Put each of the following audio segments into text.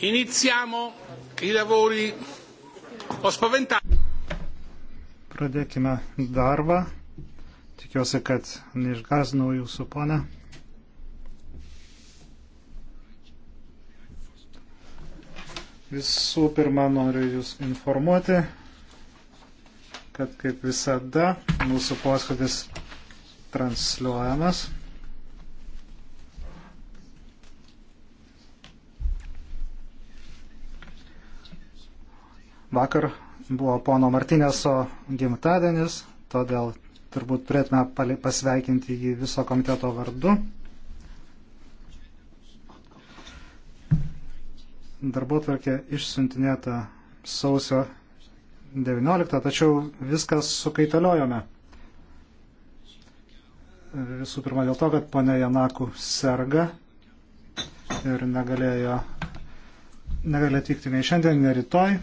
Iniziamo i lavori. Ho spaventato. Pradėkime darbą. Tikiuosi, kad neišgazinau jūsų ponę. Visų pirma, noriu Jūs informuoti, kad kaip visada mūsų posėdis transliuojamas. Vakar buvo pono Martinėso gimtadienis, todėl turbūt turėtume pasveikinti jį viso komiteto vardu. Darbotvarkė išsiuntinėta sausio 19, tačiau viskas sukaitaliojome. Visų pirma dėl to, kad ponia Janaku serga ir negalėjo, negalėjo atvykti nei šiandien, nei rytoj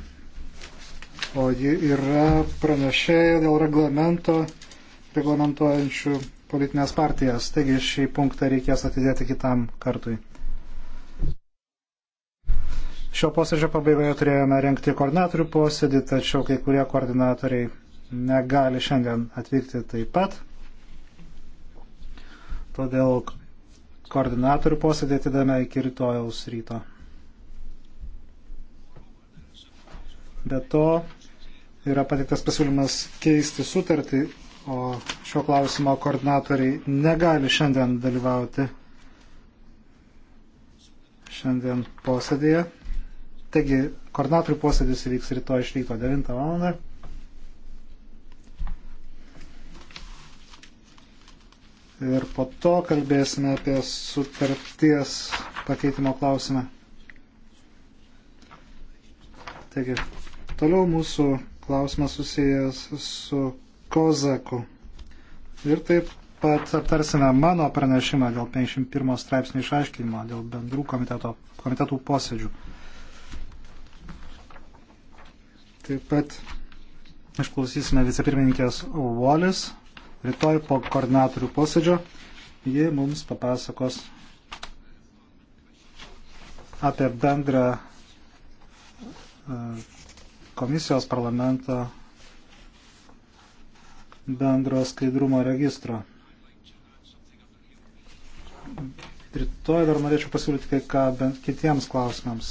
o ji yra pranešėja dėl reglamento, reglamentuojančių politinės partijas. Taigi šį punktą reikės atidėti kitam kartui. Šio posėdžio pabaigoje turėjome renkti koordinatorių posėdį, tačiau kai kurie koordinatoriai negali šiandien atvykti taip pat. Todėl koordinatorių posėdį atidame iki rytojaus ryto. Be to, yra pateiktas pasiūlymas keisti sutartį, o šio klausimo koordinatoriai negali šiandien dalyvauti šiandien posėdėje. Taigi, koordinatorių posėdis įvyks rytoj iš ryto 9 val. Ir po to kalbėsime apie sutarties pakeitimo klausimą. Taigi, toliau mūsų klausimas susijęs su Kozaku. Ir taip pat aptarsime mano pranešimą dėl 51 straipsnio išaiškinimo, dėl bendrų komiteto, komitetų posėdžių. Taip pat išklausysime vicepirmininkės Uolis rytoj po koordinatorių posėdžio. Ji mums papasakos apie bendrą uh, komisijos parlamento bendro skaidrumo registro. Rytoj dar norėčiau pasiūlyti kai ką bent kitiems klausimams.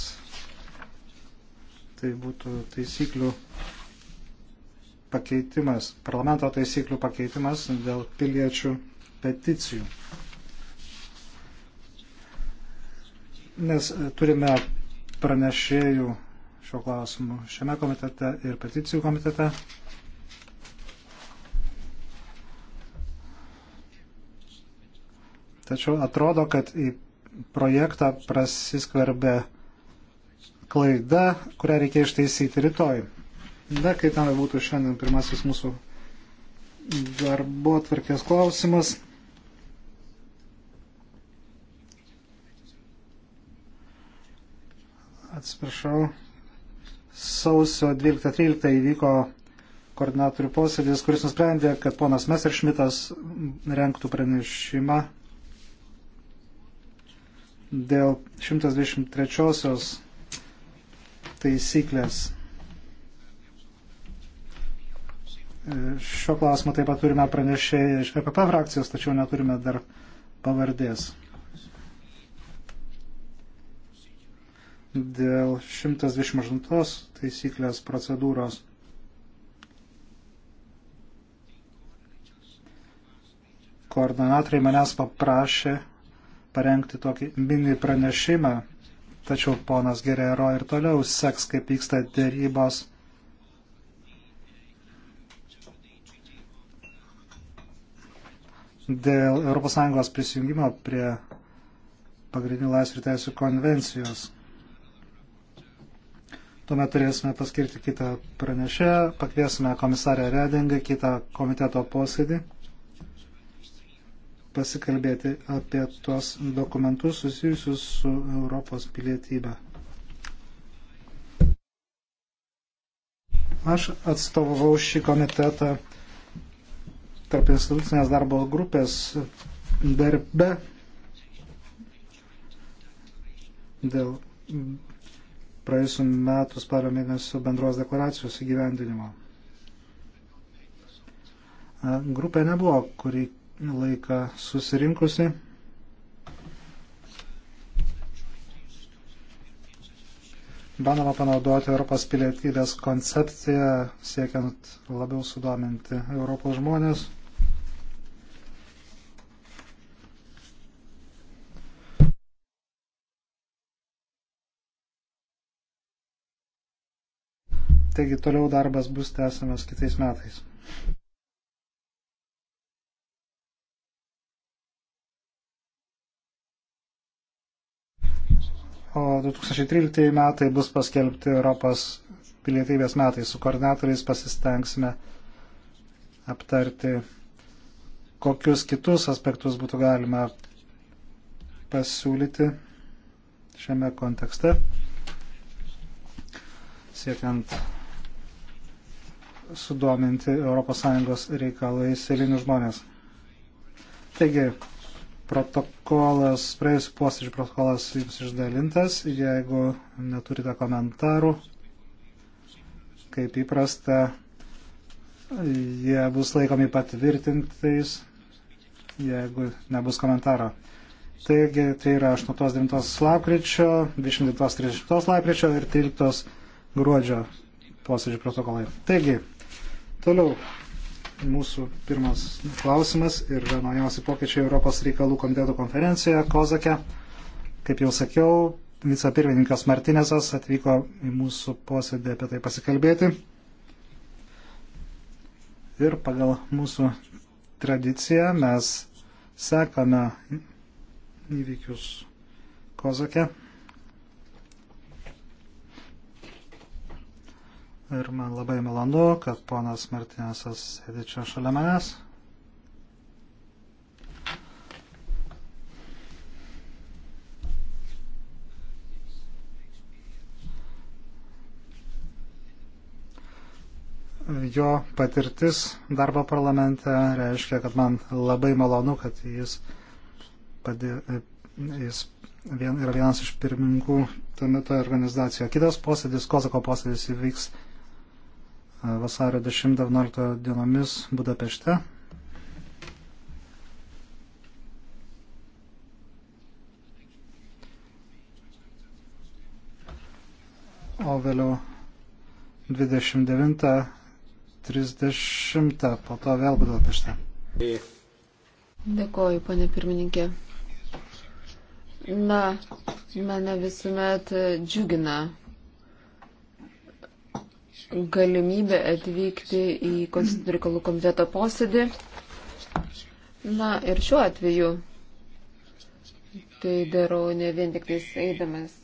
Tai būtų taisyklių pakeitimas, parlamento taisyklių pakeitimas dėl piliečių peticijų. Nes turime pranešėjų šio klausimu šiame komitete ir peticijų komitete. Tačiau atrodo, kad į projektą prasiskverbė klaida, kurią reikia ištaisyti rytoj. Bet kai ten būtų šiandien pirmasis mūsų darbo atvarkės klausimas. Atsiprašau sausio 12-13 įvyko koordinatorių posėdis, kuris nusprendė, kad ponas Messerschmittas renktų pranešimą dėl 123 taisyklės. Šio klausimo taip pat turime pranešėję iš PPP frakcijos, tačiau neturime dar pavardės. Dėl 128 taisyklės procedūros. Koordinatoriai manęs paprašė parengti tokį mini pranešimą, tačiau ponas Gerero ir toliau seks, kaip vyksta dėrybos. Dėl ES prisijungimo prie pagrindinių laisvių teisų konvencijos. Tuomet turėsime paskirti kitą pranešę, pakviesime komisarę Redingą, kitą komiteto posėdį, pasikalbėti apie tuos dokumentus susijusius su Europos pilietybė. Aš atstovavau šį komitetą tarp institucinės darbo grupės darbe dėl praėjusiu metu spalio mėnesio bendros deklaracijos įgyvendinimo. Grupė nebuvo kurį laiką susirinkusi. Bandoma panaudoti Europos pilietybės koncepciją, siekiant labiau sudominti Europos žmonės. Taigi toliau darbas bus tęsiamas kitais metais. O 2013 metai bus paskelbti Europos pilietybės metais. Su koordinatoriais pasistengsime aptarti, kokius kitus aspektus būtų galima pasiūlyti šiame kontekste, siekiant sudominti ES reikalais eilinius žmonės. Taigi, protokolas, praėjusių posėdžių protokolas jums išdalintas. Jeigu neturite komentarų, kaip įprasta, jie bus laikomi patvirtintais, jeigu nebus komentaro. Taigi, tai yra 8-9 lapkričio, 29-30 lapkričio ir 13 gruodžio posėdžių protokolai. Taigi, Toliau mūsų pirmas klausimas ir naujausi pokyčiai Europos reikalų komiteto konferencijoje Kozake. Kaip jau sakiau, vicepirmininkas Martinėsas atvyko į mūsų posėdį apie tai pasikalbėti. Ir pagal mūsų tradiciją mes sekame įvykius Kozake. Ir man labai malonu, kad ponas Martinėsas sėdi čia šalia manęs. jo patirtis darbo parlamente reiškia, kad man labai malonu, kad jis, padė, jis vien, yra vienas iš pirmininkų tame toje organizacijoje. Kitas posėdis, Kozako posėdis įvyks vasario 10-11 dienomis Budapešte. O vėliau 29-30 po to vėl Budapešte. Dėkoju, pane pirmininkė. Na, mane visuomet džiugina galimybę atvykti į Konstitucijų reikalų komiteto posėdį. Na ir šiuo atveju tai darau ne vien tik tais eidamas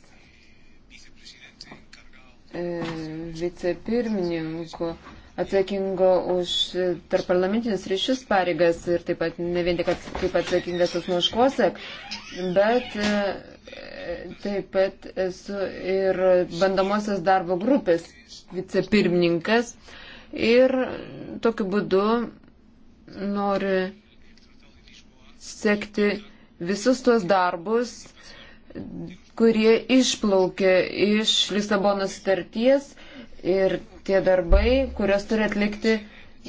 e, vicepirmininku atsakingo už tarp parlamentinius ryšius pareigas ir taip pat ne vien tik kaip atsakingas už nuoškosek, bet e, Taip pat esu ir bandomosios darbo grupės vicepirmininkas ir tokiu būdu noriu sekti visus tuos darbus, kurie išplaukė iš Lisabono starties ir tie darbai, kurias turi atlikti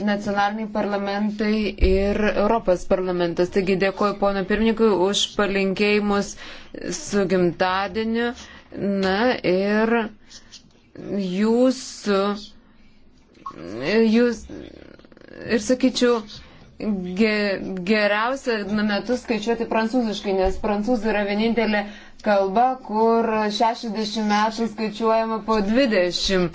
nacionaliniai parlamentai ir Europos parlamentas. Taigi dėkoju pono pirmininkui už palinkėjimus su gimtadieniu. Na ir jūsų, jūs, ir sakyčiau, ge, geriausia metus skaičiuoti prancūziškai, nes prancūzų yra vienintelė kalba, kur 60 metų skaičiuojama po 20.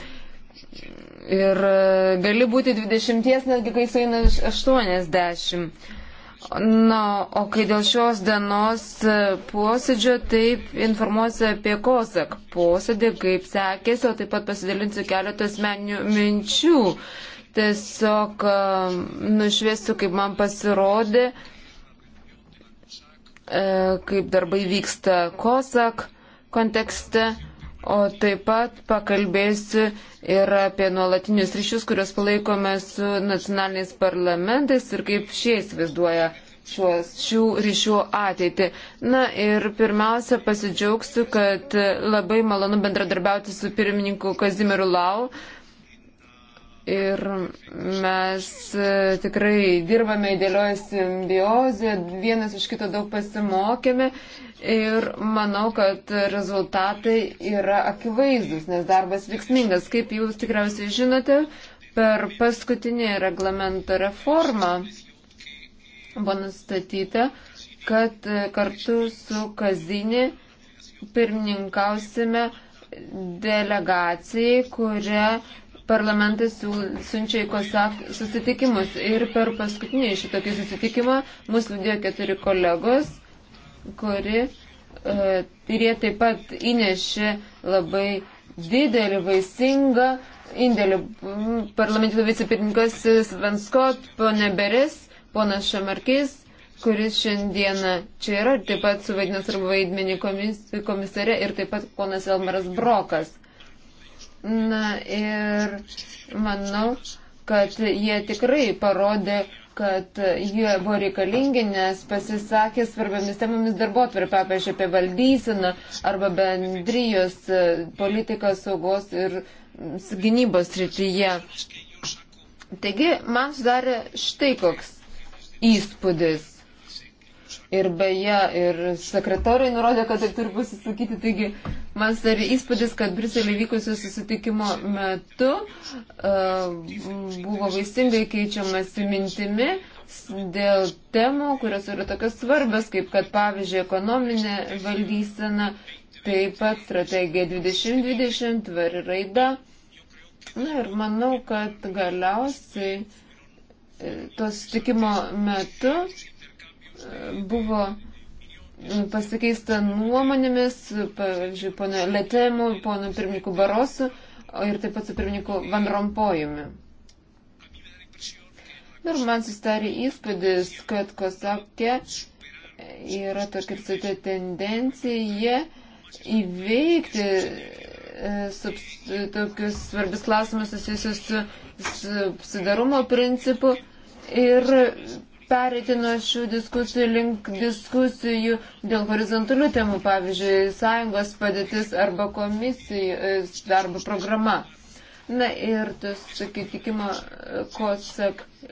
Ir e, gali būti 20, netgi kai sueina 80. Na, o kai dėl šios dienos e, posėdžio, taip informuosiu apie Kosak posėdį, kaip sekėsi, o taip pat pasidalinsiu keletą asmeninių minčių. Tiesiog e, nušviesiu, kaip man pasirodė, kaip darbai vyksta Kosak kontekste. O taip pat pakalbėsiu ir apie nuolatinius ryšius, kuriuos palaikome su nacionaliniais parlamentais ir kaip šie įsivaizduoja šios, šių ryšių ateitį. Na ir pirmiausia, pasidžiaugsiu, kad labai malonu bendradarbiauti su pirmininku Kazimiru Lau Ir mes e, tikrai dirbame įdėlioję simbiozę, vienas iš kito daug pasimokėme ir manau, kad rezultatai yra akivaizdus, nes darbas veiksmingas. Kaip jūs tikriausiai žinote, per paskutinį reglamento reformą buvo nustatyta, kad kartu su Kazinį pirmininkausime delegacijai, kuria parlamentas siunčia į COSAC susitikimus. Ir per paskutinį šitokį susitikimą mus liūdėjo keturi kolegos, kuri e, ir jie taip pat įnešė labai didelį, vaisingą indėlį. Mm, parlamento vicepirmininkas Svenskot, ponė Beris, ponas Šamarkis, kuris šiandieną čia yra, taip pat suvaidinęs arba vaidmenį komis, komisare ir taip pat ponas Elmaras Brokas. Na ir manau, kad jie tikrai parodė, kad jie buvo reikalingi, nes pasisakė svarbiamis temomis darbo atvarpę, pavyzdžiui, apie valdysiną arba bendrijos e, politiką saugos ir gynybos rytyje. Taigi, man sudarė štai koks įspūdis. Ir beje, ir sekretoriai nurodė, kad taip turi pasisakyti. Taigi, man dar įspūdis, kad Briselį vykusio susitikimo metu uh, buvo vaisingai keičiamasi mintimi dėl temų, kurios yra tokios svarbios, kaip kad pavyzdžiui ekonominė valdysena, taip pat strategija 2020, tvari raida. Na ir manau, kad galiausiai e, to sutikimo metu buvo pasikeista nuomonėmis, pavyzdžiui, pono Letemu, pono pirmininku Barosu ir taip pat su pirmininku Van Rompojumi. Ir man susidarė įspūdis, kad Kosakė yra tokia ir tendencija įveikti e, sub, tokius svarbius klausimus susijusius su sudarumo principu ir pereiti nuo šių diskusijų link diskusijų dėl horizontalių temų, pavyzdžiui, sąjungos padėtis arba komisijų e, darbo programa. Na ir tas susitikimo e, kosak e,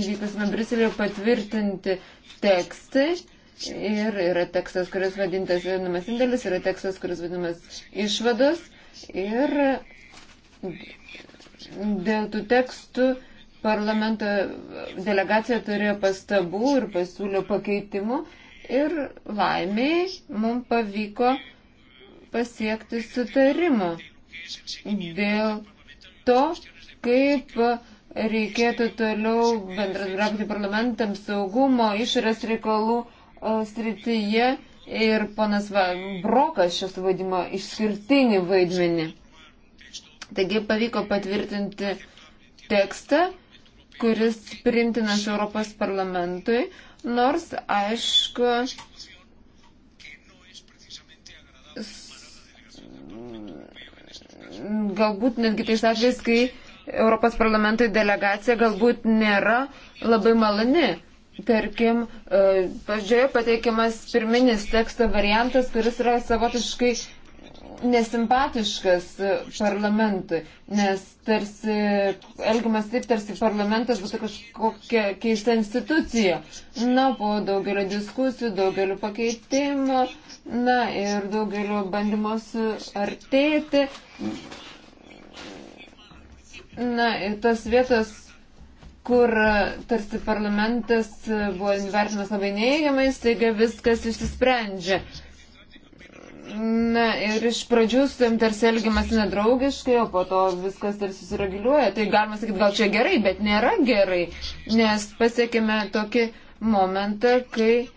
įvykusime Briselėje patvirtinti tekstai. Ir yra tekstas, kuris vadintas vadinamas indėlis, yra tekstas, kuris vadinamas išvados. Ir dėl tų tekstų parlamento delegacija turėjo pastabų ir pasiūlė pakeitimų ir laimiai mums pavyko pasiekti sutarimą dėl to, kaip reikėtų toliau bendradarbiauti parlamentams saugumo, išorės reikalų e, srityje ir ponas va, Brokas šios vaidimo išskirtinį vaidmenį. Taigi pavyko patvirtinti tekstą, kuris priimtinas Europos parlamentui, nors aišku, galbūt netgi tais atvejais, kai Europos parlamentui delegacija galbūt nėra labai maloni. Tarkim, e, pažiūrėjau pateikiamas pirminis teksto variantas, kuris yra savotiškai nesimpatiškas parlamentui, nes tarsi elgiamas taip, tarsi parlamentas būtų kažkokia keista institucija. Na, po daugelio diskusijų, daugelio pakeitimų, na ir daugelio bandymo suartėti. Na, ir tas vietas kur tarsi parlamentas buvo vertinamas labai neįgiamai, staiga viskas išsisprendžia. Uh, Na ir iš pradžių su tam tarsi elgiamas nedraugiškai, o po to viskas tarsi susireguliuoja. Tai galima sakyti, gal čia gerai, bet nėra gerai, nes pasiekime tokį momentą, kai,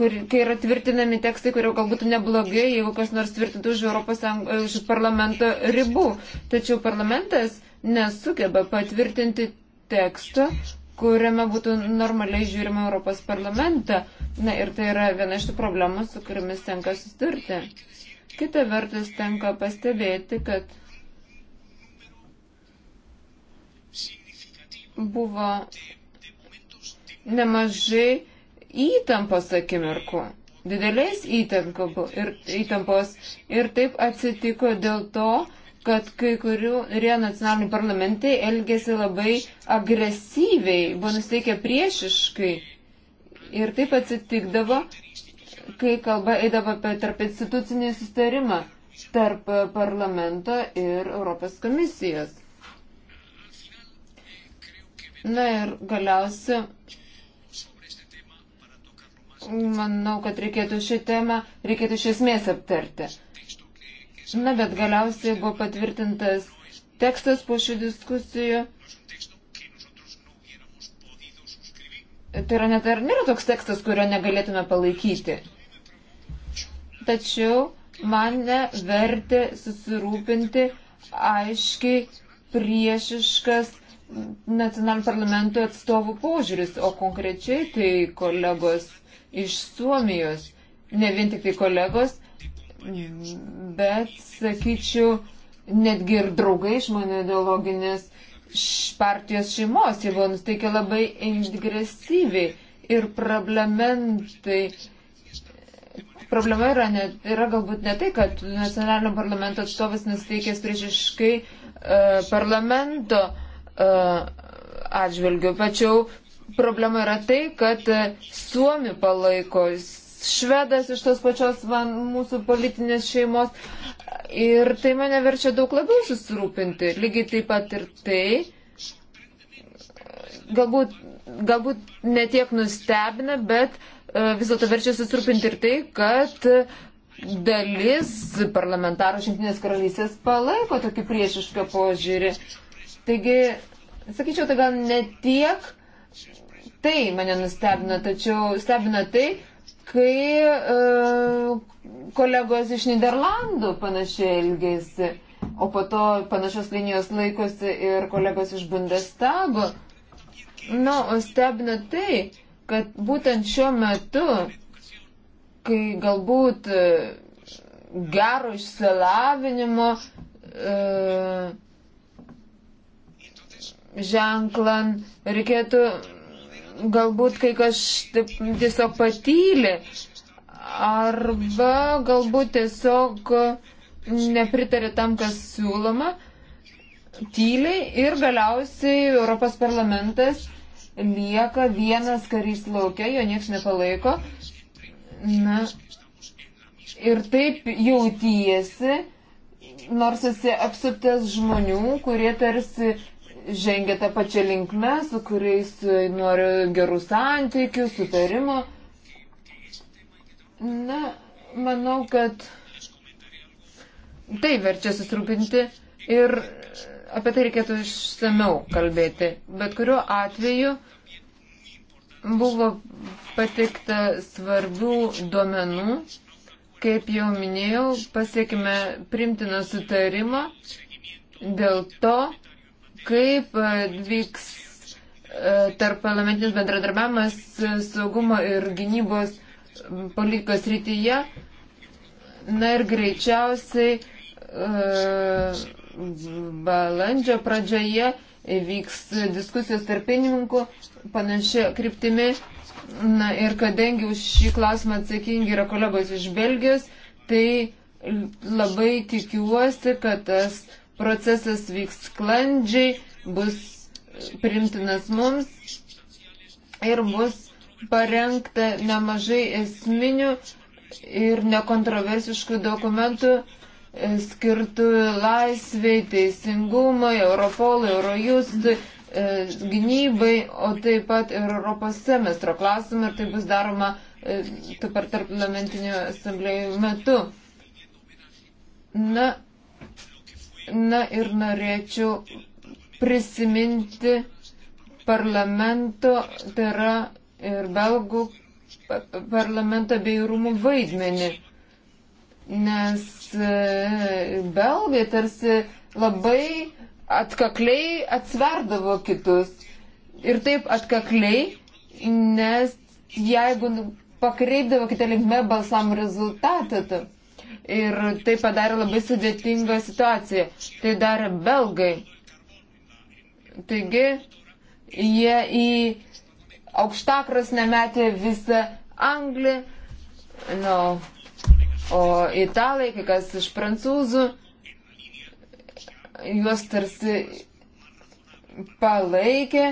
kur, kai yra tvirtinami tekstai, kurio galbūt neblogai, jeigu kas nors tvirtintų už, Europos, už parlamento ribų. Tačiau parlamentas nesugeba patvirtinti teksto, kuriame būtų normaliai žiūrima Europos parlamentą. Na ir tai yra viena iš tų problemų, su kuriamis tenka susidurti. Kita vertus tenka pastebėti, kad buvo nemažai įtampos akimirkų, didelės įtampos ir, įtampos. ir taip atsitiko dėl to, kad kai kurie nacionaliniai parlamentai elgėsi labai agresyviai, buvo nusteikę priešiškai. Ir taip atsitikdavo, kai kalba eidavo apie tarp institucinį sustarimą tarp parlamento ir Europos komisijos. Na ir galiausia, manau, kad reikėtų šią temą, reikėtų iš esmės aptarti. Na, bet galiausiai buvo patvirtintas tekstas po šių diskusijų. Tai yra net ar nėra toks tekstas, kurio negalėtume palaikyti. Tačiau mane vertė susirūpinti aiškiai priešiškas nacionalinių parlamentų atstovų požiūris, o konkrečiai tai kolegos iš Suomijos, ne vien tik tai kolegos, bet, sakyčiau, netgi ir draugai iš mano ideologinės partijos šeimos, jie buvo nusteikę labai ingresyviai ir parlamentai. Problema yra, ne, yra galbūt ne tai, kad nacionalinio parlamento atstovas nusteikęs priešiškai uh, parlamento uh, e, atžvilgių, tačiau problema yra tai, kad uh, Suomi palaikos švedas iš tos pačios van, mūsų politinės šeimos. Ir tai mane verčia daug labiau susirūpinti. Lygiai taip pat ir tai. Galbūt, galbūt netiek nustebina, bet e, vis dėlto verčia susirūpinti ir tai, kad dalis parlamentarų Šimtinės karalystės palaiko tokį priešišką požiūrį. Taigi, sakyčiau, tai gal netiek tai mane nustebino, tačiau stebina tai, kai e, kolegos iš Niderlandų panašiai elgėsi, o po to panašios linijos laikosi ir kolegos iš Bundestago. Na, o stebina tai, kad būtent šiuo metu, kai galbūt e, gero išsilavinimo e, ženklan reikėtų galbūt kai kas tiesiog patylė arba galbūt tiesiog nepritarė tam, kas siūloma, tyliai ir galiausiai Europos parlamentas lieka vienas karys laukia, jo nieks nepalaiko. Na, ir taip jautiesi, nors esi apsuptas žmonių, kurie tarsi žengia tą pačią linkmę, su kuriais e, nori gerų santykių, sutarimo. Na, manau, kad tai verčia susirūpinti ir apie tai reikėtų išsameu kalbėti. Bet kuriuo atveju buvo patikta svarbių duomenų, kaip jau minėjau, pasiekime primtiną sutarimą dėl to, kaip e, vyks e, tarp parlamentinis bendradarbiavimas e, saugumo ir gynybos politikos rytyje. Na ir greičiausiai balandžio pradžioje vyks diskusijos tarp pienininkų panašia kryptimi. Na ir kadangi už šį klausimą atsakingi yra kolegos iš Belgijos, tai labai tikiuosi, kad tas uh, procesas vyks sklandžiai, bus primtinas mums ir bus parengta nemažai esminių ir nekontroversiškų dokumentų e, skirtų laisviai, teisingumui, Europolui, Eurojustui, e, gynybai, o taip pat ir Europos semestro klausimą ir tai bus daroma e, per tarp parlamentinių asamblėjų metu. Na, Na ir norėčiau prisiminti parlamento, tai yra ir belgų parlamento bei rūmų vaidmenį. Nes e, belgai tarsi labai atkakliai atsverdavo kitus. Ir taip atkakliai, nes jeigu nu, pakreipdavo kitą linkme balsam rezultatą, tai ir tai padarė labai sudėtingą situaciją. Tai darė belgai. Taigi, jie į aukštakras nemetė visą anglį, nu, o italai, kai kas iš prancūzų, juos tarsi palaikė,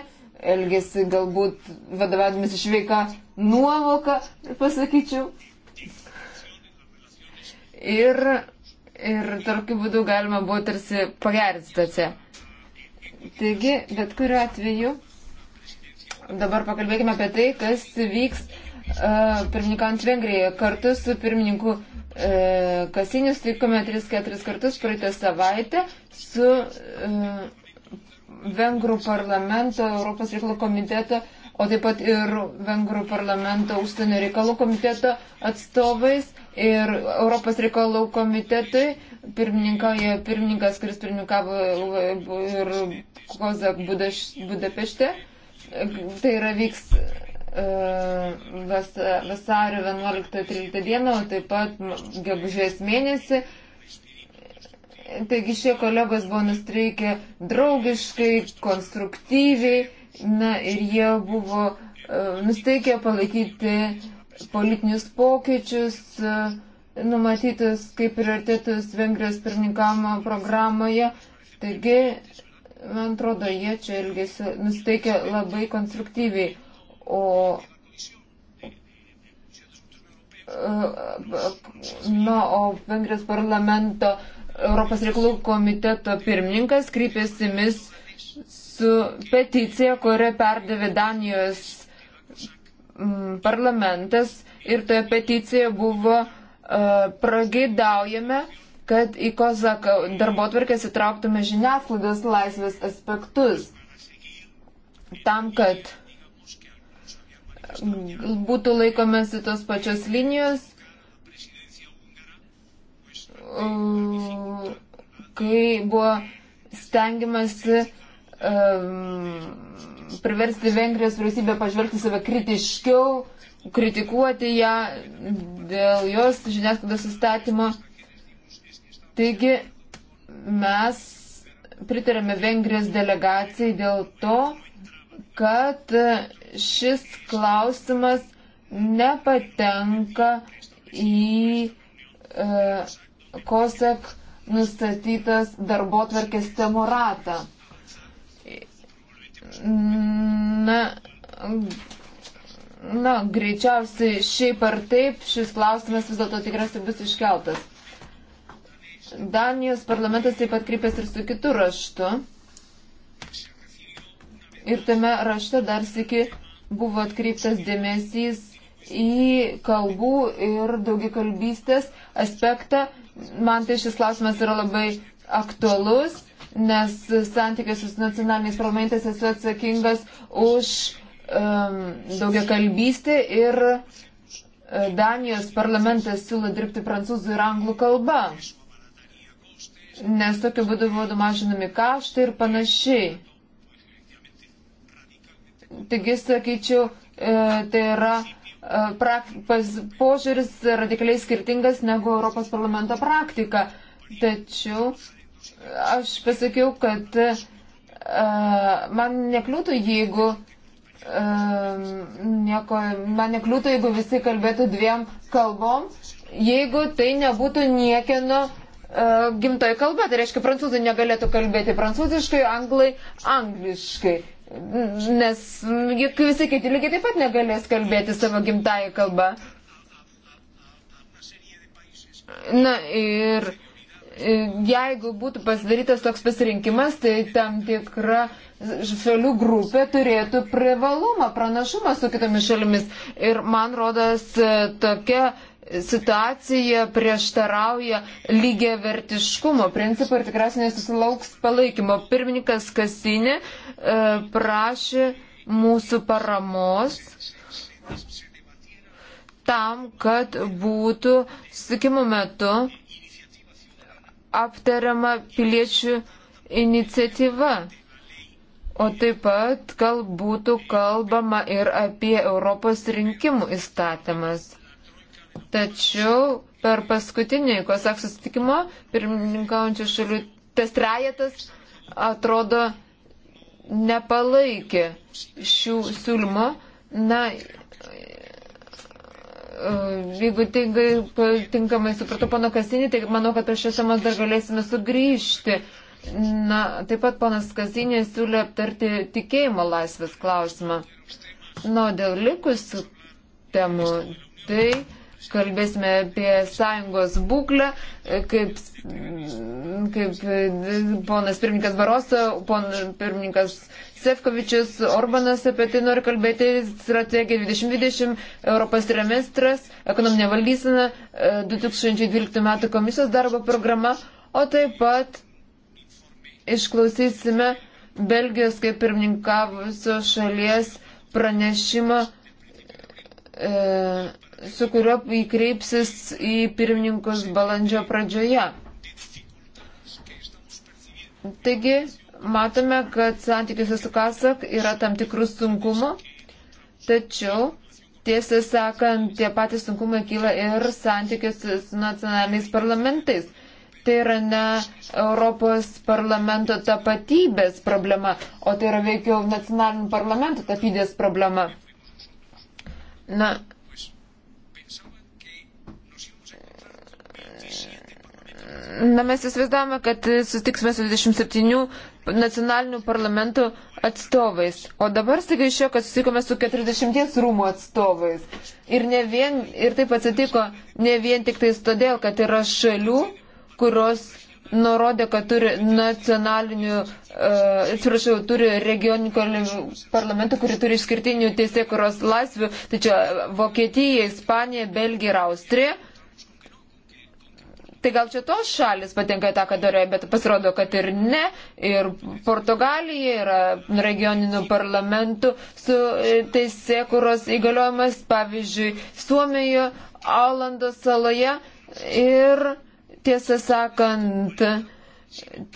elgėsi galbūt vadovavimis išveika nuovoka, pasakyčiau ir, ir tokiu būdu galima buvo tarsi pagerinti situaciją. Taigi, bet kuriu atveju, dabar pakalbėkime apie tai, kas vyks uh, e, pirmininkant Vengrijoje kartu su pirmininku uh, e, Kasinius, vykome 3-4 kartus praeitą savaitę su uh, Vengrų parlamento Europos reikalų komiteto uh, o taip pat ir Vengrų parlamento užsienio reikalų komiteto atstovais ir Europos reikalų komitetui pirmininkauja pirmininkas, kuris pirmininkavo e, ir Kozak Budaš, Budapešte. Tai yra vyks e, vas, vasario 11-13 dieną, o taip pat gegužės mėnesį. Taigi šie kolegos buvo nustreikę draugiškai, konstruktyviai Na ir jie buvo e, nusteikę palaikyti politinius pokyčius e, numatytus kaip prioritetus Vengrijos pirmininkamo programoje. Taigi, man atrodo, jie čia elgėsi nusteikę labai konstruktyviai. O e, Na, o Vengrijos parlamento Europos reikalų komiteto pirmininkas kreipėsi mis su peticija, kurią perdavė Danijos mm, parlamentas ir toje peticijoje buvo uh, e, prageidaujame, kad į Kozaką darbo tvarkės įtrauktume žiniasklaidos laisvės aspektus. Tam, kad būtų laikomasi tos pačios linijos, e, kai buvo stengiamasi Ehm, priversti Vengrijos vyriausybę pažvelgti save kritiškiau, kritikuoti ją dėl jos žiniasklaidos įstatymo. Taigi mes pritarėme Vengrijos delegacijai dėl to, kad šis klausimas nepatenka į e, Kosek nustatytas darbo tvarkės temų ratą. Na, na, greičiausiai šiaip ar taip šis klausimas vis dėlto tikriausiai bus iškeltas. Danijos parlamentas taip pat kreipėsi ir su kitu raštu. Ir tame rašte dar sėki buvo atkreiptas dėmesys į kalbų ir daugikalbystės aspektą. Man tai šis klausimas yra labai aktualus nes santykiai su nacionaliniais parlamentais esu atsakingas už um, daugia kalbystį ir uh, Danijos parlamentas siūlo dirbti prancūzų ir anglų kalba, nes tokiu būdu būtų mažinami kaštai ir panašiai. Taigi, sakyčiau, uh, tai yra uh, praktikas, požiūris radikaliai skirtingas negu Europos parlamento praktika. Tačiau aš pasakiau, kad uh, man nekliūtų, jeigu uh, nieko, man nekliūtų, jeigu visi kalbėtų dviem kalbom, jeigu tai nebūtų niekieno uh, gimtoji kalba, tai reiškia, prancūzai negalėtų kalbėti prancūziškai, anglai angliškai. Nes juk visi kiti lygiai taip pat negalės kalbėti savo gimtąją kalbą. Na ir uh, jeigu būtų pasidarytas toks pasirinkimas, tai tam tikra šalių grupė turėtų privalumą, pranašumą su kitomis šalimis. Ir man rodas tokia situacija prieštarauja lygiai vertiškumo principą ir tikriausiai nesusilauks palaikymo. Pirmininkas Kasinė e, prašė mūsų paramos tam, kad būtų susikimo metu aptariama piliečių iniciatyva. O taip pat gal būtų kalbama ir apie Europos rinkimų įstatymas. Tačiau per paskutinį kosak susitikimo pirmininkaujančių šalių tas trejetas atrodo nepalaikė šių siūlymo. Na, jeigu tinkamai supratau pono Kasinį, tai manau, kad prie šios temos dar galėsime sugrįžti. Na, taip pat ponas Kasinė siūlė aptarti tikėjimo laisvės klausimą. Na, dėl likusių temų, tai kalbėsime apie sąjungos būklę, kaip, kaip ponas pirmininkas Baroso, ponas pirmininkas Sefkovičius, Orbanas apie tai nori kalbėti, strategija 2020, Europos semestras, ekonominė valdysena, 2012 e, metų komisijos darbo programa, o taip pat išklausysime Belgijos kaip pirmininkavusio šalies pranešimą, e, su kuriuo įkreipsis į pirmininkus balandžio pradžioje. Taigi, matome, kad santykiuose su Kazak yra tam tikrų sunkumų, tačiau tiesą sakant, tie patys sunkumai kyla ir santykiuose su nacionaliniais parlamentais. Tai yra ne Europos parlamento tapatybės problema, o tai yra veikiau nacionalinių parlamentų tapybės problema. Na, Na, mes įsivaizdavome, kad sutiksime su 27 nacionalinių parlamentų atstovais. O dabar staiga išėjo, kad susikome su 40 rūmų atstovais. Ir, vien, ir taip atsitiko ne vien tik tais todėl, kad yra šalių, kurios nurodė, kad turi nacionalinių, e, atsiprašau, uh, turi regioninių parlamentų, kurie turi išskirtinių teisėkuros laisvių, tai čia Vokietija, Ispanija, Belgija ir Austrija tai gal čia tos šalis patenka į tą kategoriją, bet pasirodo, kad ir ne. Ir Portugalija yra regioninių parlamentų su e, teisėkuros įgaliojimas, pavyzdžiui, Suomijoje, Alando saloje. Ir tiesą sakant,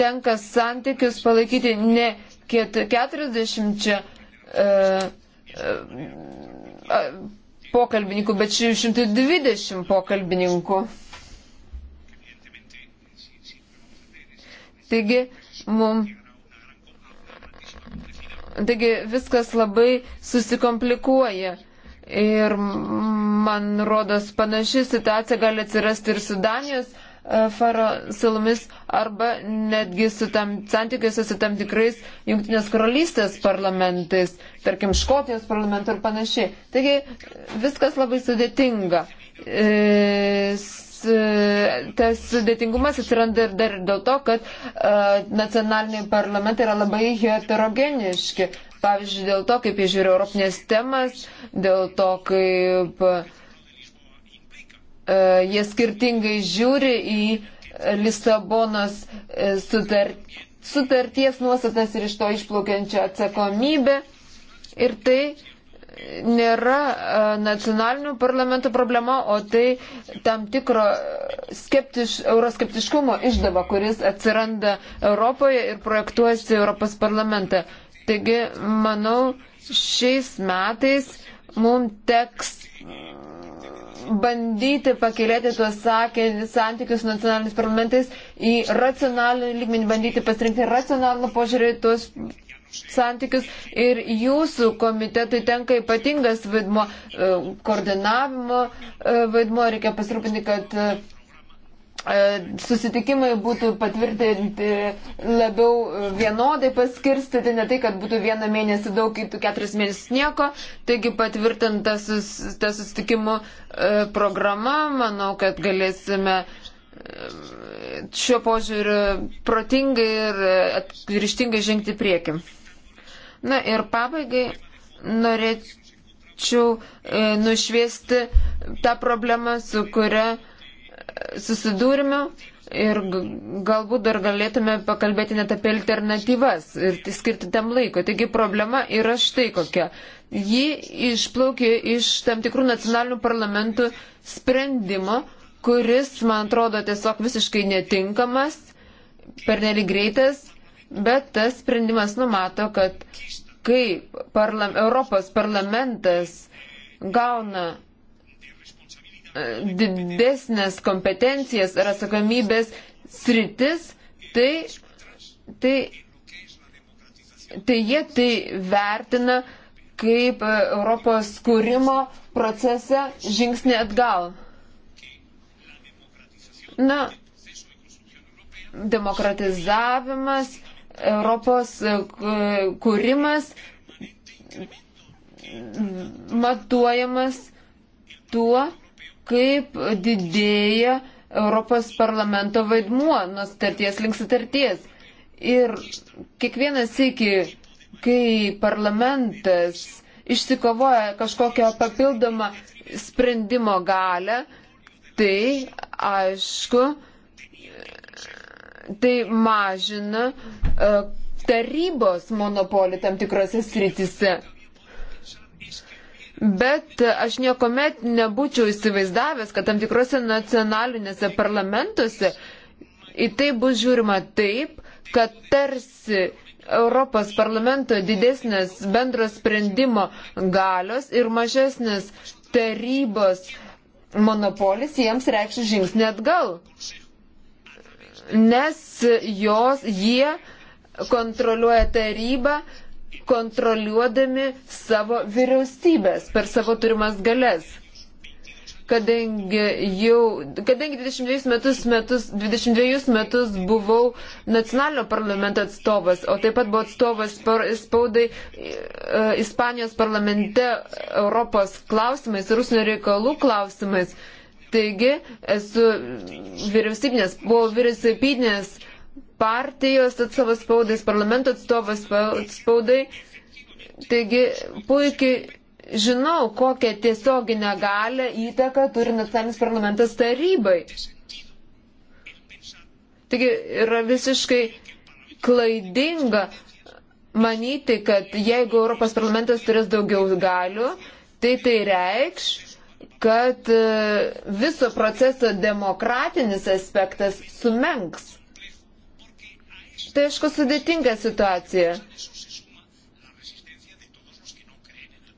tenka santykius palaikyti ne 40 čia, e, e, e, pokalbininkų, bet 120 pokalbininkų. Taigi, mum, taigi viskas labai susikomplikuoja. Ir man rodos panaši situacija gali atsirasti ir su Danijos e, Faro salomis arba netgi su tam santykiuose su tam tikrais Junktinės karalystės parlamentais, tarkim Škotijos parlamentu ir panašiai. Taigi viskas labai sudėtinga. E, E, tas sudėtingumas atsiranda ir dar dėl to, kad uh, nacionaliniai parlamentai yra labai heterogeniški. Pavyzdžiui, dėl to, kaip jie žiūri Europinės temas, dėl to, kaip uh, jie skirtingai žiūri į Lisabonos sutart, sutarties nuostatas ir iš to išplaukiančią atsakomybę. Ir tai uh, nėra e, nacionalinių parlamentų problema, o tai tam tikro skeptiš, euroskeptiškumo išdava, kuris atsiranda Europoje ir projektuojasi Europos parlamentą. Taigi, manau, šiais metais mums teks bandyti pakilėti tuos santykius nacionaliniais parlamentais į racionalinį lygmenį, bandyti pasirinkti racionalinį požiūrį tuos santykius ir jūsų komitetui tenka ypatingas vaidmo, e, koordinavimo e, vaidmo, reikia pasirūpinti, kad e, susitikimai būtų patvirtinti labiau vienodai paskirstyti, ne tai, kad būtų vieną mėnesį daug, kitų keturis mėnesius nieko. Taigi patvirtinta sus, ta susitikimų programa, manau, kad galėsime šiuo požiūriu protingai ir ryštingai žengti priekim. Na ir pabaigai norėčiau e, nušviesti tą problemą, su kuria e, susidūrime ir galbūt dar galėtume pakalbėti net apie alternatyvas ir skirti tam laiko. Taigi problema yra štai kokia. Ji išplaukė iš tam tikrų nacionalinių parlamentų sprendimo, kuris, man atrodo, tiesiog visiškai netinkamas, pernelyg greitas bet tas sprendimas numato, kad kai parla Europos parlamentas gauna e, didesnės kompetencijas ar atsakomybės sritis, tai, tai, tai jie tai vertina kaip e, Europos kūrimo procese žingsnį atgal. Na, demokratizavimas Europos e, kūrimas matuojamas tuo, kaip didėja Europos parlamento vaidmuo nuo starties link sutarties. Ir kiekvienas iki, kai parlamentas išsikovoja kažkokią papildomą sprendimo galę, tai aišku, tai mažina e, tarybos monopolį tam tikrose sritise. Bet aš niekuomet nebūčiau įsivaizdavęs, kad tam tikrose nacionalinėse parlamentuose į tai bus žiūrima taip, kad tarsi Europos parlamento didesnės bendro sprendimo galios ir mažesnės tarybos monopolis jiems reikštų žingsnį atgal nes jos, jie kontroliuoja tarybą, kontroliuodami savo vyriausybės per savo turimas galės. Kadangi jau, kadangi 22 metus, metus, 22 metus buvau nacionalinio parlamento atstovas, o taip pat buvau atstovas spaudai e, Ispanijos parlamente Europos klausimais ir užsienio reikalų klausimais, Taigi, esu vyriausybinės, buvau vyriausybinės partijos atstovas spaudai, parlamento atstovas spaudai. Taigi, puikiai žinau, kokią tiesioginę galę įtaką turi nacionalinis parlamentas tarybai. Taigi, yra visiškai klaidinga manyti, kad jeigu Europos parlamentas turės daugiau galių, tai tai reikš, kad e, viso proceso demokratinis aspektas sumenks. Tai aišku sudėtinga situacija.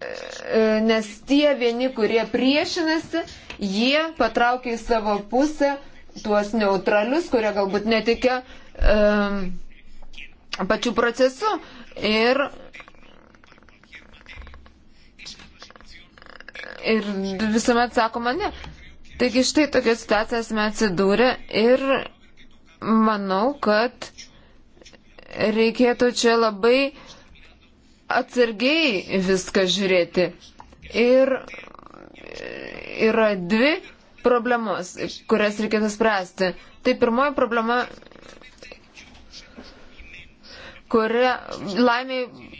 E, nes tie vieni, kurie priešinasi, jie patraukia į savo pusę tuos neutralius, kurie galbūt netikė um, e, pačių procesų. Ir uh, ir visuomet sakoma ne. Taigi štai tokia situacija esame atsidūrę ir manau, kad reikėtų čia labai atsargiai viską žiūrėti. Ir yra dvi problemos, kurias reikėtų spręsti. Tai pirmoji problema, kuria laimiai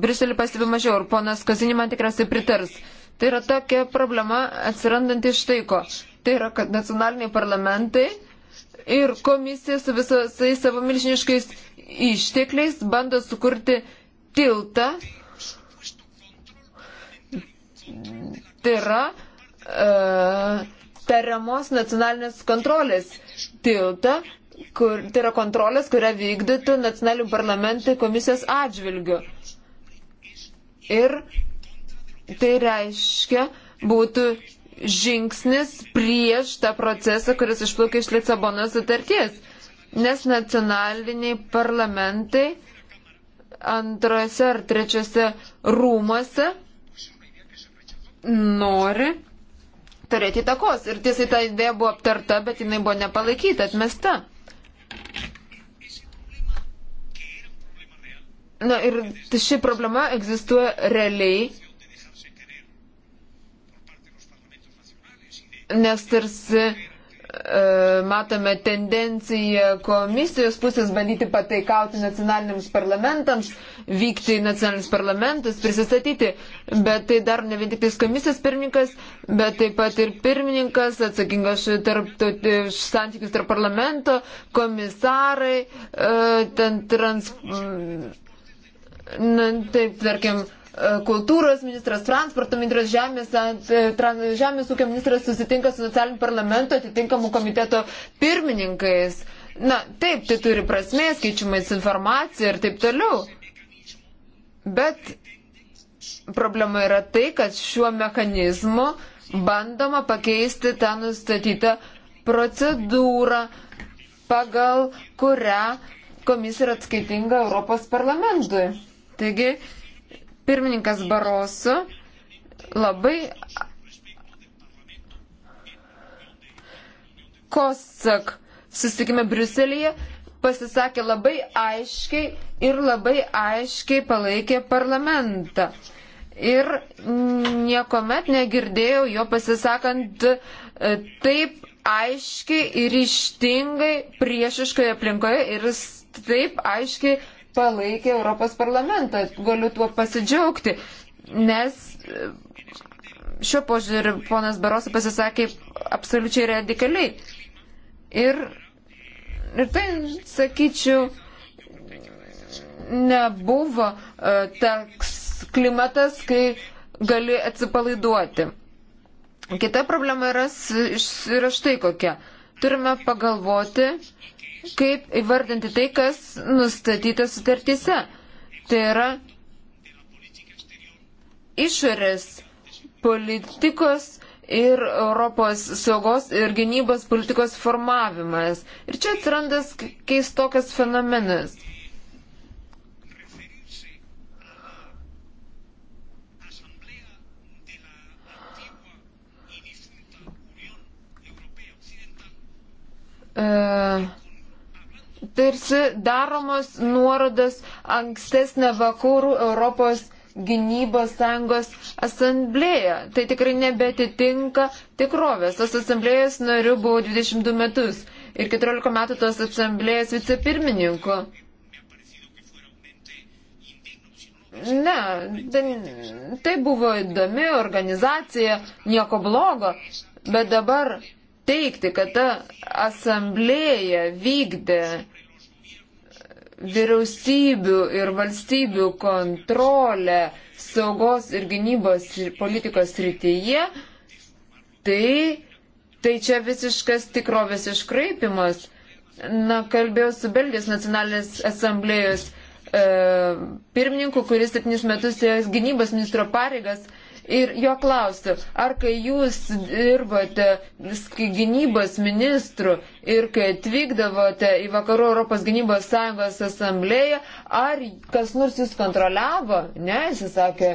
Briuselį pastebi mažiau ir ponas Kazinį man tikriausiai pritars. Tai yra tokia problema atsirandanti iš taiko. Tai yra, kad nacionaliniai parlamentai ir komisija su visais savo milžiniškais ištekliais bando sukurti tiltą. Tai yra e, tariamos nacionalinės kontrolės tiltą kur, tai yra kontrolės, kurią vykdytų nacionalinių parlamentai komisijos atžvilgių. Ir tai reiškia būtų žingsnis prieš tą procesą, kuris išplaukia iš Lisabonos sutarties. Nes nacionaliniai parlamentai antrose ar trečiose rūmose nori turėti takos. Ir tiesai ta idėja buvo aptarta, bet jinai buvo nepalaikyta, atmesta. Na ir ši problema egzistuoja realiai, nes tarsi e, matome tendenciją komisijos pusės bandyti pataikauti nacionaliniams parlamentams, vykti į nacionalinius parlamentus, prisistatyti. Bet tai dar ne vien tik tais komisijos pirmininkas, bet taip pat ir pirmininkas, atsakingas už santykius tarp parlamento, komisarai, e, ten trans. M, na, taip, tarkim, e, kultūros ministras, transporto ministras, žemės, e, trans, žemės ūkio ministras susitinka su nacionaliniu parlamentu atitinkamų komiteto pirmininkais. Na, taip, tai turi prasmės, keičiamais informacija ir taip toliau. Bet problema yra tai, kad šiuo mechanizmu bandoma pakeisti tą nustatytą procedūrą, pagal kurią komisija yra atskaitinga Europos parlamentui. Taigi, pirmininkas Baroso labai Kosak susitikime Briuselėje pasisakė labai aiškiai ir labai aiškiai palaikė parlamentą. Ir niekuomet negirdėjau jo pasisakant e, taip aiškiai ir ištingai priešiškoje aplinkoje ir taip aiškiai palaikė Europos parlamentą. Galiu tuo pasidžiaugti, nes e, šio požiūrį ponas Barosa pasisakė absoliučiai radikaliai. Ir, ir tai, sakyčiau, nebuvo e, toks klimatas, kai gali atsipalaiduoti. Kita problema yra, yra štai kokia. Turime pagalvoti, kaip įvardinti tai, kas nustatyta sutartyse. Tai yra išorės politikos ir Europos saugos ir gynybos politikos formavimas. Ir čia atsiranda keistokas fenomenas. Uh, tarsi daromos nuorodas ankstesnė vakarų Europos gynybos sąjungos asamblėja. Tai tikrai nebetitinka tikrovės. Tos asamblėjos nariu buvau 22 metus ir 14 metų tos asamblėjos vicepirmininku. Ne, tai, tai buvo įdomi organizacija, nieko blogo, bet dabar teikti, kad ta asamblėja vykdė vyriausybių ir valstybių kontrolę saugos ir gynybos politikos rytyje, tai, tai čia visiškas tikrovės iškraipimas. Na, kalbėjau su Belgijos nacionalinės asamblėjos e, pirmininku, kuris septynis metus ėjo gynybos ministro pareigas ir jo klausiu, ar kai jūs dirbote gynybos ministru ir kai atvykdavote į Vakarų Europos gynybos sąjungos asamblėją, ar kas nors jūs kontroliavo? Ne, jis sakė.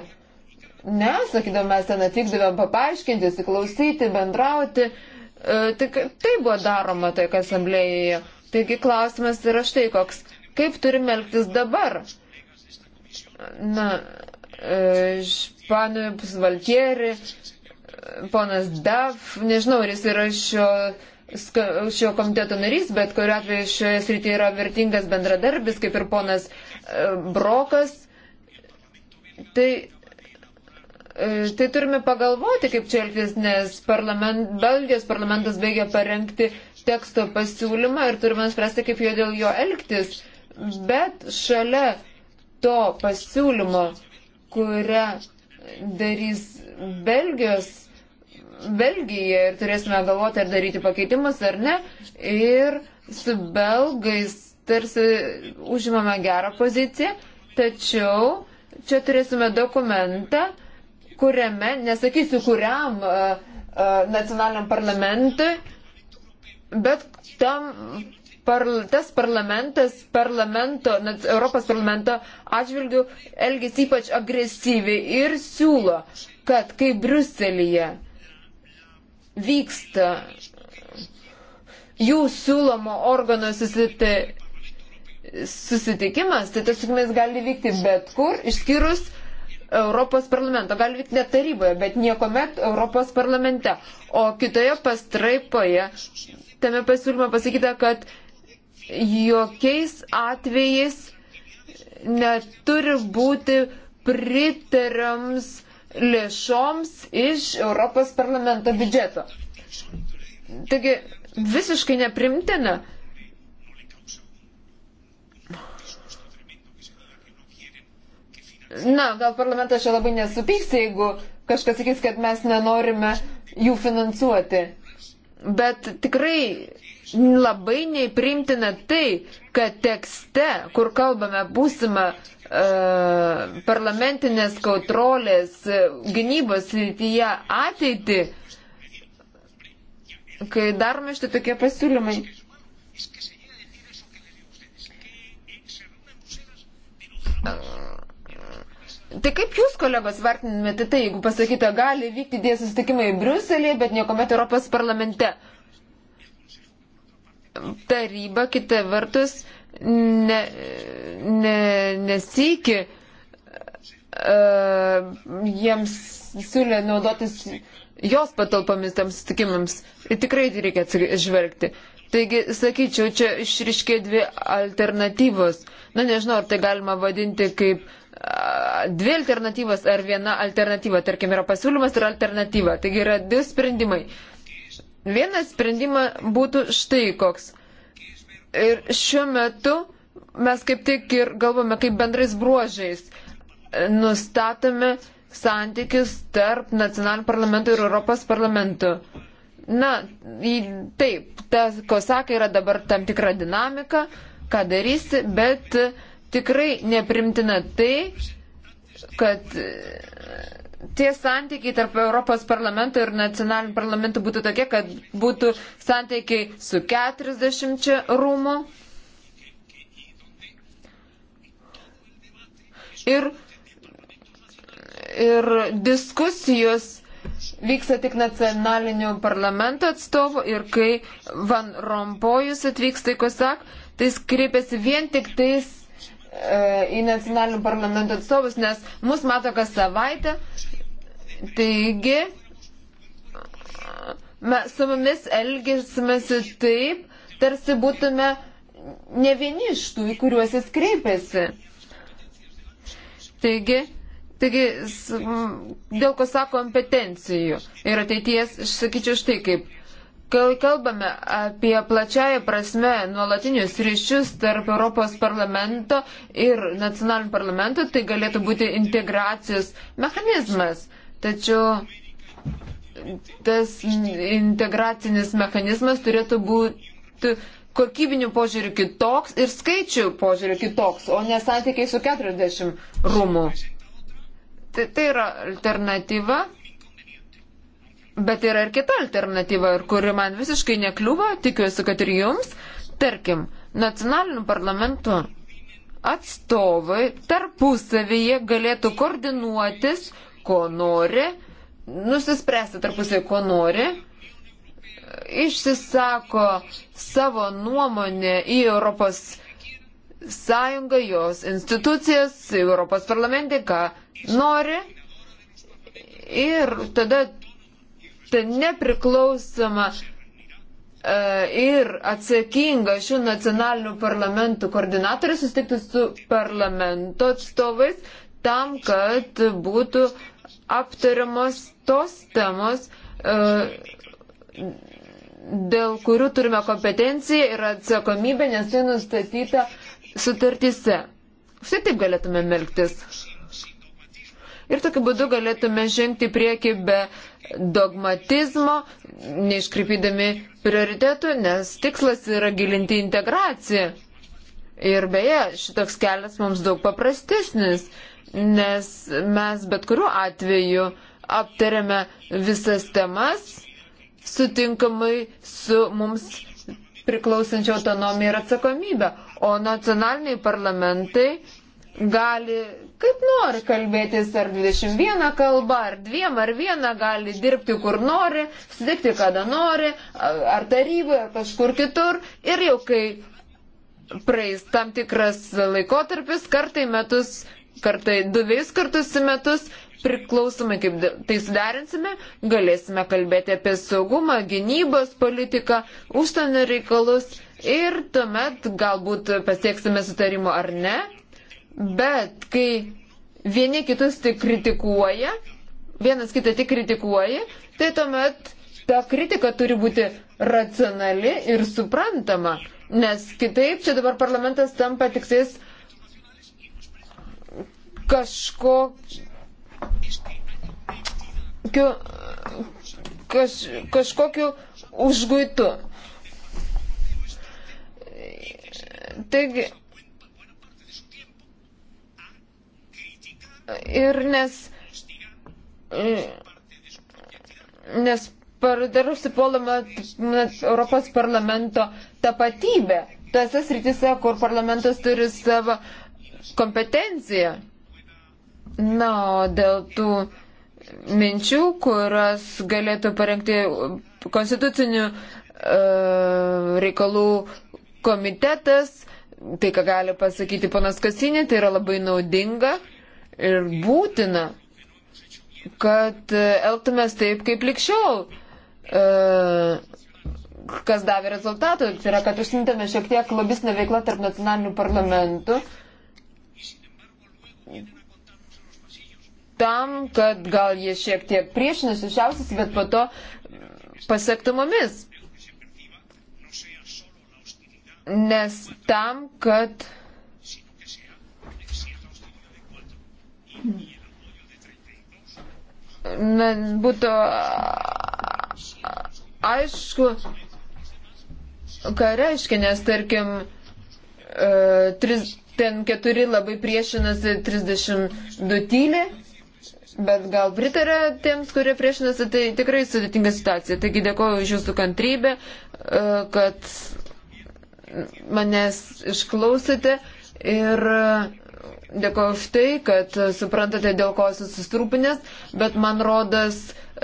Ne, sakydavome, mes ten atvykdavom papaiškinti, įsiklausyti, bendrauti. E, tik tai buvo daroma toje tai, asamblėje. Taigi klausimas yra štai koks. Kaip turime elgtis dabar? Na, e, š Panius Valtieri, ponas Dav, nežinau, ar jis yra šio, šio komiteto narys, bet kuriu atveju šioje srityje yra vertingas bendradarbis, kaip ir ponas e, Brokas. Tai e, Tai turime pagalvoti, kaip čia elgtis, nes parlament, Belgijos parlamentas baigia parengti teksto pasiūlymą ir turime spręsti, kaip jo dėl jo elgtis. Bet šalia to pasiūlymo, kuria, darys Belgijos, Belgija ir turėsime galvoti, ar daryti pakeitimus ar ne. Ir su belgais tarsi užimame gerą poziciją, tačiau čia turėsime dokumentą, kuriame, nesakysiu kuriam uh, uh, nacionaliniam parlamentui, bet tam par, tas parlamentas parlamento, Europos parlamento atžvilgių elgesi ypač agresyviai ir siūlo, kad kai Bruselėje vyksta jų siūlomo organo susiti, susitikimas, tai tas susitikimas gali vykti bet kur, išskyrus Europos parlamento, gali vykti net taryboje, bet niekuomet Europos parlamente. O kitoje pastraipoje tame pasiūlyme pasakyta, kad jokiais atvejais neturi būti pritariams lėšoms iš Europos parlamento biudžeto. Taigi visiškai neprimtina. Na, gal parlamentas čia labai nesupyks, jeigu kažkas sakys, kad mes nenorime jų finansuoti. Bet tikrai labai neįprimtina tai, kad tekste, kur kalbame būsimą e, parlamentinės kontrolės e, gynybos rytyje ateitį, kai darome štai tokie pasiūlymai. Tai kaip jūs, kolegos, vertinate tai, jeigu pasakyta, gali vykti dėsų susitikimai Briuselėje, bet niekuomet Europos parlamente? taryba kita vertus ne, ne, nesiki uh, e, jiems siūlė naudotis jos patalpomis tam sustikimams. Tikrai tai reikia atsižvelgti. Taigi, sakyčiau, čia išriškė dvi alternatyvos. Na, nežinau, ar tai galima vadinti kaip a, dvi alternatyvas ar viena alternatyva. Tarkim, yra pasiūlymas ir alternatyva. Taigi yra du sprendimai. Vienas sprendimas būtų štai koks. Ir šiuo metu mes kaip tik ir galvome, kaip bendrais bruožais nustatome santykius tarp nacionalinių parlamentų ir Europos parlamentų. Na, taip, tas kosakai yra dabar tam tikra dinamika, ką darysi, bet tikrai neprimtina tai, kad tie santykiai tarp Europos parlamento ir nacionalinių parlamentų būtų tokie, kad būtų santykiai su 40 rūmų. Ir, ir diskusijos vyksta tik nacionalinių parlamento atstovų ir kai Van Rompojus atvyksta į Kosak, tai jis kreipiasi vien tik tais E, į nacionalinių parlamentų atstovus, nes mus mato kas savaitę. Taigi, me, su mumis elgiamasi taip, tarsi būtume ne vieni iš tų, į kuriuos jis kreipiasi. Taigi, taigi dėl ko sako kompetencijų ir ateities, aš sakyčiau štai kaip Kai kalbame apie plačiają prasme nuolatinius ryšius tarp Europos parlamento ir nacionalinių parlamentų, tai galėtų būti integracijos mechanizmas. Tačiau tas integracinis mechanizmas turėtų būti kokybinių požiūrių kitoks ir skaičių požiūrių kitoks, o ne santykiai su 40 rūmų. Tai, tai yra alternatyva Bet yra ir kita alternatyva, ir kuri man visiškai nekliūva, tikiuosi, kad ir jums, tarkim, nacionalinių parlamentų atstovai tarpusavyje galėtų koordinuotis, ko nori, nusispręsti tarpusavyje, ko nori, išsisako savo nuomonę į Europos sąjungą, jos institucijas, Europos parlamentį, ką nori. Ir tada išreikšti nepriklausomą e, ir atsakinga šių nacionalinių parlamentų koordinatorius susitikti su parlamento atstovais tam, kad būtų aptariamos tos temos, e, dėl kurių turime kompetenciją ir atsakomybę, nes tai nustatyta sutartyse. Štai taip galėtume melktis ir tokiu būdu galėtume žengti prieki be dogmatizmo, neiškrypydami prioritetų, nes tikslas yra gilinti integraciją. Ir beje, šitoks kelias mums daug paprastesnis, nes mes bet kuriuo atveju aptariame visas temas sutinkamai su mums priklausančia autonomija ir atsakomybė, o nacionaliniai parlamentai gali kaip nori kalbėtis ar 21 kalba, ar dviem, ar vieną, gali dirbti kur nori, susitikti kada nori, ar taryboje, ar kažkur kitur. Ir jau kai praeis tam tikras laikotarpis, kartai metus, kartai du vis kartus į metus, priklausomai kaip tai suderinsime, galėsime kalbėti apie saugumą, gynybos politiką, užsienio reikalus ir tuomet galbūt pasieksime sutarimo ar ne Bet kai vieni kitus tik kritikuoja, vienas kitą tik kritikuoja, tai tuomet ta kritika turi būti racionali ir suprantama, nes kitaip čia dabar parlamentas tampa tiksais kažko. Kaž, kažkokiu užguitu. Taigi, ir nes, nes dar užsipuolama Europos parlamento tapatybė tose srityse, kur parlamentas turi savo kompetenciją. Na, o dėl tų minčių, kurias galėtų parengti konstitucinių e, reikalų komitetas, tai ką gali pasakyti ponas Kasinė, tai yra labai naudinga ir būtina, kad e, elgtumės taip kaip likščiau, e, kas davė rezultatų, tai yra, kad užsimtume šiek tiek lobistinę veiklą tarp nacionalinių parlamentų, tam, kad gal jie šiek tiek priešinasi šiausias, bet po to pasiektų mumis. Nes tam, kad na, būtų aišku, ką reiškia, nes tarkim, e, tris, ten keturi labai priešinasi 32 tylė, bet gal pritarė tiems, kurie priešinasi, tai tikrai sudėtinga situacija. Taigi dėkoju už jūsų kantrybę, e, kad manęs išklausėte ir Dėkuoju už tai, kad suprantate, dėl ko esu susirūpinęs, bet man rodas,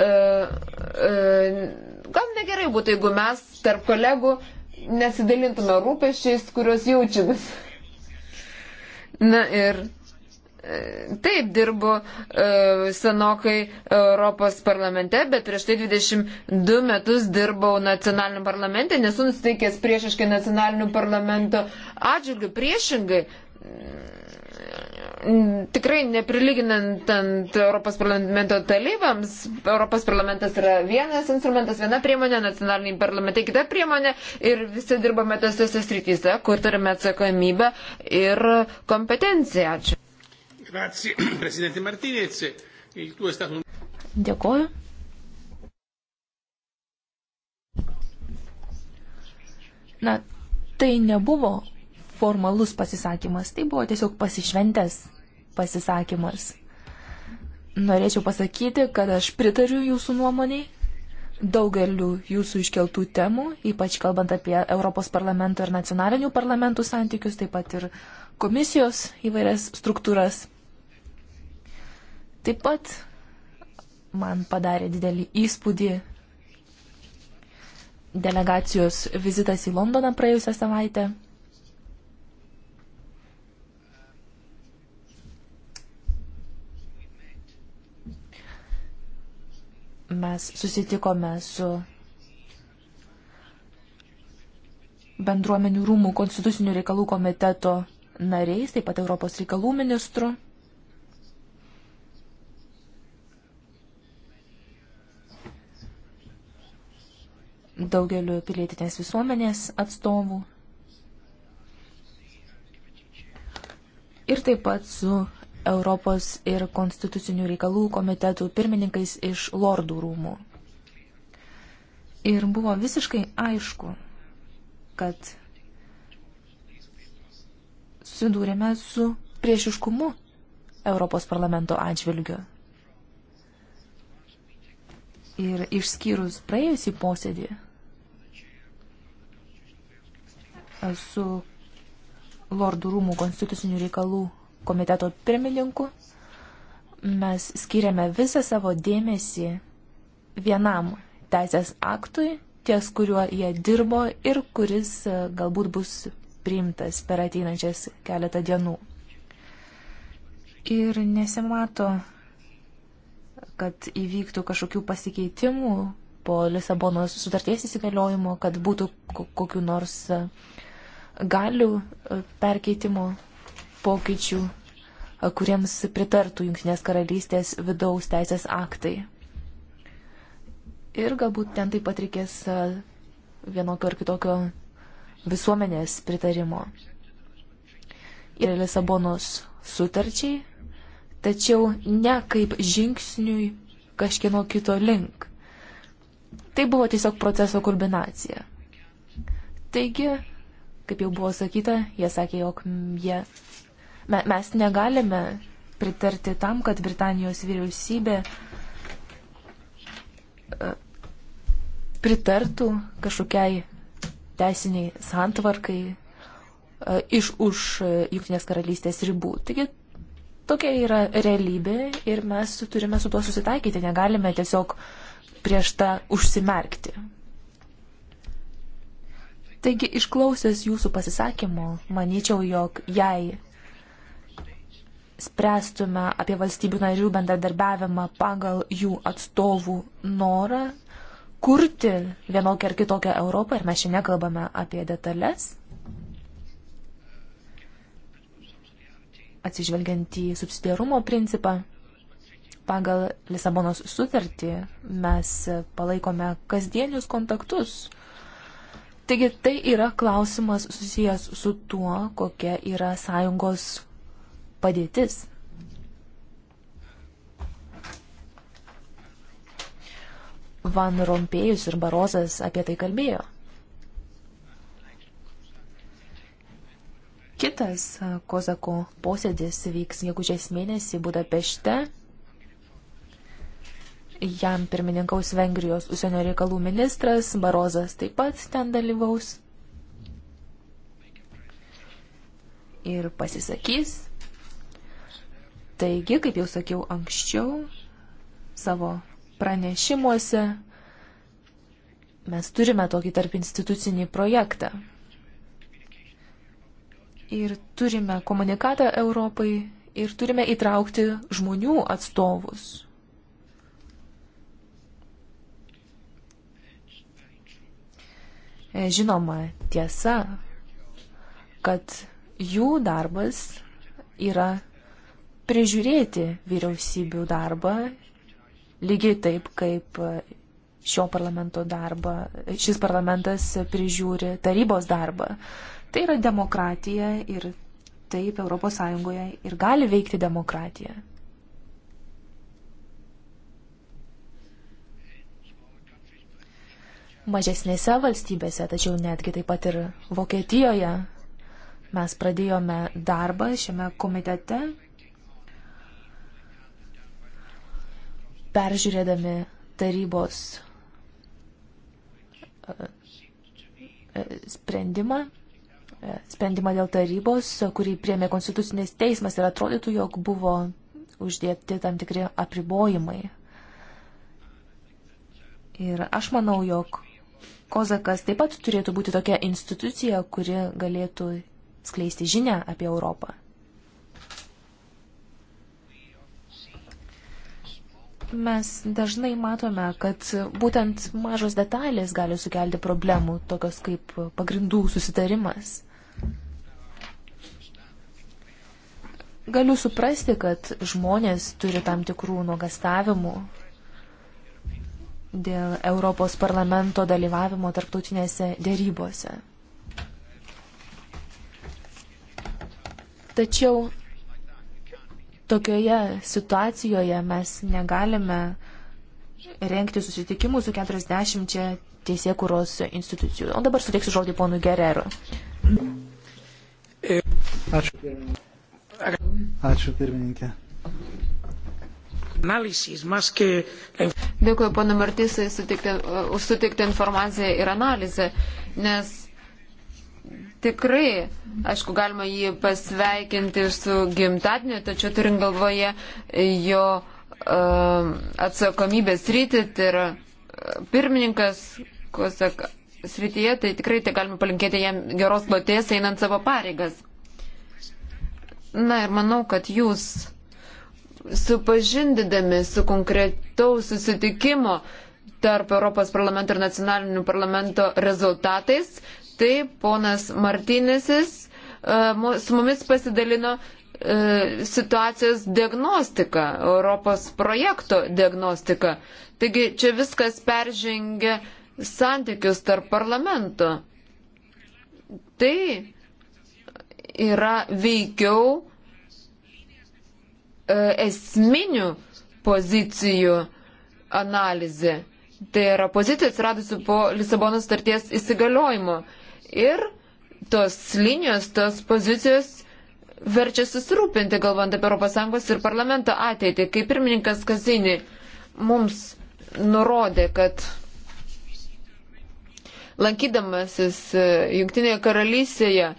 e, e, gal negerai būtų, jeigu mes tarp kolegų nesidalintume rūpešiais, kuriuos jaučiamės. Na ir e, Taip, dirbu e, senokai Europos parlamente, bet prieš tai 22 metus dirbau nacionaliniam parlamente, nesu nusteikęs priešiškai nacionalinių parlamento atžvilgių priešingai tikrai neprilyginant ant Europos parlamento talybams, Europos parlamentas yra vienas instrumentas, viena priemonė, nacionaliniai parlamentai kita priemonė ir visi dirbame tose srityse, kur turime atsakomybę ir kompetenciją. Ačiū. Grazie, prezidentė Martinėci. Dėkoju. Na, tai nebuvo formalus pasisakymas, tai buvo tiesiog pasišventęs pasisakymas. Norėčiau pasakyti, kad aš pritariu jūsų nuomoniai, daugeliu jūsų iškeltų temų, ypač kalbant apie Europos parlamento ir nacionalinių parlamentų santykius, taip pat ir komisijos įvairias struktūras. Taip pat man padarė didelį įspūdį delegacijos vizitas į Londoną praėjusią savaitę. mes susitikome su bendruomenių rūmų konstitucinių reikalų komiteto nariais, taip pat Europos reikalų ministru. daugeliu pilietinės visuomenės atstovų ir taip pat su Europos ir konstitucinių reikalų komitetų pirmininkais iš lordų rūmų. Ir buvo visiškai aišku, kad susidūrėme su priešiškumu Europos parlamento atžvilgiu. Ir išskyrus praėjusį posėdį su Lordų rūmų konstitucinių reikalų komiteto pirmininku, mes skiriame visą savo dėmesį vienam teisės aktui, ties kuriuo jie dirbo ir kuris e, galbūt bus priimtas per ateinančias keletą dienų. Ir nesimato, kad įvyktų kažkokių pasikeitimų po Lisabonos sutarties įsigaliojimo, kad būtų kokiu nors e, galių e, perkeitimo pokyčių, kuriems pritartų Junktinės karalystės vidaus teisės aktai. Ir galbūt ten taip pat reikės vienokio ar kitokio visuomenės pritarimo ir Lisabonos sutarčiai, tačiau ne kaip žingsniui kažkieno kito link. Tai buvo tiesiog proceso kulminacija. Taigi, kaip jau buvo sakyta, jie sakė, jog jie Mes negalime pritarti tam, kad Britanijos vyriausybė e, pritartų kažkokiai teisiniai santvarkai e, iš už e, Junktinės karalystės ribų. Taigi tokia yra realybė ir mes turime su tuo susitaikyti, negalime tiesiog prieš tą užsimerkti. Taigi išklausęs jūsų pasisakymo, manyčiau, jog jei spręstume apie valstybių narių bendradarbiavimą pagal jų atstovų norą kurti vienokią ar kitokią Europą, ir mes čia nekalbame apie detalės, atsižvelgiant į subsidiarumo principą, pagal Lisabonos sutartį mes palaikome kasdienius kontaktus. Taigi tai yra klausimas susijęs su tuo, kokia yra sąjungos padėtis. Van Rompėjus ir Barozas apie tai kalbėjo. Kitas Kozako posėdis vyks gegužės mėnesį Budapešte. Jam pirmininkaus Vengrijos užsienio reikalų ministras, Barozas taip pat ten dalyvaus ir pasisakys. Taigi, kaip jau sakiau anksčiau, savo pranešimuose mes turime tokį tarp institucinį projektą. Ir turime komunikatą Europai ir turime įtraukti žmonių atstovus. E, žinoma, tiesa, kad jų darbas yra prižiūrėti vyriausybių darbą, lygiai taip, kaip šio parlamento darbą, šis parlamentas prižiūri tarybos darbą. Tai yra demokratija ir taip ES ir gali veikti demokratija. Mažesnėse valstybėse, tačiau netgi taip pat ir Vokietijoje mes pradėjome darbą šiame komitete peržiūrėdami tarybos e, e, sprendimą, e, sprendimą dėl tarybos, kurį priemė Konstitucinis teismas ir atrodytų, jog buvo uždėti tam tikri apribojimai. Ir aš manau, jog Kozakas taip pat turėtų būti tokia institucija, kuri galėtų skleisti žinę apie Europą. Mes dažnai matome, kad būtent mažos detalės gali sukelti problemų, tokios kaip pagrindų susitarimas. Galiu suprasti, kad žmonės turi tam tikrų nuogastavimų dėl Europos parlamento dalyvavimo tarptautinėse dėrybose. Tačiau Tokioje situacijoje mes negalime rengti susitikimų su 40 teisėkuros institucijų. O dabar suteiksiu žodį ponui Gerero. Ačiū. Ačiū pirmininkė. Dėkuoju, pana Martysai, už suteiktą informaciją ir analizę, nes Tikrai, aišku, galima jį pasveikinti su gimtadieniu, tačiau turim galvoje jo um, atsakomybės rytį, tai yra uh, pirmininkas, ko sak, srityje, tai tikrai tai galima palinkėti jam geros plotės einant savo pareigas. Na ir manau, kad jūs supažindydami su konkretaus susitikimo tarp Europos parlamento ir nacionalinių parlamento rezultatais, štai ponas Martinesis e, su mumis pasidalino e, situacijos diagnostika, Europos projekto diagnostika. Taigi čia viskas peržengia santykius tarp parlamento. Tai yra veikiau e, esminių pozicijų analizė. Tai yra pozicija atsiradusi po Lisabonos starties įsigaliojimo. Ir tos linijos, tos pozicijos verčia susirūpinti, galvant apie ES ir parlamento ateitį. Kaip pirmininkas Kazinį mums nurodė, kad lankydamasis e, Junktinėje karalystėje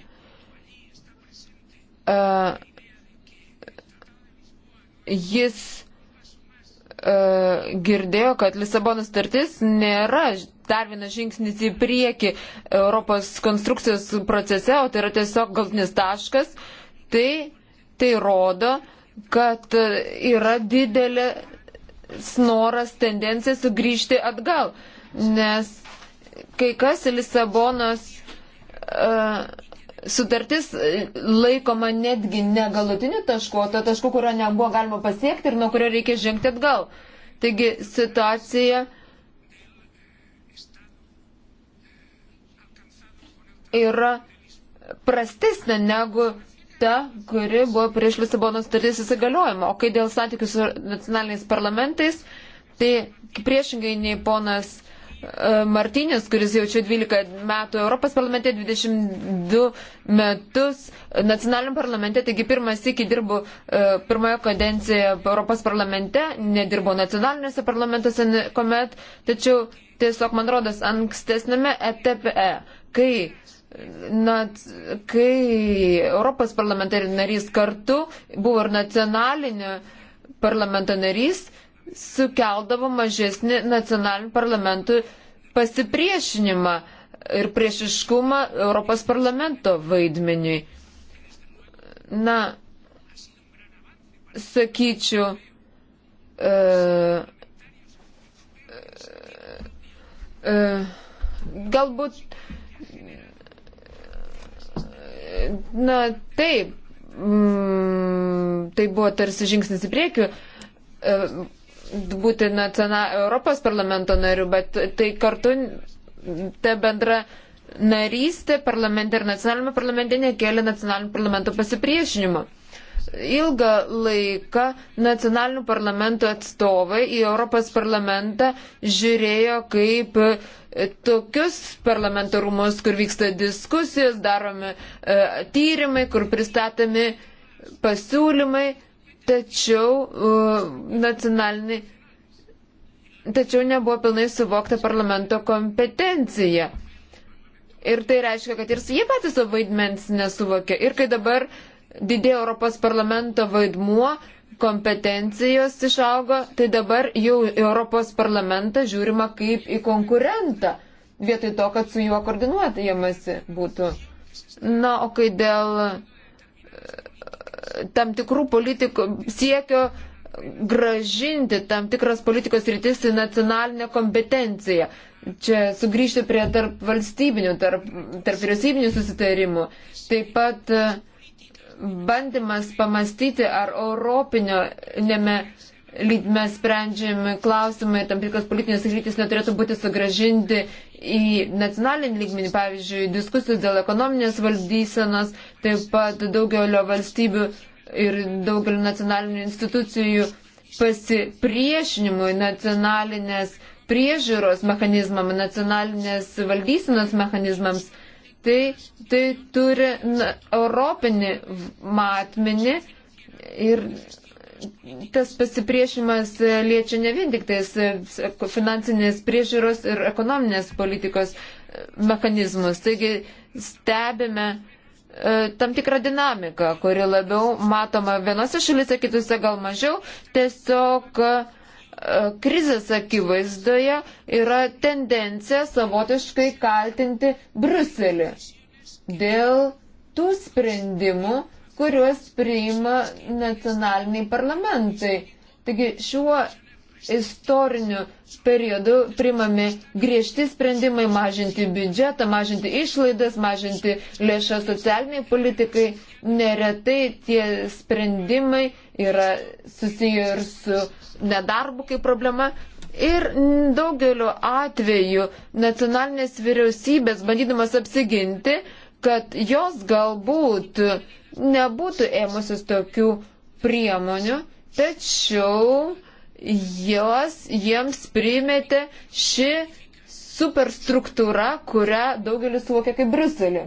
uh, jis uh, girdėjo, kad Lisabonos startis nėra dar vienas žingsnis į priekį Europos konstrukcijos procese, o tai yra tiesiog galtinis taškas, tai, tai rodo, kad yra didelė snoras tendencija sugrįžti atgal, nes kai kas Lisabonos uh, sutartis laikoma netgi negalutiniu tašku, o to tašku, kurio nebuvo galima pasiekti ir nuo kurio reikia žengti atgal. Taigi situacija uh, yra prastesnė negu ta, kuri buvo prieš Lisabonos sutarties įsigaliojimą. O kai dėl santykių su nacionaliniais parlamentais, tai priešingai nei ponas e, Martinis, kuris jau čia 12 metų Europos parlamente, 22 metus nacionaliniam parlamente, taigi pirmas iki dirbu e, pirmojo kadencijoje Europos parlamente, nedirbu nacionaliniuose parlamentuose, kuomet, tačiau tiesiog, man rodas, ankstesnėme etape, kai Na, kai Europos parlamentarų narys kartu buvo ir nacionalinio parlamento narys, sukeldavo mažesnį nacionalinių parlamentų pasipriešinimą ir priešiškumą Europos parlamento vaidmeniui. Na, sakyčiau, e, e, galbūt na taip, mm, tai buvo tarsi žingsnis į priekį e, būti nacional, Europos parlamento nariu, bet tai kartu ta bendra narystė parlamente ir nacionalinėme parlamente nekėlė nacionalinio parlamento pasipriešinimo ilgą laiką nacionalinių parlamentų atstovai į Europos parlamentą žiūrėjo kaip e, tokius parlamentarumus, kur vyksta diskusijos, daromi e, tyrimai, kur pristatomi pasiūlymai, tačiau e, nacionaliniai. Tačiau nebuvo pilnai suvokta parlamento kompetencija. Ir tai reiškia, kad ir jie patys savo vaidmens nesuvokė. Ir kai dabar uh, didėjo Europos parlamento vaidmuo, kompetencijos išaugo, tai dabar jau Europos parlamentą žiūrima kaip į konkurentą, vietoj to, kad su juo koordinuoti jėmasi būtų. Na, o kai dėl e, tam tikrų politikų siekio gražinti tam tikras politikos rytis į nacionalinę kompetenciją. Čia sugrįžti prie tarp valstybinių, tarp, tarp vyriausybinių susitarimų. Taip pat uh, bandymas pamastyti, ar europinio neme lygme sprendžiami klausimai, tam tikros politinės kryptis neturėtų būti sugražinti į nacionalinį lygmenį, pavyzdžiui, diskusijos dėl ekonominės valdysenos, taip pat daugelio valstybių ir daugelio nacionalinių institucijų pasipriešinimui nacionalinės priežiūros mechanizmam, nacionalinės valdysenos mechanizmams tai, tai turi na, europinį matmenį ir tas pasipriešimas liečia ne vien tik tais e, finansinės priežiūros ir ekonominės politikos e, mechanizmus. Taigi stebime e, tam tikrą dinamiką, kuri labiau matoma vienose šalise, kitose gal mažiau. Tiesiog uh, krizės akivaizdoje yra tendencija savotiškai kaltinti Bruselį dėl tų sprendimų, kuriuos priima nacionaliniai parlamentai. Taigi šiuo istoriniu periodu primami griežti sprendimai mažinti biudžetą, mažinti išlaidas, mažinti lėšas socialiniai politikai. Neretai tie sprendimai yra susiję ir su nedarbu kaip problema. Ir daugeliu atveju nacionalinės vyriausybės, bandydamas apsiginti, kad jos galbūt nebūtų ėmusios tokių priemonių, tačiau jos jiems primetė ši superstruktūra, kurią daugelis suvokia kaip Bruselį.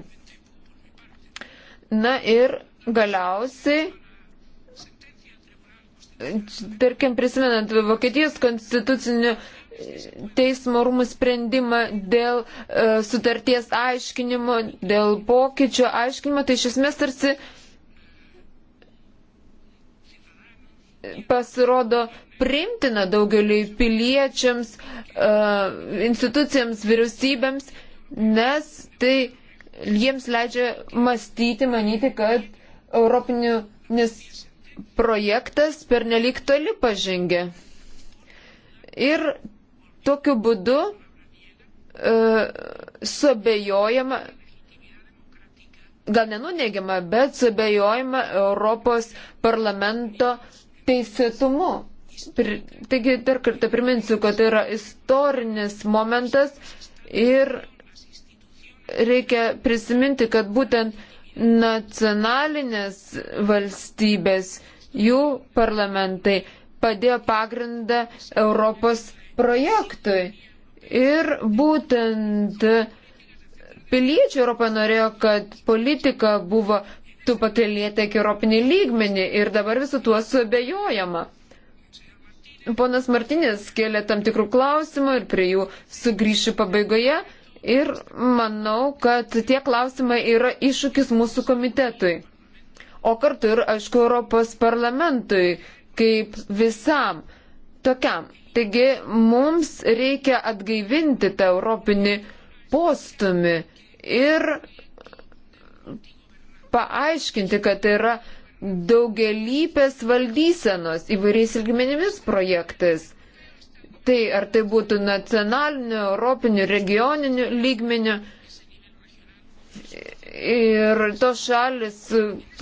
Na ir galiausiai tarkim, prisimenant Vokietijos konstitucinio teismo rūmų sprendimą dėl e, sutarties aiškinimo, dėl pokyčio aiškinimo, tai iš esmės tarsi pasirodo primtina daugeliui piliečiams, e, institucijams, vyriausybėms, nes tai jiems leidžia mąstyti, manyti, kad europinių nes projektas pernelik toli pažengė. Ir tokiu būdu e, subejojama, gal nenuneigiama, bet subejojama Europos parlamento teisėtumu. Pir, taigi dar kartą priminsiu, kad tai yra istorinis momentas ir reikia prisiminti, kad būtent nacionalinės valstybės, jų parlamentai padėjo pagrindą Europos projektui. Ir būtent piliečiai Europą norėjo, kad politika buvo tu pakelėta iki Europinį lygmenį ir dabar visų tuo suabejojama. Ponas Martinės kėlė tam tikrų klausimų ir prie jų sugrįšiu pabaigoje, Ir manau, kad tie klausimai yra iššūkis mūsų komitetui. O kartu ir, aišku, Europos parlamentui kaip visam tokiam. Taigi mums reikia atgaivinti tą europinį postumį ir paaiškinti, kad tai yra daugelypės valdysenos įvairiais ilgmenimis projektais tai ar tai būtų nacionaliniu, europiniu, regioniniu lygmeniu. Ir tos šalis,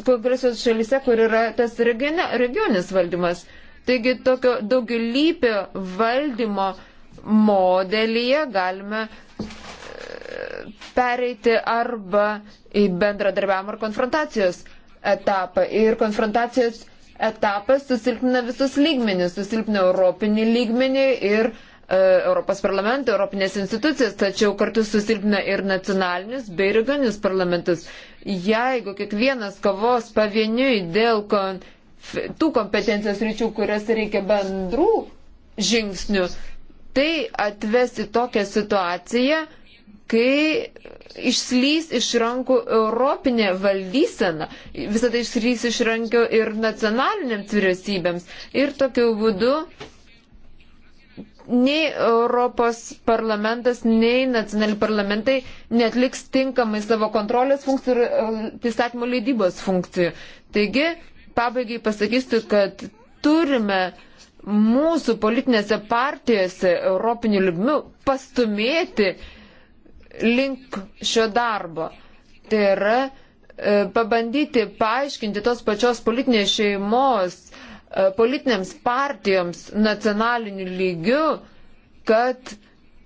kuriuose šalise, kur yra tas regione, regioninis valdymas. Taigi tokio daugialypio valdymo modelyje galime e, pereiti arba į bendradarbiavimo ar konfrontacijos etapą. Ir konfrontacijos etapas susilpnina visus lygmenis, susilpnina europinį lygmenį ir e, Europos parlamentą, Europinės institucijas, tačiau kartu susilpnina ir nacionalinius bei regioninius parlamentus. Jeigu kiekvienas kovos pavieniui dėl kon, tų kompetencijos ryčių, kurias reikia bendrų žingsnių, tai atvesi tokią situaciją, kai išslys iš rankų europinė valdysena, visą tai išslys iš rankų ir nacionalinėms vyriausybėms. Ir tokiu būdu nei Europos parlamentas, nei nacionaliai parlamentai netliks tinkamai savo kontrolės funkcijų ir įstatymų e, leidybos funkcijų. Taigi, pabaigai pasakysiu, kad turime mūsų politinėse partijose Europinių lygmių pastumėti uh, link šio darbo. Tai yra e, pabandyti paaiškinti tos pačios politinės šeimos, e, politinėms partijoms nacionaliniu lygiu, kad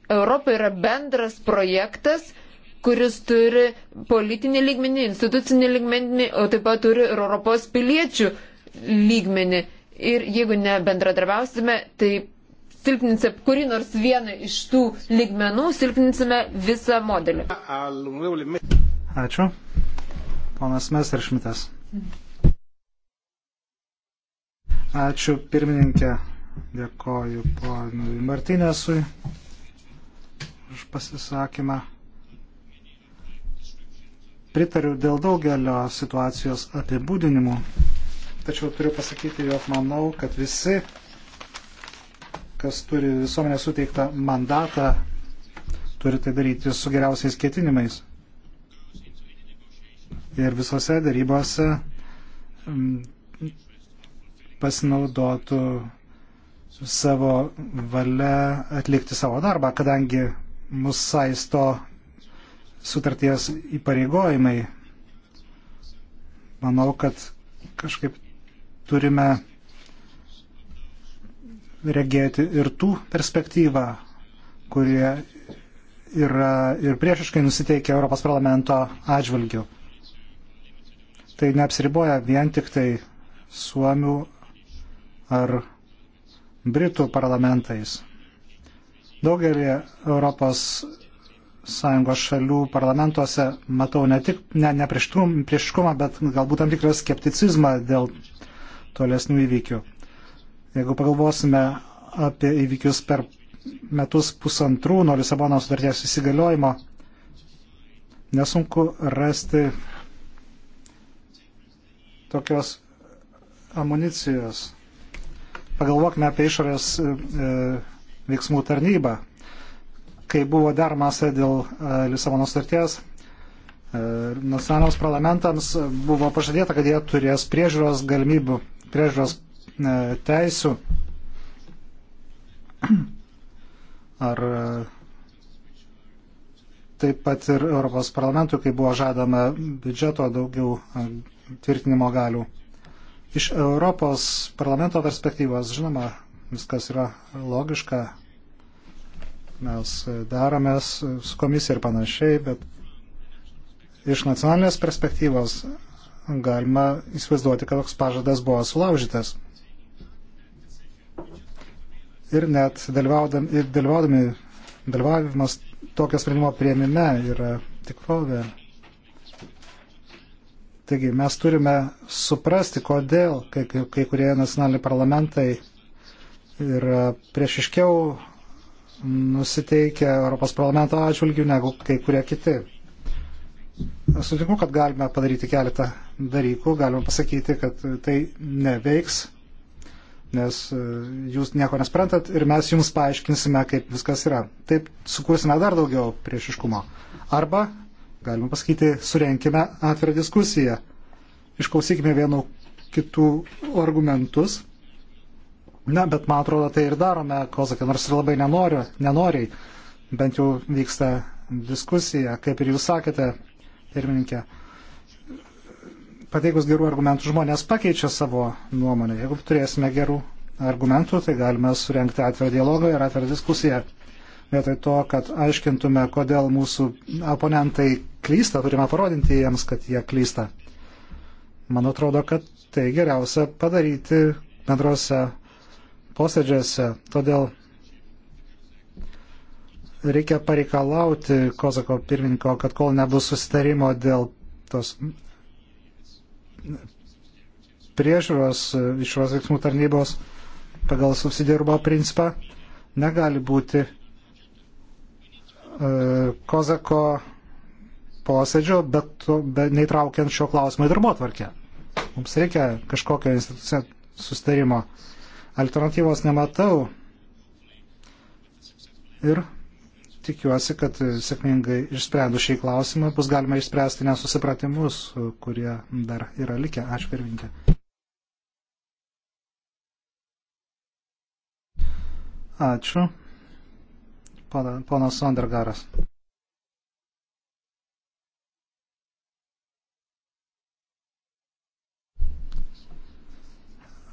Europa yra bendras projektas, kuris turi politinį lygmenį, institucinį lygmenį, o taip pat turi ir Europos piliečių lygmenį. Ir jeigu nebendradarbiausime, tai silpninsime kuri nors vieną iš tų ligmenų, silpninsime visą modelį. Ačiū. Ponas Mesteršmitas. Ačiū pirmininkė. Dėkoju ponui Martinėsui už pasisakymą. Pritariu dėl daugelio situacijos apibūdinimų, tačiau turiu pasakyti, jog manau, kad visi kas turi visuomenė suteiktą mandatą, turi tai daryti su geriausiais ketinimais. Ir visose darybose mm, pasinaudotų savo valia atlikti savo darbą, kadangi mus saisto sutarties įpareigojimai. Manau, kad kažkaip turime regėti ir tų perspektyvą, kurie yra ir priešiškai nusiteikę Europos parlamento atžvilgių. Tai neapsiriboja vien tik tai Suomių ar Britų parlamentais. Daugelį Europos Sąjungos šalių parlamentuose matau ne tik ne, ne priešiškumą, bet galbūt tam tikrą skepticizmą dėl tolesnių įvykių. Jeigu pagalvosime apie įvykius per metus pusantrų nuo Lisabono sutarties įsigaliojimo, nesunku rasti tokios amunicijos. Pagalvokime apie išorės e, e, veiksmų tarnybą. Kai buvo dermasi dėl e, Lisabono sutarties, e, nacionaliniams parlamentams buvo pažadėta, kad jie turės priežiūros galimybių, priežiūros E, teisų ar e, taip pat ir Europos parlamentui, kai buvo žadama biudžeto daugiau e, tvirtinimo galių. Iš Europos parlamento perspektyvos, žinoma, viskas yra logiška, mes daromės su komisija ir panašiai, bet iš nacionalinės perspektyvos galima įsivaizduoti, kad toks pažadas buvo sulaužytas ir net dalyvaudami, ir dalyvaudami dalyvavimas tokio sprendimo prieimime yra tikrovė. Taigi mes turime suprasti, kodėl kai, kai, kai kurie nacionaliniai parlamentai yra priešiškiau nusiteikę Europos parlamento atžvilgių negu kai kurie kiti. Sutinku, kad galime padaryti keletą dalykų, galime pasakyti, kad tai neveiks nes e, jūs nieko nesprantat ir mes jums paaiškinsime, kaip viskas yra. Taip sukursime dar daugiau priešiškumo. Arba, galima pasakyti, surenkime atvirą diskusiją. Išklausykime vienų kitų argumentus. Na, bet man atrodo, tai ir darome, kozakai, nors ir labai nenoriu, nenoriai. Bent jau vyksta diskusija, kaip ir jūs sakėte, pirmininkė pateikus gerų argumentų žmonės pakeičia savo nuomonę. Jeigu turėsime gerų argumentų, tai galime surenkti atvirą dialogą ir atvirą diskusiją. Vietoj to, kad aiškintume, kodėl mūsų oponentai klysta, turime parodinti jiems, kad jie klysta. Man atrodo, kad tai geriausia padaryti bendrose posėdžiuose. Todėl reikia pareikalauti Kozako pirmininko, kad kol nebus susitarimo dėl tos priežiūros išros veiksmų tarnybos pagal subsidiarumo principą negali būti e, Kozako posėdžio, bet, bet neįtraukiant šio klausimo į darbo tvarkę. Mums reikia kažkokio institucinio sustarimo. Alternatyvos nematau. Ir tikiuosi, kad sėkmingai išsprendus šį klausimą bus galima išspręsti nesusipratimus, kurie dar yra likę. Ačiū pirmininkė. Ačiū. Ponas Sondergaras.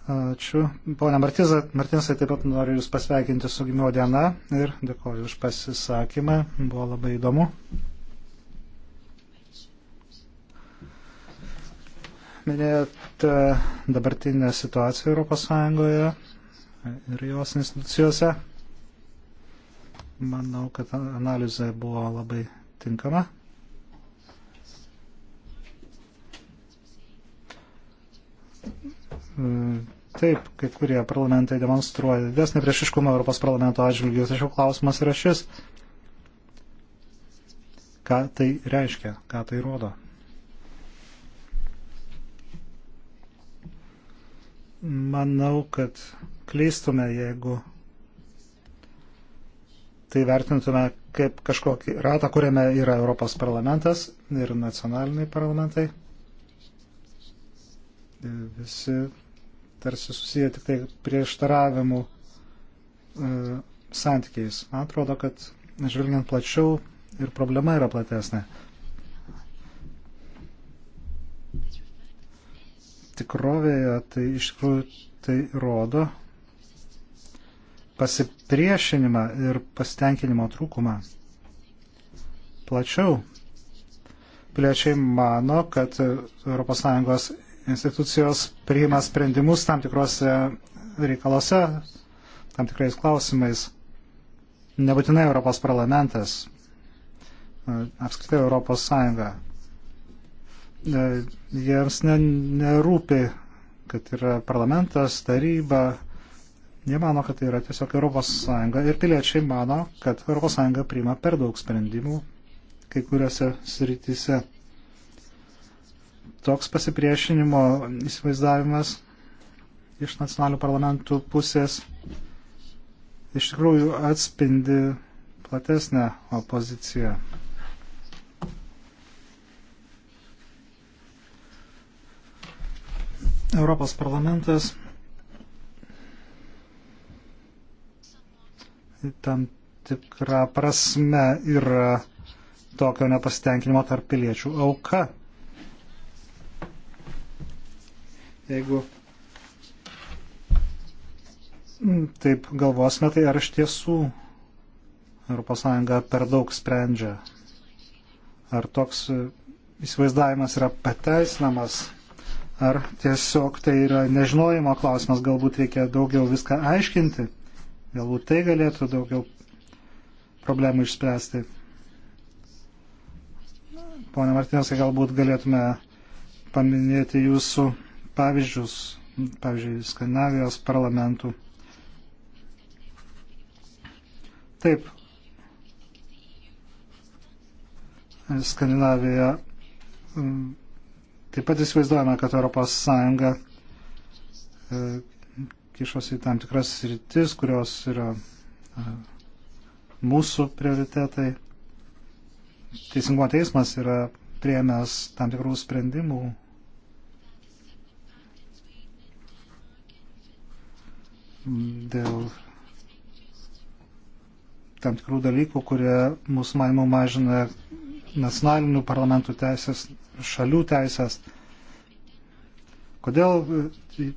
Ačiū. Pone Martinsai, taip pat noriu Jūs pasveikinti su gimimo diena ir dėkoju už pasisakymą. Buvo labai įdomu. Minėjot e, dabartinę situaciją ES ir jos institucijose. Manau, kad analizė buvo labai tinkama. Taip, kai kurie parlamentai demonstruoja didesnį priešiškumą Europos parlamento atžvilgių, tačiau klausimas yra šis. Ką tai reiškia, ką tai rodo? Manau, kad klystume, jeigu tai vertintume kaip kažkokį ratą, kuriame yra Europos parlamentas ir nacionaliniai parlamentai. Visi tarsi susiję tik tai prieštaravimų e, santykiais. Man atrodo, kad žvelgiant plačiau ir problema yra platesnė. Tikrovėje tai iš tikrųjų tai rodo pasipriešinimą ir pasitenkinimo trūkumą. Plačiau piliečiai mano, kad ES institucijos priima sprendimus tam tikrose reikalose, tam tikrais klausimais. Nebūtinai Europos parlamentas, apskritai Europos Sąjunga. E, jiems nerūpi, kad yra parlamentas, taryba. Jie mano, kad tai yra tiesiog Europos Sąjunga ir piliečiai mano, kad Europos Sąjunga priima per daug sprendimų kai kuriuose srityse. Toks pasipriešinimo įsivaizdavimas iš nacionalių parlamentų pusės iš tikrųjų atspindi platesnę opoziciją. Europos parlamentas tam tikrą prasme yra tokio nepasitenkinimo tarp piliečių auka. OK. Jeigu taip galvosime, tai ar iš tiesų ES per daug sprendžia? Ar toks įsivaizdavimas yra pateisinamas? Ar tiesiog tai yra nežinojimo klausimas, galbūt reikia daugiau viską aiškinti, galbūt tai galėtų daugiau problemų išspręsti. Pone Martinskai, galbūt galėtume paminėti jūsų pavyzdžius, pavyzdžiui, Skandinavijos parlamentų. Taip, Skandinavija mm, taip pat įsivaizduojame, kad Europos Sąjunga e, kišosi į tam tikras rytis, kurios yra e, mūsų prioritetai. Teisingumo teismas yra priemęs tam tikrų sprendimų dėl tam tikrų dalykų, kurie mūsų manimų mažina nacionalinių parlamentų teisės, šalių teisės. Kodėl ES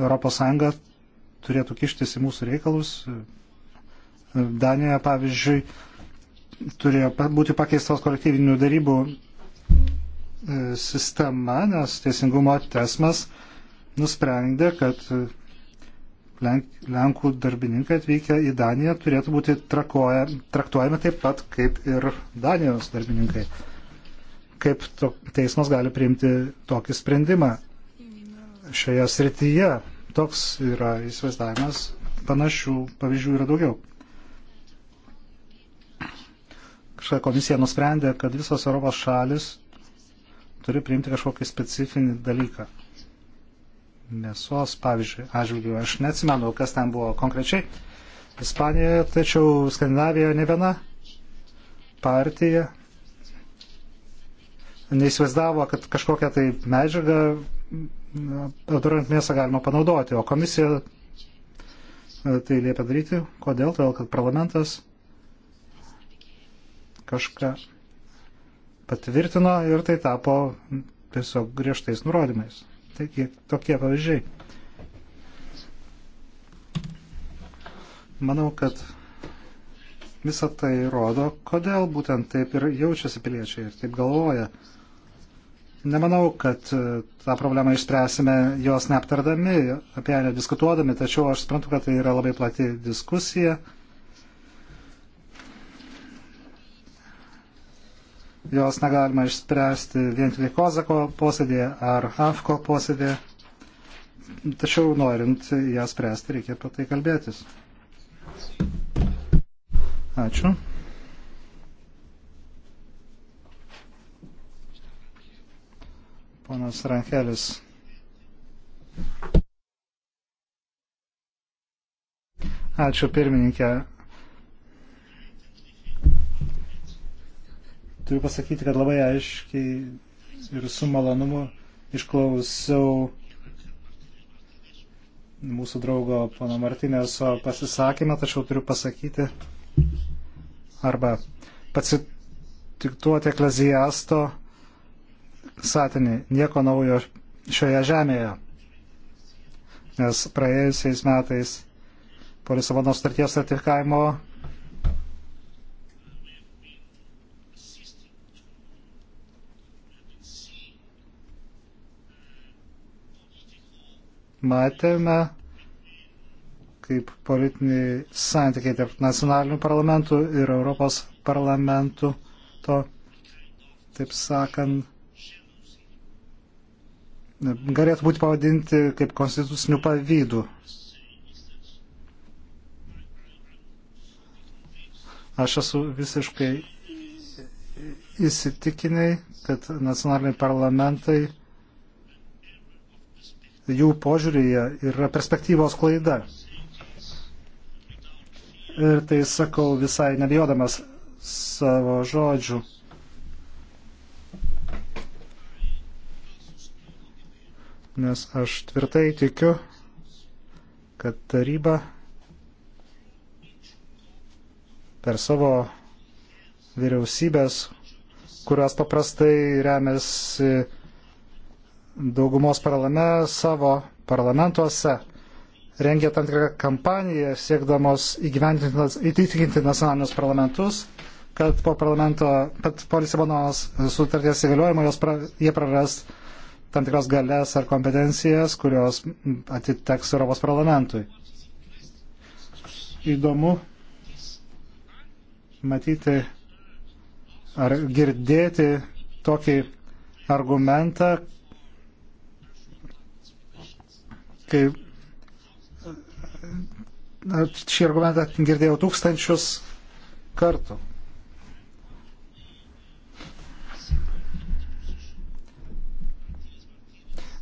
e, turėtų kištis į mūsų reikalus? E, Danijoje, pavyzdžiui, turėjo būti pakeistos kolektyvinių darybų e, sistema, nes teisingumo tesmas nusprendė, kad Lenkų darbininkai atvykę į Daniją turėtų būti trakoja, traktuojami taip pat kaip ir Danijos darbininkai. Kaip to, teismas gali priimti tokį sprendimą šioje srityje? Toks yra įsivaizdavimas. Panašių pavyzdžių yra daugiau. Kažkokia komisija nusprendė, kad visos Europos šalis turi priimti kažkokį specifinį dalyką mėsos, pavyzdžiui, atžvilgių. Aš neatsimenu, kas ten buvo konkrečiai. Ispanijoje, tačiau Skandinavijoje ne viena partija neįsivaizdavo, kad kažkokią tai medžiagą apdorant mėsą galima panaudoti, o komisija tai liepia daryti. Kodėl? Todėl, kad parlamentas kažką patvirtino ir tai tapo tiesiog griežtais nurodymais. Taigi, tokie pavyzdžiai. Manau, kad visą tai rodo, kodėl būtent taip ir jaučiasi piliečiai ir taip galvoja. Nemanau, kad e, tą problemą išspręsime jos neaptardami, apie ją nediskutuodami, tačiau aš suprantu, kad tai yra labai plati diskusija jos negalima išspręsti vien tik Kozako posėdėje ar AFKO posėdėje. Tačiau norint ją spręsti, reikia apie tai kalbėtis. Ačiū. Ponas Rankelis. Ačiū pirmininkė. Turiu pasakyti, kad labai aiškiai ir su malonumu išklausiau mūsų draugo pono Martinėso pasisakymą, tačiau turiu pasakyti arba pacituoti eklezijasto satinį, nieko naujo šioje žemėje. Nes praėjusiais metais po Lisabono starties ratifikavimo matėme, kaip politiniai santykiai tarp nacionalinių parlamentų ir Europos parlamentų to, taip sakant, galėtų būti pavadinti kaip konstitucinių pavydų. Aš esu visiškai įsitikinai, kad nacionaliniai parlamentai jų požiūrėje yra perspektyvos klaida. Ir tai sakau visai nebijodamas savo žodžių. Nes aš tvirtai tikiu, kad taryba per savo vyriausybės, kurios paprastai remiasi daugumos parlame savo parlamentuose rengia tam tikrą kampaniją siekdamos įtikinti nacionalinius parlamentus, kad po, kad po Lisabonos sutarties įgaliojimo pra, jie praras tam tikras galės ar kompetencijas, kurios atiteks Europos parlamentui. Įdomu matyti ar girdėti tokį argumentą, kai šį argumentą girdėjau tūkstančius kartų.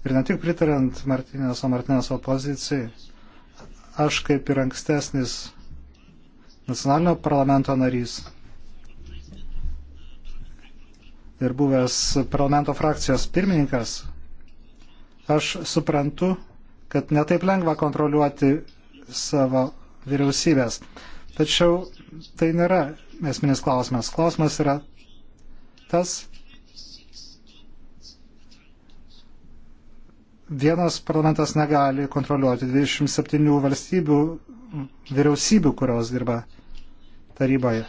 Ir ne tik pritarant Martinėso Martinėso pozicijai, aš kaip ir ankstesnis nacionalinio parlamento narys ir buvęs parlamento frakcijos pirmininkas, aš suprantu, kad netaip lengva kontroliuoti savo vyriausybės. Tačiau tai nėra esminis klausimas. Klausimas yra tas vienas parlamentas negali kontroliuoti 27 valstybių vyriausybių, kurios dirba taryboje.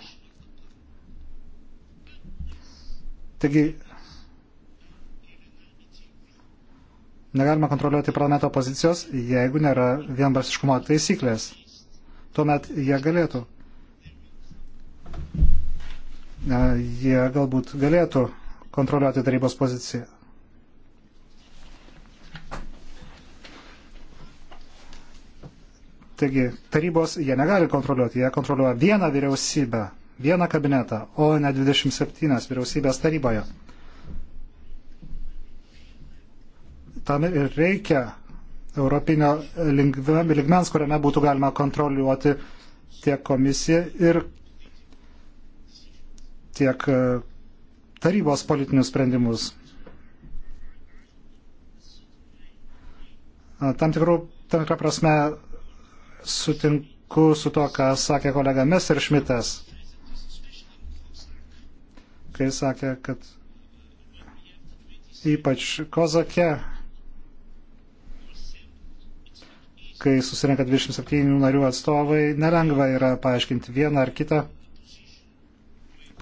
Taigi Negalima kontroliuoti parlamento pozicijos, jeigu nėra vienbarsiškumo taisyklės. Tuomet jie galėtų. Jie galbūt galėtų kontroliuoti tarybos poziciją. Taigi tarybos jie negali kontroliuoti, jie kontroliuoja vieną vyriausybę, vieną kabinetą, o ne 27 vyriausybės taryboje. tam ir reikia europinio lygmens, kuriame būtų galima kontroliuoti tiek komisiją ir tiek e, tarybos politinius sprendimus. Tam, tikrų, tam tikrą prasme sutinku su to, ką sakė kolega Messerschmittas, kai sakė, kad ypač Kozake kai susirenka 27 narių atstovai, nelengva yra paaiškinti vieną ar kitą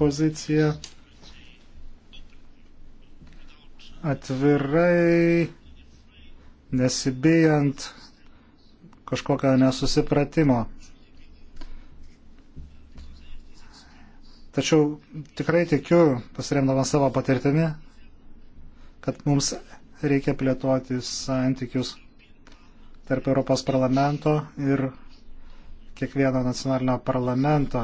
poziciją. Atvirai, nesibijant kažkokio nesusipratimo. Tačiau tikrai tikiu, pasiremdamas savo patirtimi, kad mums reikia plėtoti santykius tarp Europos parlamento ir kiekvieno nacionalinio parlamento.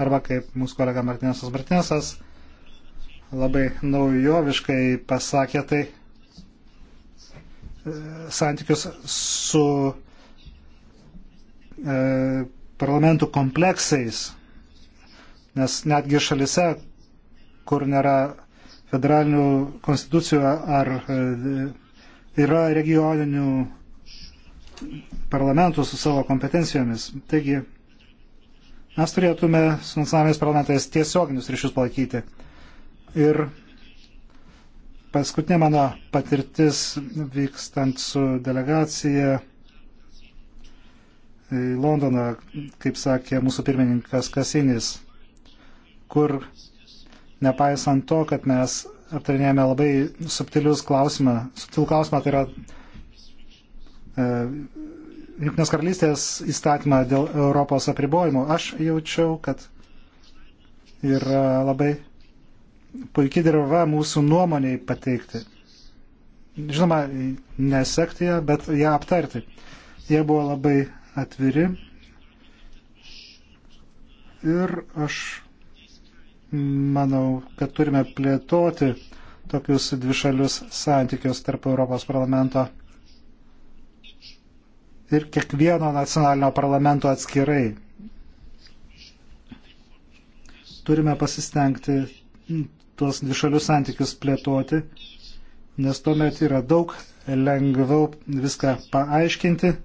Arba kaip mūsų kolega Martinesas Martinesas labai naujoviškai pasakė, tai e, santykius su e, parlamentų kompleksais, nes netgi šalise, kur nėra federalinių konstitucijų ar e, yra regioninių parlamentų su savo kompetencijomis. Taigi mes turėtume su nacionaliniais parlamentais tiesioginius ryšius palaikyti. Ir paskutinė mano patirtis vykstant su delegacija į Londoną, kaip sakė mūsų pirmininkas Kasinis, kur nepaisant to, kad mes aptarinėjame labai subtilius klausimą, subtilų klausimą, tai yra E, Junktinės karalystės įstatymą dėl Europos apribojimų, aš jaučiau, kad yra labai puikiai dirba mūsų nuomoniai pateikti. Žinoma, nesekti ją, bet ją aptarti. Jie buvo labai atviri ir aš manau, kad turime plėtoti tokius dvišalius santykius tarp Europos parlamento ir kiekvieno nacionalinio parlamento atskirai. Turime pasistengti tuos dvišalius santykius plėtoti, nes tuomet yra daug lengviau viską paaiškinti, e,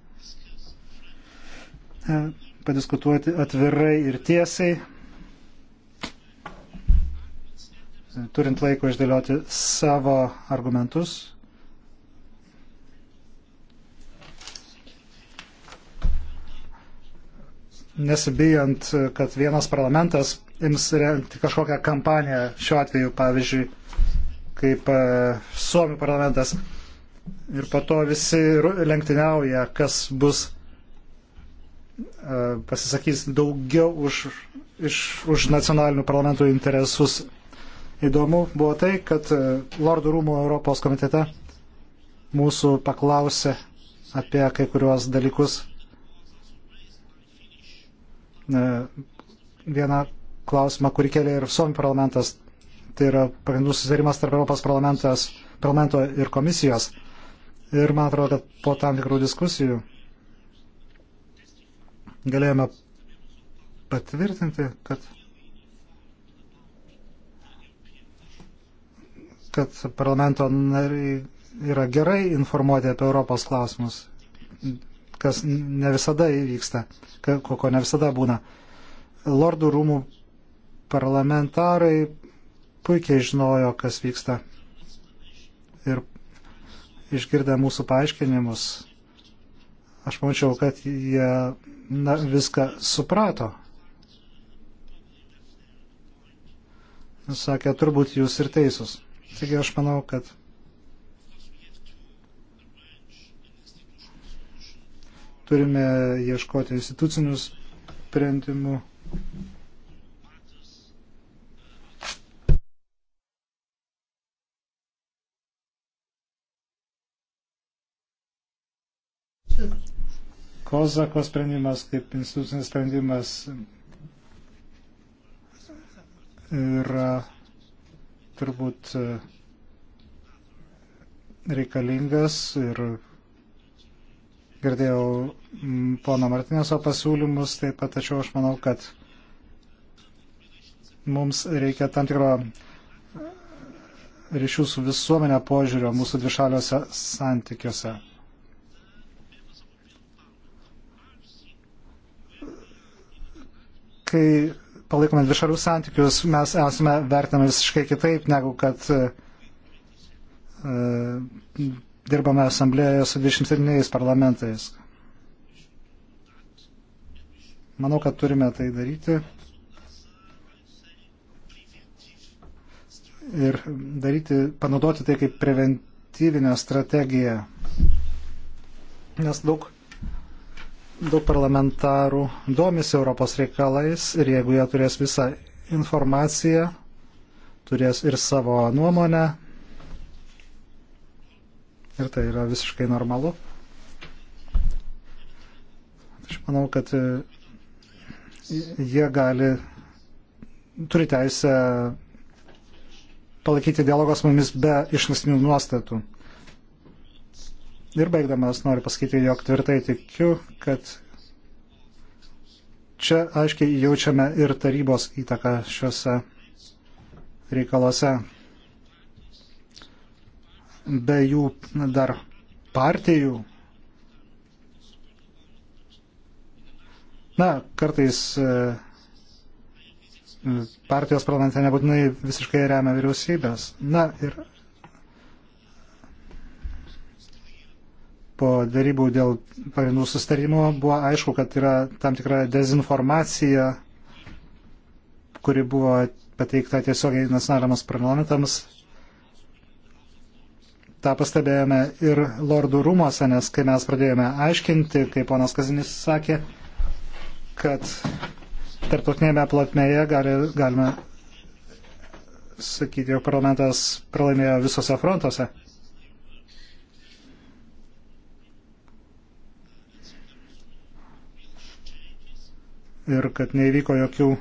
padiskutuoti atvirai ir tiesiai, turint laiko išdėlioti savo argumentus nesibijant, kad vienas parlamentas ims rengti kažkokią kampaniją, šiuo atveju, pavyzdžiui, kaip e, Suomių parlamentas. Ir po to visi lenktyniauja, kas bus e, pasisakys daugiau už, iš, už nacionalinių parlamentų interesus. Įdomu buvo tai, kad e, Lordų rūmų Europos komitete mūsų paklausė apie kai kuriuos dalykus E, vieną klausimą, kurį kelia ir Suomi parlamentas. Tai yra pagrindų susitarimas tarp Europos parlamento ir komisijos. Ir man atrodo, kad po tam tikrų diskusijų galėjome patvirtinti, kad, kad parlamento nariai yra gerai informuoti apie Europos klausimus kas ne visada įvyksta, ko ne visada būna. Lordų rūmų parlamentarai puikiai žinojo, kas vyksta. Ir išgirdę mūsų paaiškinimus, aš mačiau, kad jie na, viską suprato. Sakė, turbūt jūs ir teisus. Taigi aš manau, kad Turime ieškoti institucinius sprendimų. Kozako sprendimas kaip institucinis sprendimas yra turbūt reikalingas ir Girdėjau mm, pono Martineso pasiūlymus taip pat, tačiau aš manau, kad mums reikia tam tikro e, ryšių su visuomenė požiūrio mūsų dvišaliuose santykiuose. Kai palaikome dvišalių santykius, mes esame vertinami visiškai kitaip, negu kad e, dirbame asamblėje su 27 parlamentais. Manau, kad turime tai daryti ir daryti, panaudoti tai kaip preventyvinę strategiją. Nes daug, daug parlamentarų domisi Europos reikalais ir jeigu jie turės visą informaciją, turės ir savo nuomonę, ir tai yra visiškai normalu. Aš manau, kad e, jie gali, turi teisę palaikyti dialogą su mumis be išnasinių nuostatų. Ir baigdamas noriu pasakyti, jog tvirtai tikiu, kad čia aiškiai jaučiame ir tarybos įtaką šiuose reikaluose be jų dar partijų. Na, kartais e, partijos parlamente nebūtinai visiškai remia vyriausybės. Na ir po darybų dėl pagrindų sustarimo buvo aišku, kad yra tam tikra dezinformacija, kuri buvo pateikta tiesiogiai nacionaliniams parlamentams tą pastebėjome ir lordų rūmose, nes kai mes pradėjome aiškinti, kaip ponas Kazinis sakė, kad tarptautinėme platmėje gali, galime sakyti, jog parlamentas pralaimėjo visose frontuose. Ir kad neįvyko jokių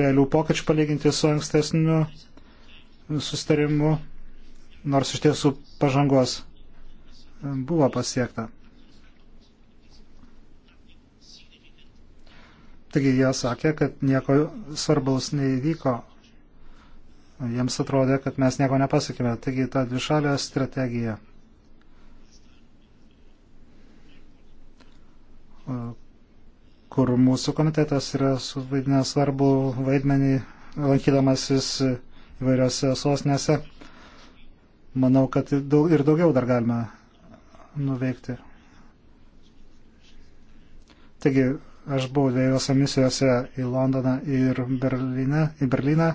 realių pokyčių palyginti su ankstesniu sustarimu nors iš tiesų pažangos buvo pasiekta. Taigi jie sakė, kad nieko svarbaus neįvyko. Jiems atrodė, kad mes nieko nepasakėme. Taigi ta dvišalė strategija, kur mūsų komitetas yra suvaidinęs svarbu vaidmenį lankydamasis įvairiose sosnėse manau, kad ir daugiau dar galime nuveikti. Taigi, aš buvau dviejose misijose į Londoną ir Berlinę, į Berliną.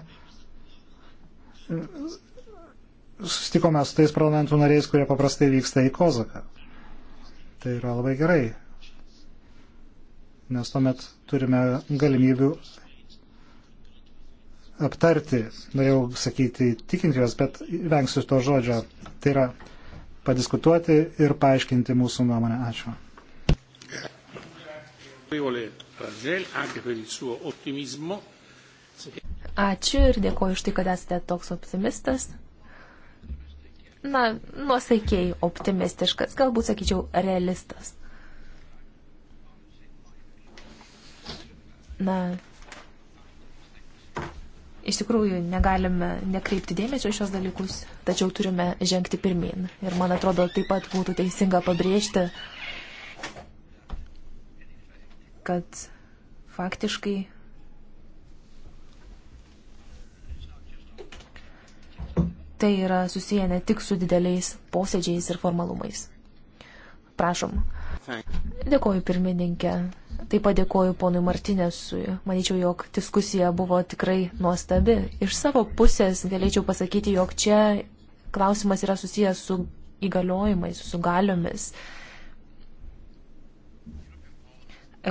Sustikome su tais parlamentų nariais, kurie paprastai vyksta į Kozaką. Tai yra labai gerai, nes tuomet turime galimybių aptarti, norėjau sakyti tikinti juos, bet vengsiu to žodžio. Tai yra padiskutuoti ir paaiškinti mūsų nuomonę. Ačiū. Ačiū ir dėkoju už tai, kad esate toks optimistas. Na, nuosaikiai optimistiškas, galbūt sakyčiau realistas. Na, Iš tikrųjų, negalime nekreipti dėmesio šios dalykus, tačiau turime žengti pirmin. Ir man atrodo, taip pat būtų teisinga pabrėžti, kad faktiškai tai yra susiję ne tik su dideliais posėdžiais ir formalumais. Prašom, Dėkoju pirmininkė. Taip pat dėkoju ponui Martinėsui. Manyčiau, jog diskusija buvo tikrai nuostabi. Iš savo pusės galėčiau pasakyti, jog čia klausimas yra susijęs su įgaliojimais, su galiomis.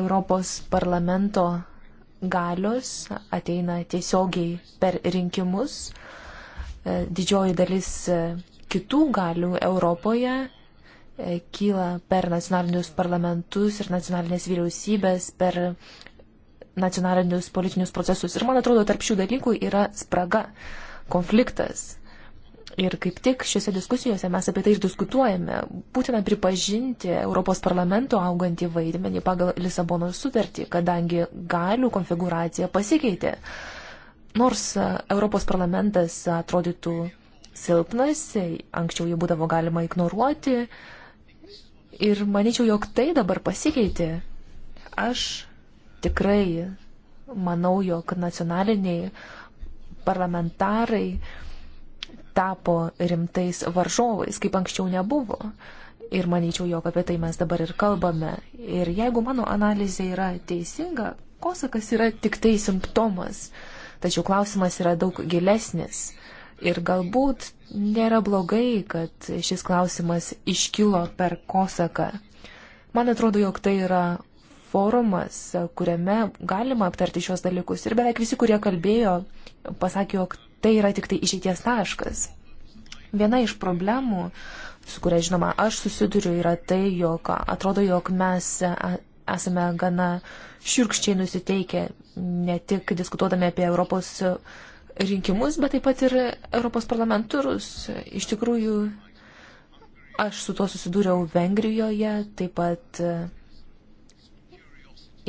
Europos parlamento galios ateina tiesiogiai per rinkimus. Didžioji dalis kitų galių Europoje E, kyla per nacionalinius parlamentus ir nacionalinės vyriausybės, per nacionalinius politinius procesus. Ir man atrodo, tarp šių dalykų yra spraga, konfliktas. Ir kaip tik šiuose diskusijose mes apie tai ir diskutuojame. Būtina pripažinti Europos parlamento augantį vaidmenį pagal Lisabono sutartį, kadangi galių konfiguracija pasikeitė. Nors Europos parlamentas atrodytų silpnas, anksčiau jį būdavo galima ignoruoti, Ir manyčiau, jog tai dabar pasikeitė. Aš tikrai manau, jog nacionaliniai parlamentarai tapo rimtais varžovais, kaip anksčiau nebuvo. Ir manyčiau, jog apie tai mes dabar ir kalbame. Ir jeigu mano analizė yra teisinga, kosakas yra tik tai simptomas. Tačiau klausimas yra daug gilesnis. Ir galbūt nėra blogai, kad šis klausimas iškilo per Kosaką. Man atrodo, jog tai yra forumas, kuriame galima aptarti šios dalykus. Ir beveik visi, kurie kalbėjo, pasakė, jog tai yra tik tai išeities taškas. Viena iš problemų, su kuria, žinoma, aš susiduriu, yra tai, jog atrodo, jog mes e, esame gana širkščiai nusiteikę, ne tik diskutuodami apie Europos rinkimus, bet taip pat ir Europos parlamentarus. Iš tikrųjų, aš su tuo susidūriau Vengrijoje, taip pat e,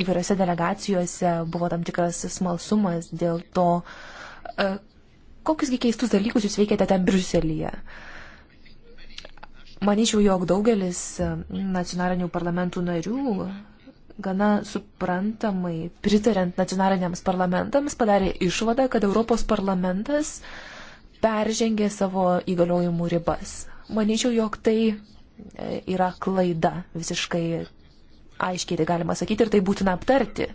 įvairiose delegacijose buvo tam tikras smalsumas dėl to, e, kokiusgi keistus dalykus jūs veikėte ten Briuselyje. Maničiau, jog daugelis e, nacionalinių parlamentų narių gana suprantamai, pritarent nacionaliniams parlamentams, padarė išvadą, kad Europos parlamentas peržengė savo įgaliojimų ribas. Manyčiau, jog tai e, yra klaida visiškai aiškiai, tai galima sakyti ir tai būtina aptarti.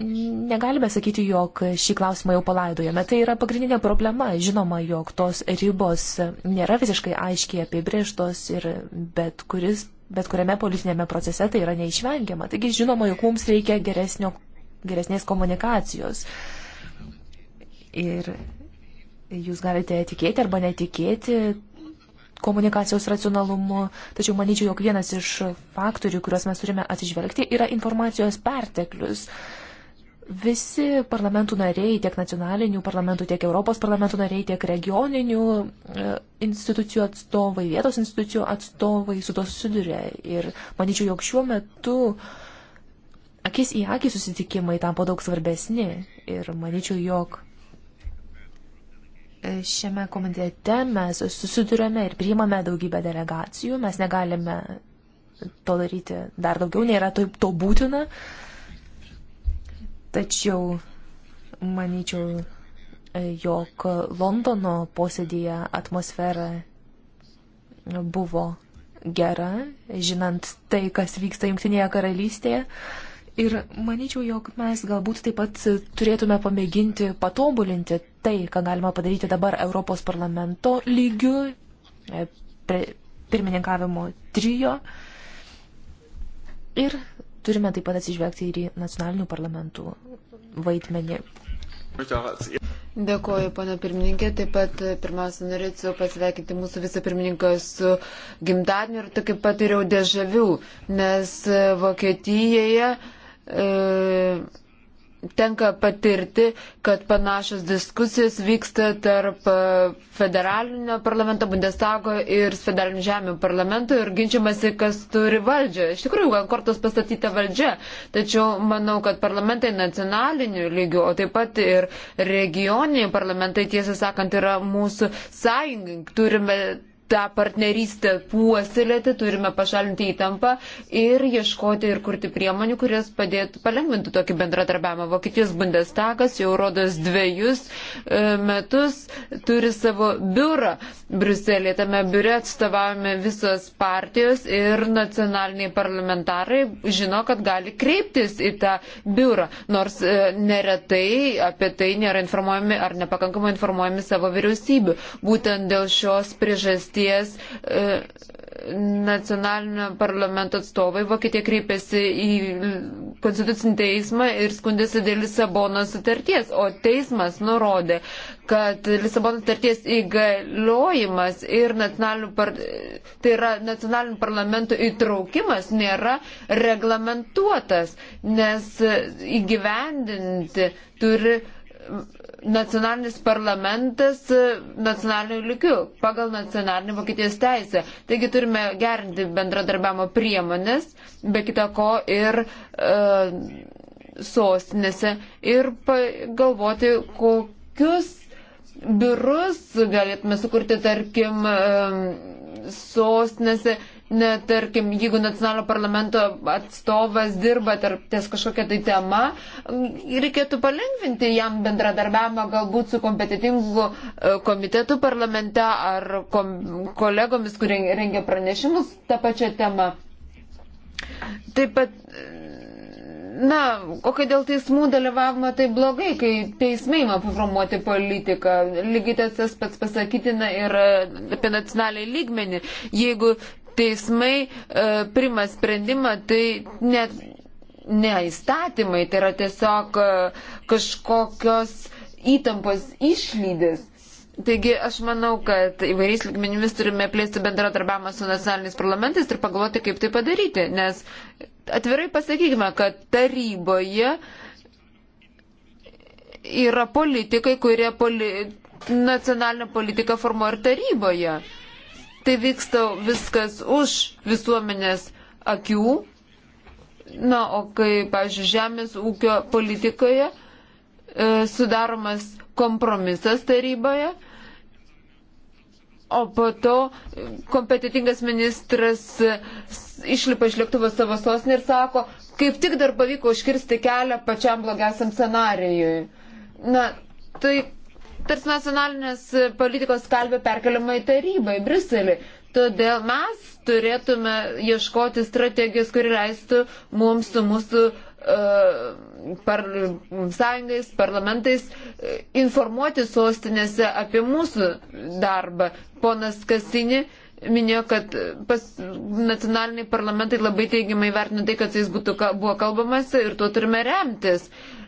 Negalime sakyti, jog šį klausimą jau palaidojame. Tai yra pagrindinė problema. Žinoma, jog tos ribos nėra visiškai aiškiai apibrieštos ir bet kuris bet kuriame politinėme procese tai yra neišvengiama. Taigi žinoma, jog mums reikia geresnio, geresnės komunikacijos. Ir jūs galite tikėti arba netikėti komunikacijos racionalumu, tačiau manyčiau, jog vienas iš faktorių, kuriuos mes turime atsižvelgti, yra informacijos perteklius. Uh, Visi parlamentų nariai, tiek nacionalinių parlamentų, tiek Europos parlamentų nariai, tiek regioninių e, institucijų atstovai, vietos institucijų atstovai su to susiduria. Ir manyčiau, jog šiuo metu akis į akį susitikimai tapo daug svarbesni. Ir manyčiau, jog e, šiame komitete mes susidurėme ir priimame daugybę delegacijų. Mes negalime to daryti dar daugiau, nėra to, to būtina. Uh, Tačiau manyčiau, e, jog Londono posėdėje atmosfera buvo gera, žinant tai, kas vyksta Junktinėje karalystėje. Ir manyčiau, jog mes galbūt taip pat turėtume pamėginti patobulinti tai, ką galima padaryti dabar Europos parlamento lygių, e, pirmininkavimo trijo. Ir Turime taip pat atsižvelgti ir į nacionalinių parlamentų vaidmenį. Dėkuoju, pana pirmininkė. Taip pat e, pirmiausia, norėčiau pasveikinti mūsų vicepirmininką su gimtadieniu ir taip tai pat ir jau dėžavių, nes e, Vokietijoje e, tenka patirti, kad panašios diskusijos vyksta tarp e, federalinio parlamento Bundestago ir federalinių žemių parlamento ir ginčiamasi, kas turi valdžią. Iš tikrųjų, ant kortos pastatyta valdžia, tačiau manau, kad parlamentai nacionaliniu lygiu, o taip pat ir regioniniai parlamentai, tiesą sakant, yra mūsų sąjungai. Turime tą partnerystę puoselėti, turime pašalinti įtampą ir ieškoti ir kurti priemonių, kurias padėtų palengvinti tokį bendradarbiavimą. Vokietijos Bundestagas jau rodos dviejus e, metus turi savo biurą Bruselėje. Tame biure atstovavome visos partijos ir nacionaliniai parlamentarai žino, kad gali kreiptis į tą biurą, nors e, neretai apie tai nėra informuojami ar nepakankamai informuojami savo vyriausybių. Būtent dėl šios priežasties paties e, nacionalinio parlamento atstovai Vokietija kreipėsi į konstitucinį teismą ir skundėsi dėl Lisabono sutarties, o teismas nurodė, kad Lisabono sutarties įgaliojimas ir nacionalinių, par... tai yra nacionalinių parlamentų įtraukimas nėra reglamentuotas, nes įgyvendinti turi nacionalinis parlamentas e, nacionaliniu lygiu pagal nacionalinį Vokietijos teisę. Taigi turime gerinti bendradarbiamo priemonės, be kita ko ir e, sostinėse ir galvoti, kokius biurus galėtume sukurti, tarkim, e, sostinėse net, tarkim, jeigu nacionalinio parlamento atstovas dirba tarp ties kažkokia tai tema, reikėtų palengvinti jam bendradarbiavimą galbūt su kompetitingu e, komitetu parlamente ar kom, kolegomis, kurie rengia pranešimus tą pačią temą. Taip pat e, na, o kai dėl teismų dalyvavimo, tai blogai, kai teismai ima formuoti politiką. Lygiai tas pats pasakytina ir e, apie nacionalinį lygmenį. Jeigu teismai e, prima sprendimą, tai net ne įstatymai, tai yra tiesiog e, kažkokios įtampos išlydis. Taigi aš manau, kad įvairiais lygmenimis turime plėsti bendradarbiavimą su nacionaliniais parlamentais ir pagalvoti, kaip tai padaryti, nes atvirai pasakykime, kad taryboje yra politikai, kurie poli nacionalinę politiką formuoja ir taryboje. Tai vyksta viskas už visuomenės akių. Na, o kai, pažiūrėjau, žemės ūkio politikoje e, sudaromas kompromisas taryboje, o po to kompetitingas ministras išlipa iš lėktuvo savo sostinį ir sako, kaip tik dar pavyko užkirsti kelią pačiam blogiausiam scenarijui. Na, tai tarsi nacionalinės politikos kalbė perkeliama į tarybą, į Briuselį. Todėl mes turėtume ieškoti strategijos, kuri leistų mums su mūsų uh, par, sąjungais, parlamentais e, informuoti sostinėse apie mūsų darbą. Ponas Kasini minėjo, kad pas, nacionaliniai parlamentai labai teigiamai vertino tai, kad su jais būtų, buvo kalbamas ir tuo turime remtis. Uh,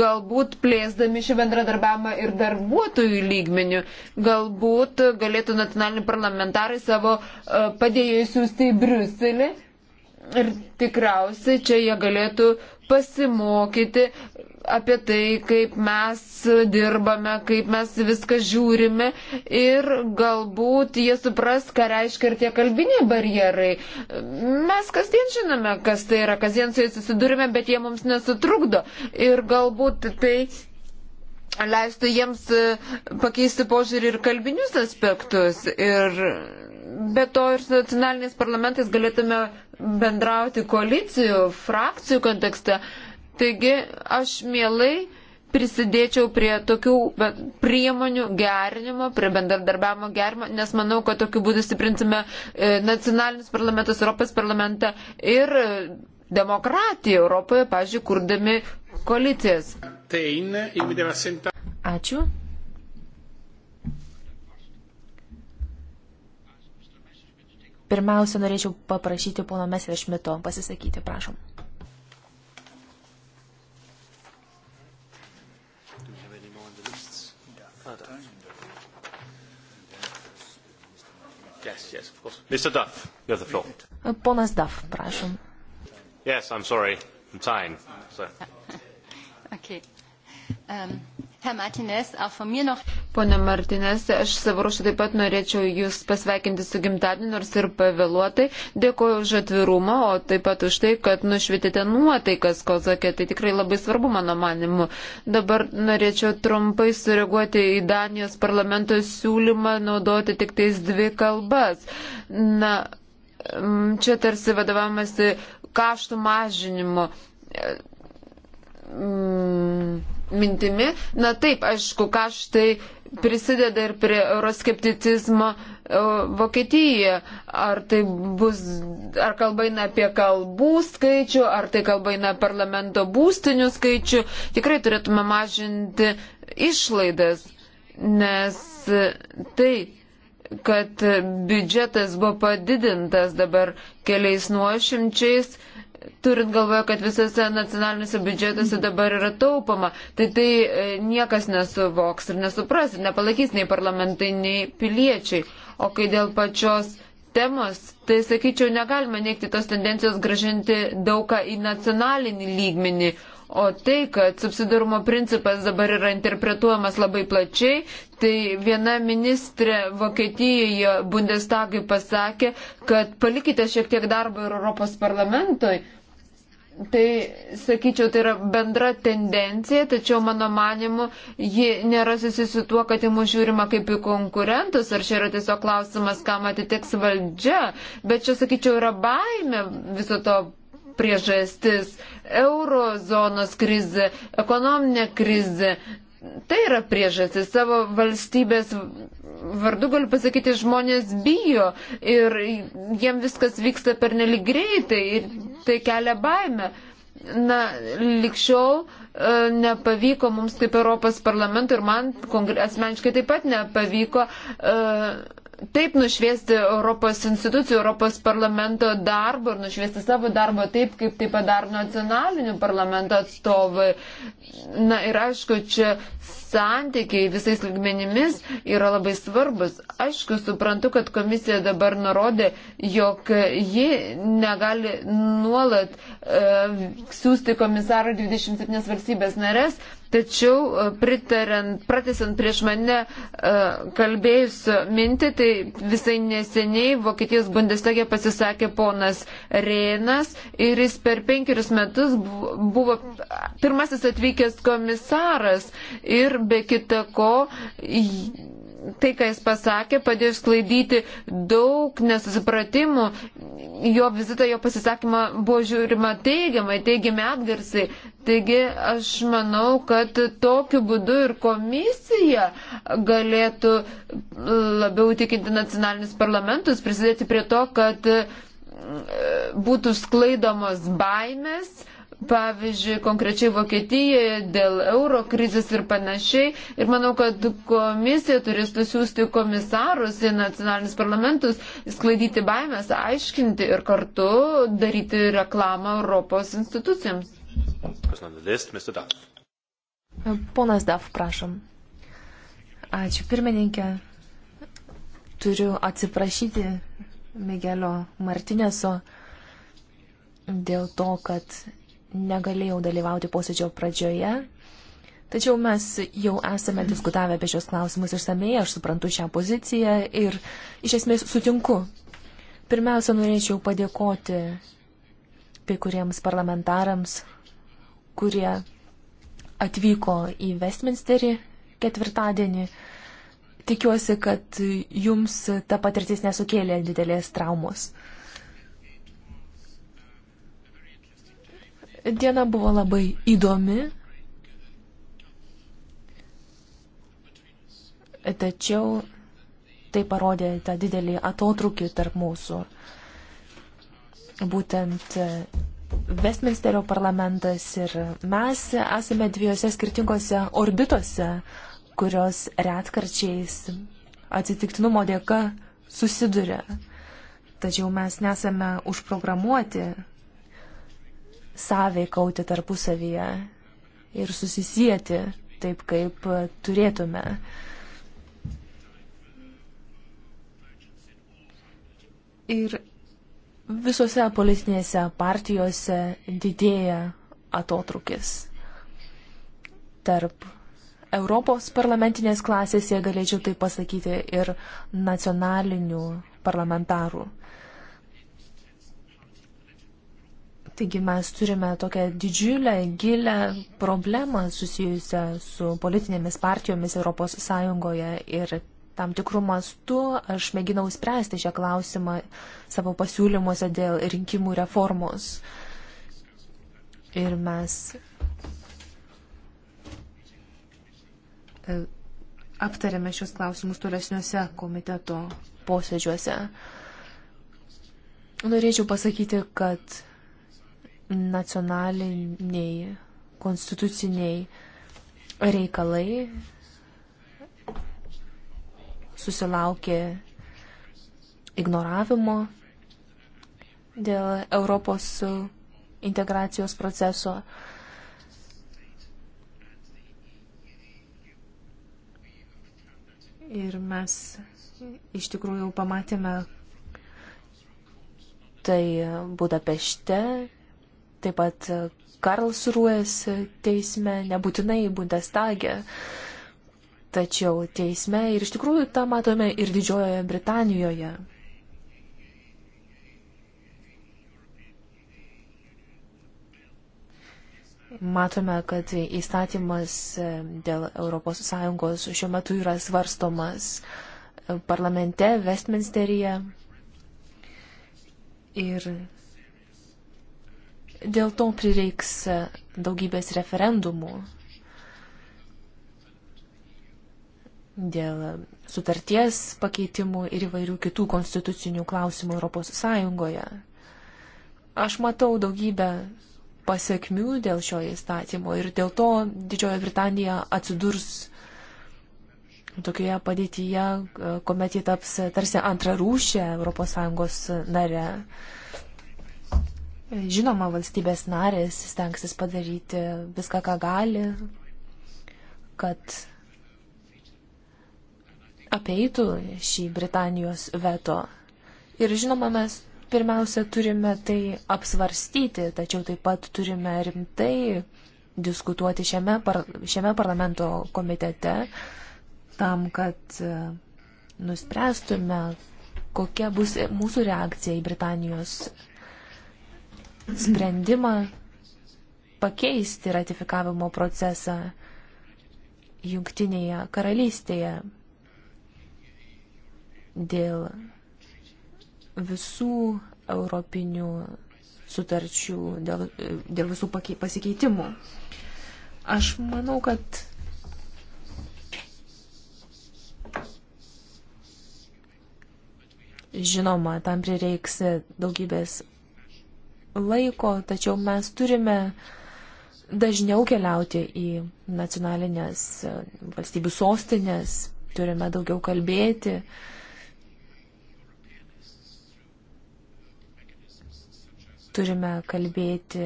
galbūt plėsdami šį bendradarbiavimą ir darbuotojų lygmenių, galbūt galėtų nacionaliniai parlamentarai savo e, padėjėjus siūsti į Briuselį ir tikriausiai čia jie galėtų pasimokyti apie tai, kaip mes dirbame, kaip mes viską žiūrime ir galbūt jie supras, ką reiškia ir tie kalbiniai barjerai. Mes kasdien žinome, kas tai yra, kasdien su jais susidurime, bet jie mums nesutrukdo ir galbūt tai leistų jiems pakeisti požiūrį ir kalbinius aspektus. Ir Be to ir su nacionaliniais parlamentais galėtume bendrauti koalicijų, frakcijų kontekste. Taigi aš mielai prisidėčiau prie tokių priemonių gerinimo, prie bendradarbiavimo gerinimo, nes manau, kad tokiu būdu stiprinsime e, nacionalinius parlamentus, Europos parlamentą ir e, demokratiją Europoje, pažiūrėjau, kurdami koalicijas. Ačiū. Pirmiausia, norėčiau paprašyti pono Mesvešmito pasisakyti, prašom. Yes, yes, of course. Mr. Duff, you have the floor. Uh, ponas Duff, prašom. Yes, I'm sorry. I'm tying. So. okay. Um, Pone Martinės, aš savo ruošų taip pat norėčiau Jūs pasveikinti su gimtadieniu, nors ir pavėluotai. Dėkuoju už atvirumą, o taip pat už tai, kad nušvietėte nuotaikas, ko sakė, tai tikrai labai svarbu mano manimu. Dabar norėčiau trumpai sureaguoti į Danijos parlamento siūlymą naudoti tik tais dvi kalbas. Na, čia tarsi vadovamasi kaštų mažinimo. E, mm mintimi. Na taip, aišku, kaštai prisideda ir prie euroskepticizmo e, Vokietijoje. Ar tai bus, ar kalba eina apie kalbų skaičių, ar tai kalba eina parlamento būstinių skaičių. Tikrai turėtume mažinti išlaidas, nes tai kad biudžetas buvo padidintas dabar keliais nuošimčiais, uh, turint galvoje, kad visose nacionaliniuose biudžetuose dabar yra taupama, tai tai e, niekas nesuvoks ir nesupras ir nepalaikys nei parlamentai, nei piliečiai. O kai dėl pačios temos, tai sakyčiau, negalima neikti tos tendencijos gražinti daugą į nacionalinį lygmenį, O tai, kad subsidarumo principas dabar yra interpretuojamas labai plačiai, tai viena ministrė Vokietijoje Bundestagui pasakė, kad palikite šiek tiek darbo ir Europos parlamentoj. Tai, sakyčiau, tai yra bendra tendencija, tačiau mano manimu, ji nėra susijusi su tuo, kad į mus žiūrima kaip į konkurentus, ar čia yra tiesiog klausimas, kam atiteks valdžia, bet čia, sakyčiau, yra baime viso to priežastis - eurozonos krizė, ekonominė krizė. Tai yra priežastis. Savo valstybės vardu galiu pasakyti, žmonės bijo ir jiem viskas vyksta per nelik greitai ir tai kelia baimę. Na, likščiau e, nepavyko mums kaip Europos parlamentui ir man asmeniškai taip pat nepavyko. Uh, taip nušviesti Europos institucijų, Europos parlamento darbą ir nušviesti savo darbą taip, kaip tai padaro nacionalinių parlamento atstovai. Na ir aišku, čia santykiai visais lygmenimis yra labai svarbus. Aišku, suprantu, kad komisija dabar nurodė, jog ji negali nuolat e, siūsti komisaro 27 valstybės narės, Tačiau e, pritarant, pratesant prieš mane e, kalbėjusiu mintį, tai visai neseniai Vokietijos Bundestagė pasisakė ponas Rėnas ir jis per penkerius metus buvo pirmasis atvykęs komisaras ir be kita ko tai, ką jis pasakė, padėjo išsklaidyti daug nesusipratimų. Jo vizitą, jo pasisakymą buvo žiūrima teigiamai, teigiami atgarsiai. Taigi aš manau, kad tokiu būdu ir komisija galėtų e, labiau tikinti nacionalinius parlamentus, prisidėti prie to, kad e, būtų sklaidomos baimės, uh, pavyzdžiui, konkrečiai Vokietijoje dėl euro krizės ir panašiai. Ir manau, kad komisija turės nusiųsti komisarus į nacionalinius parlamentus, sklaidyti baimės, aiškinti ir kartu daryti reklamą Europos institucijams. Ponas Daf, prašom. Ačiū, pirmininkė. Turiu atsiprašyti Migelio Martineso dėl to, kad negalėjau dalyvauti posėdžio pradžioje, tačiau mes jau esame diskutavę apie šios klausimus išsamei, aš suprantu šią poziciją ir iš esmės sutinku. Pirmiausia, norėčiau padėkoti kai kuriems parlamentarams, kurie atvyko į Westminsterį ketvirtadienį. Tikiuosi, kad jums ta patirtis nesukėlė didelės traumos. Diena buvo labai įdomi, tačiau tai parodė tą didelį atotrukį tarp mūsų. Būtent Westminsterio parlamentas ir mes esame dviejose skirtingose orbitose, kurios retkarčiais atsitiktinumo dėka susiduria. Tačiau mes nesame užprogramuoti sąveikauti tarpusavyje ir susisieti taip, kaip turėtume. Ir visose politinėse partijose didėja atotrukis. Tarp Europos parlamentinės klasės, jei galėčiau tai pasakyti, ir nacionalinių parlamentarų. Taigi mes turime tokią didžiulę, gilę problemą susijusią su politinėmis partijomis ES ir tam tikrų mastų aš mėginau spręsti šią klausimą savo pasiūlymuose dėl rinkimų reformos. Ir mes e, aptarėme šios klausimus tolesniuose komiteto posėdžiuose. Norėčiau pasakyti, kad nacionaliniai konstituciniai reikalai susilaukė ignoravimo dėl Europos integracijos proceso. Ir mes iš tikrųjų pamatėme tai Budapešte, taip pat e, Karlsruės teisme, nebūtinai Bundestage, tačiau teisme ir iš tikrųjų tą matome ir Didžiojoje Britanijoje. Matome, kad įstatymas e, dėl ES šiuo metu yra svarstomas e, parlamente Westminsteryje. Ir Dėl to prireiks e, daugybės referendumų dėl sutarties pakeitimų ir įvairių kitų konstitucinių klausimų ES. Aš matau daugybę pasiekmių dėl šio įstatymo ir dėl to Didžioji Britanija atsidurs tokioje padėtyje, e, kuomet ji taps tarsi antrarūšė ES nare. Žinoma, valstybės narės stengsis padaryti viską, ką gali, kad apeitų šį Britanijos veto. Ir žinoma, mes pirmiausia turime tai apsvarstyti, tačiau taip pat turime rimtai diskutuoti šiame, par, šiame parlamento komitete tam, kad e, nuspręstume, kokia bus mūsų reakcija į Britanijos sprendimą pakeisti ratifikavimo procesą Jungtinėje karalystėje dėl visų europinių sutarčių, dėl, dėl visų pasikeitimų. Aš manau, kad žinoma, tam prireiks daugybės laiko, tačiau mes turime dažniau keliauti į nacionalinės e, valstybių sostinės, turime daugiau kalbėti. Turime kalbėti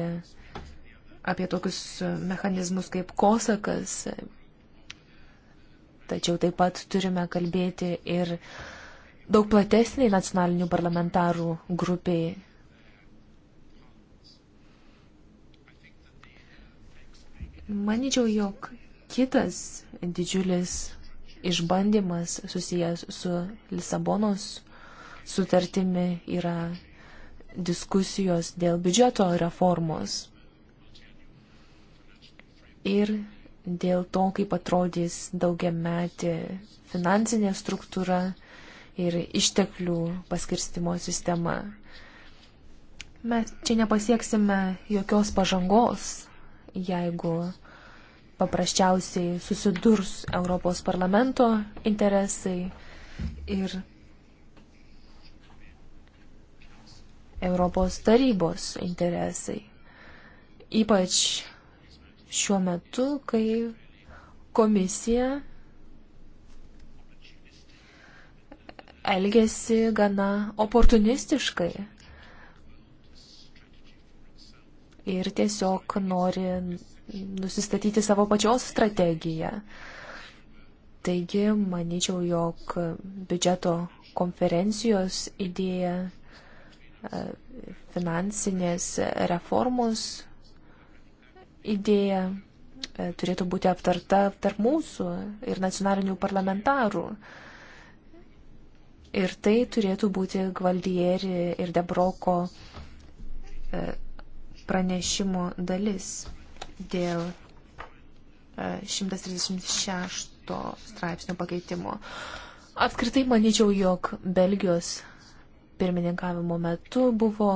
apie tokius mechanizmus kaip kosakas, tačiau taip pat turime kalbėti ir daug platesniai nacionalinių parlamentarų grupiai Manyčiau, jog kitas didžiulis išbandymas susijęs su Lisabonos sutartimi yra diskusijos dėl biudžeto reformos ir dėl to, kaip atrodys daugiametė finansinė struktūra ir išteklių paskirstimo sistema. Mes čia nepasieksime jokios pažangos, jeigu paprasčiausiai susidurs Europos parlamento interesai ir Europos tarybos interesai. Ypač šiuo metu, kai komisija elgesi gana oportunistiškai ir tiesiog nori nusistatyti savo pačios strategiją. Taigi, manyčiau, jog biudžeto konferencijos idėja e, finansinės reformos idėja e, turėtų būti aptarta tarp mūsų ir nacionalinių parlamentarų. Ir tai turėtų būti Gvaldieri ir Debroko e, pranešimo dalis dėl 136 e, straipsnio pakeitimo. Apskritai manyčiau, jog Belgijos pirmininkavimo metu buvo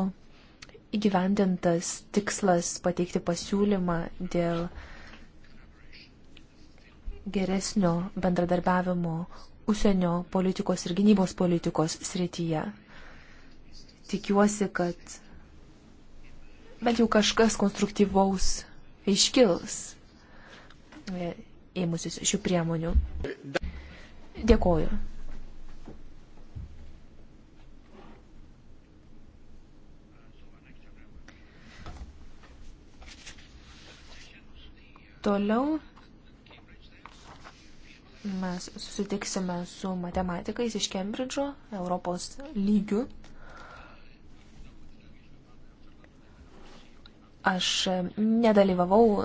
įgyvendintas tikslas pateikti pasiūlymą dėl geresnio bendradarbiavimo užsienio politikos ir gynybos politikos srityje. Tikiuosi, kad bent jau kažkas konstruktyvaus iškils e, ėmusis šių priemonių. Dėkoju. Toliau mes susitiksime su matematikais iš Kembridžo, Europos lygių. Aš nedalyvavau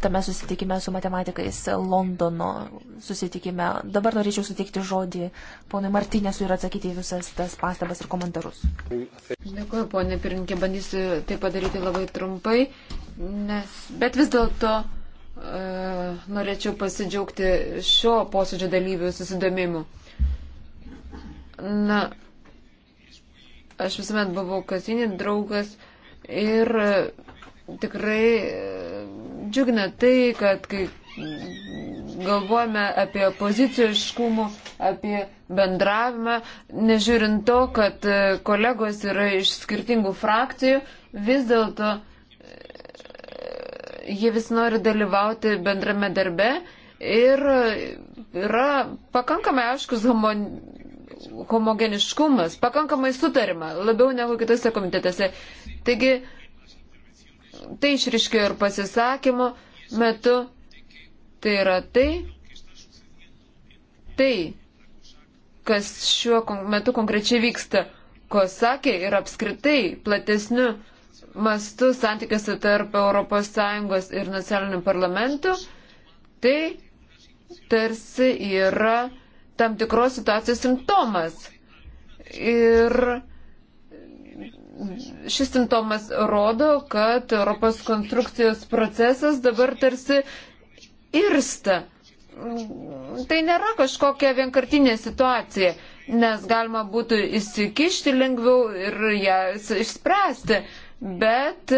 tame susitikime su matematikais Londono susitikime. Dabar norėčiau sutikti žodį ponui Martinėsui ir atsakyti į visas tas pastabas ir komentarus. Dėkuoju, ponė pirmininkė, bandysiu tai padaryti labai trumpai, nes, bet vis dėlto e, norėčiau pasidžiaugti šio posėdžio dalyvių susidomėjimu. Na, aš visuomet buvau kasinė draugas. E, Ir e, tikrai e, džiugina tai, kad kai galvojame apie pozicijoškumų, apie bendravimą, nežiūrint to, kad e, kolegos yra iš skirtingų frakcijų, vis dėlto jie vis nori dalyvauti bendrame darbe ir yra pakankamai aiškus homon homogeniškumas, pakankamai sutarima, labiau negu kitose komitetėse. Taigi, tai išriškėjo ir pasisakymo metu. Tai yra tai, tai, kas šiuo metu konkrečiai vyksta, ko sakė ir apskritai platesniu mastu santykiuose tarp ES ir nacionalinių parlamentų, tai tarsi yra tam tikros situacijos simptomas. Ir šis simptomas rodo, kad Europos konstrukcijos procesas dabar tarsi irsta. Tai nėra kažkokia vienkartinė situacija, nes galima būtų įsikišti lengviau ir ją išspręsti, bet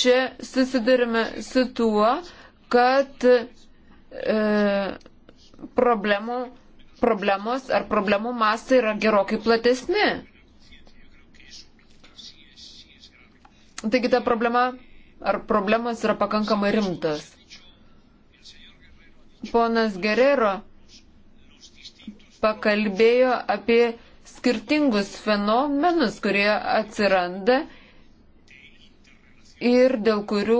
čia susidurime su tuo, kad e, problemų, problemos ar problemų mastai yra gerokai platesni. Taigi ta problema ar problemas yra pakankamai rimtas. Ponas Gerero pakalbėjo apie skirtingus fenomenus, kurie atsiranda ir dėl kurių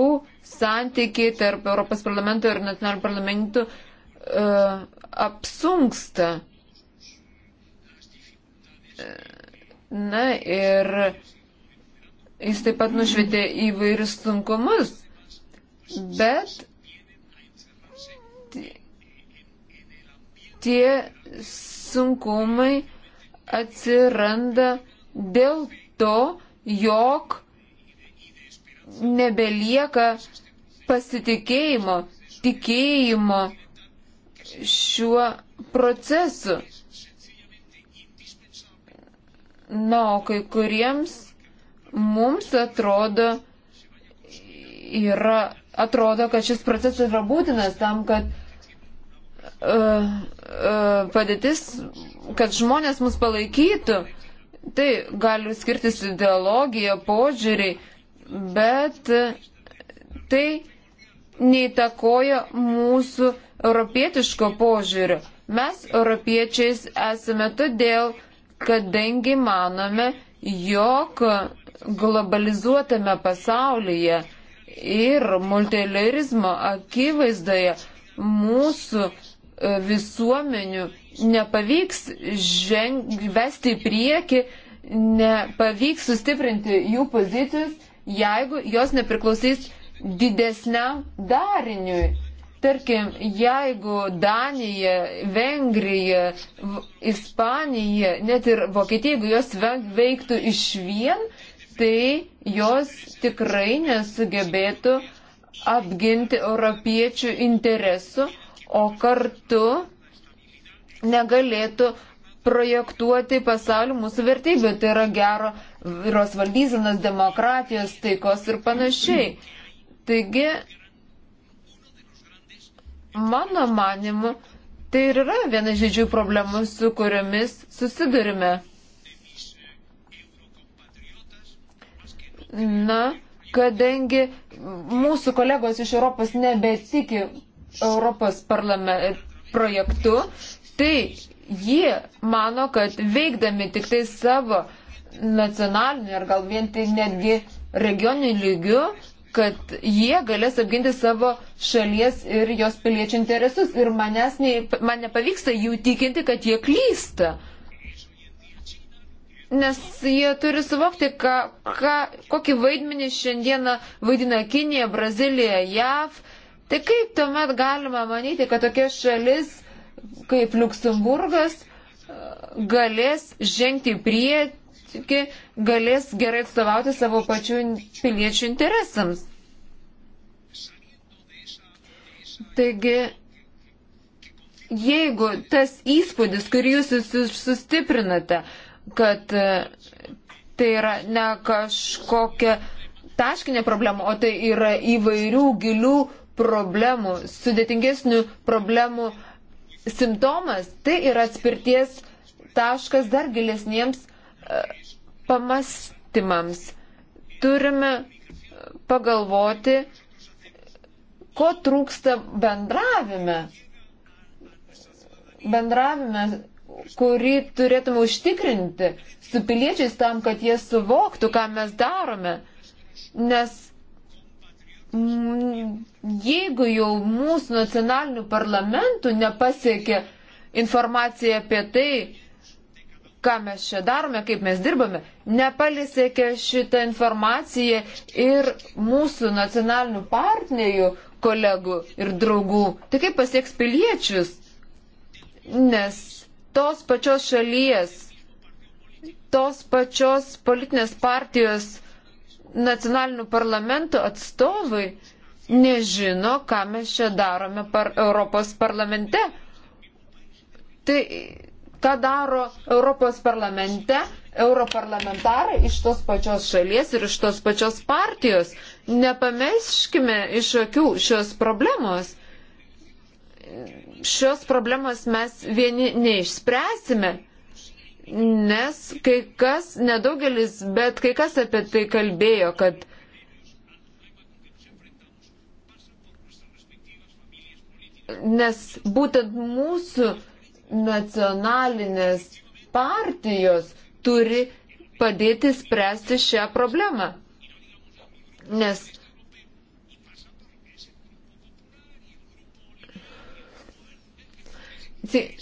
santykiai tarp Europos parlamento ir nacionalinių parlamentų uh, apsunksta. Na ir uh, Jis taip pat nušvietė įvairius sunkumus, bet tie sunkumai atsiranda dėl to, jog nebelieka pasitikėjimo, tikėjimo šiuo procesu. Na, o kai kuriems mums atrodo, yra, atrodo, kad šis procesas yra būtinas tam, kad uh, uh, padėtis, kad žmonės mus palaikytų. Tai gali skirtis ideologija, požiūriai, bet tai neįtakoja mūsų europietiško požiūrio. Mes europiečiais esame todėl, kadangi manome, jog globalizuotame pasaulyje ir multilarizmo akivaizdoje mūsų e, visuomenių nepavyks ženg, vesti į priekį, nepavyks sustiprinti jų pozicijos, jeigu jos nepriklausys didesniam dariniui. Tarkim, jeigu Danija, Vengrija, Ispanija, net ir Vokietija, jeigu jos veiktų iš vien, tai jos tikrai nesugebėtų apginti europiečių interesų, o kartu negalėtų projektuoti pasaulio mūsų vertybių, tai yra gero vyros valdysenas, demokratijos, taikos ir panašiai. Taigi, mano manimu, tai ir yra viena žydžių problemų, su kuriomis susidurime. Na, kadangi mūsų kolegos iš Europos nebetiki Europos projektu, tai jie mano, kad veikdami tik tai savo nacionaliniu ar gal vien tai netgi regioniniu lygiu, kad jie galės apginti savo šalies ir jos piliečių interesus. Ir manęs ne, man nepavyksta jų tikinti, kad jie klysta. Uh, nes jie turi suvokti, ką, ką, kokį vaidmenį šiandieną vaidina Kinija, Brazilija, JAV. Tai kaip tuomet galima manyti, kad tokia šalis kaip Luksemburgas e, galės žengti į priekį, galės gerai atstovauti savo pačių piliečių interesams? Taigi, jeigu tas įspūdis, kurį jūs sustiprinate, uh, kad e, tai yra ne kažkokia taškinė problema, o tai yra įvairių gilių problemų, sudėtingesnių problemų simptomas. Tai yra atspirties taškas dar gilesniems e, pamastymams. Turime pagalvoti, ko trūksta bendravime. Bendravime kurį turėtume užtikrinti su piliečiais tam, kad jie suvoktų, ką mes darome. Nes mm, jeigu jau mūsų nacionalinių parlamentų nepasiekia informacija apie tai, ką mes čia darome, kaip mes dirbame, nepalisiekia šitą informaciją ir mūsų nacionalinių partnerių, kolegų ir draugų. Tai kaip pasieks piliečius? Nes tos pačios šalies, tos pačios politinės partijos nacionalinių parlamentų atstovai nežino, ką mes čia darome par Europos parlamente. Tai ką daro Europos parlamente europarlamentarai iš tos pačios šalies ir iš tos pačios partijos. Nepameškime iš akių šios problemos šios problemos mes vieni neišspręsime, nes kai kas, nedaugelis, bet kai kas apie tai kalbėjo, kad nes būtent mūsų nacionalinės partijos turi padėti spręsti šią problemą. Nes Tai,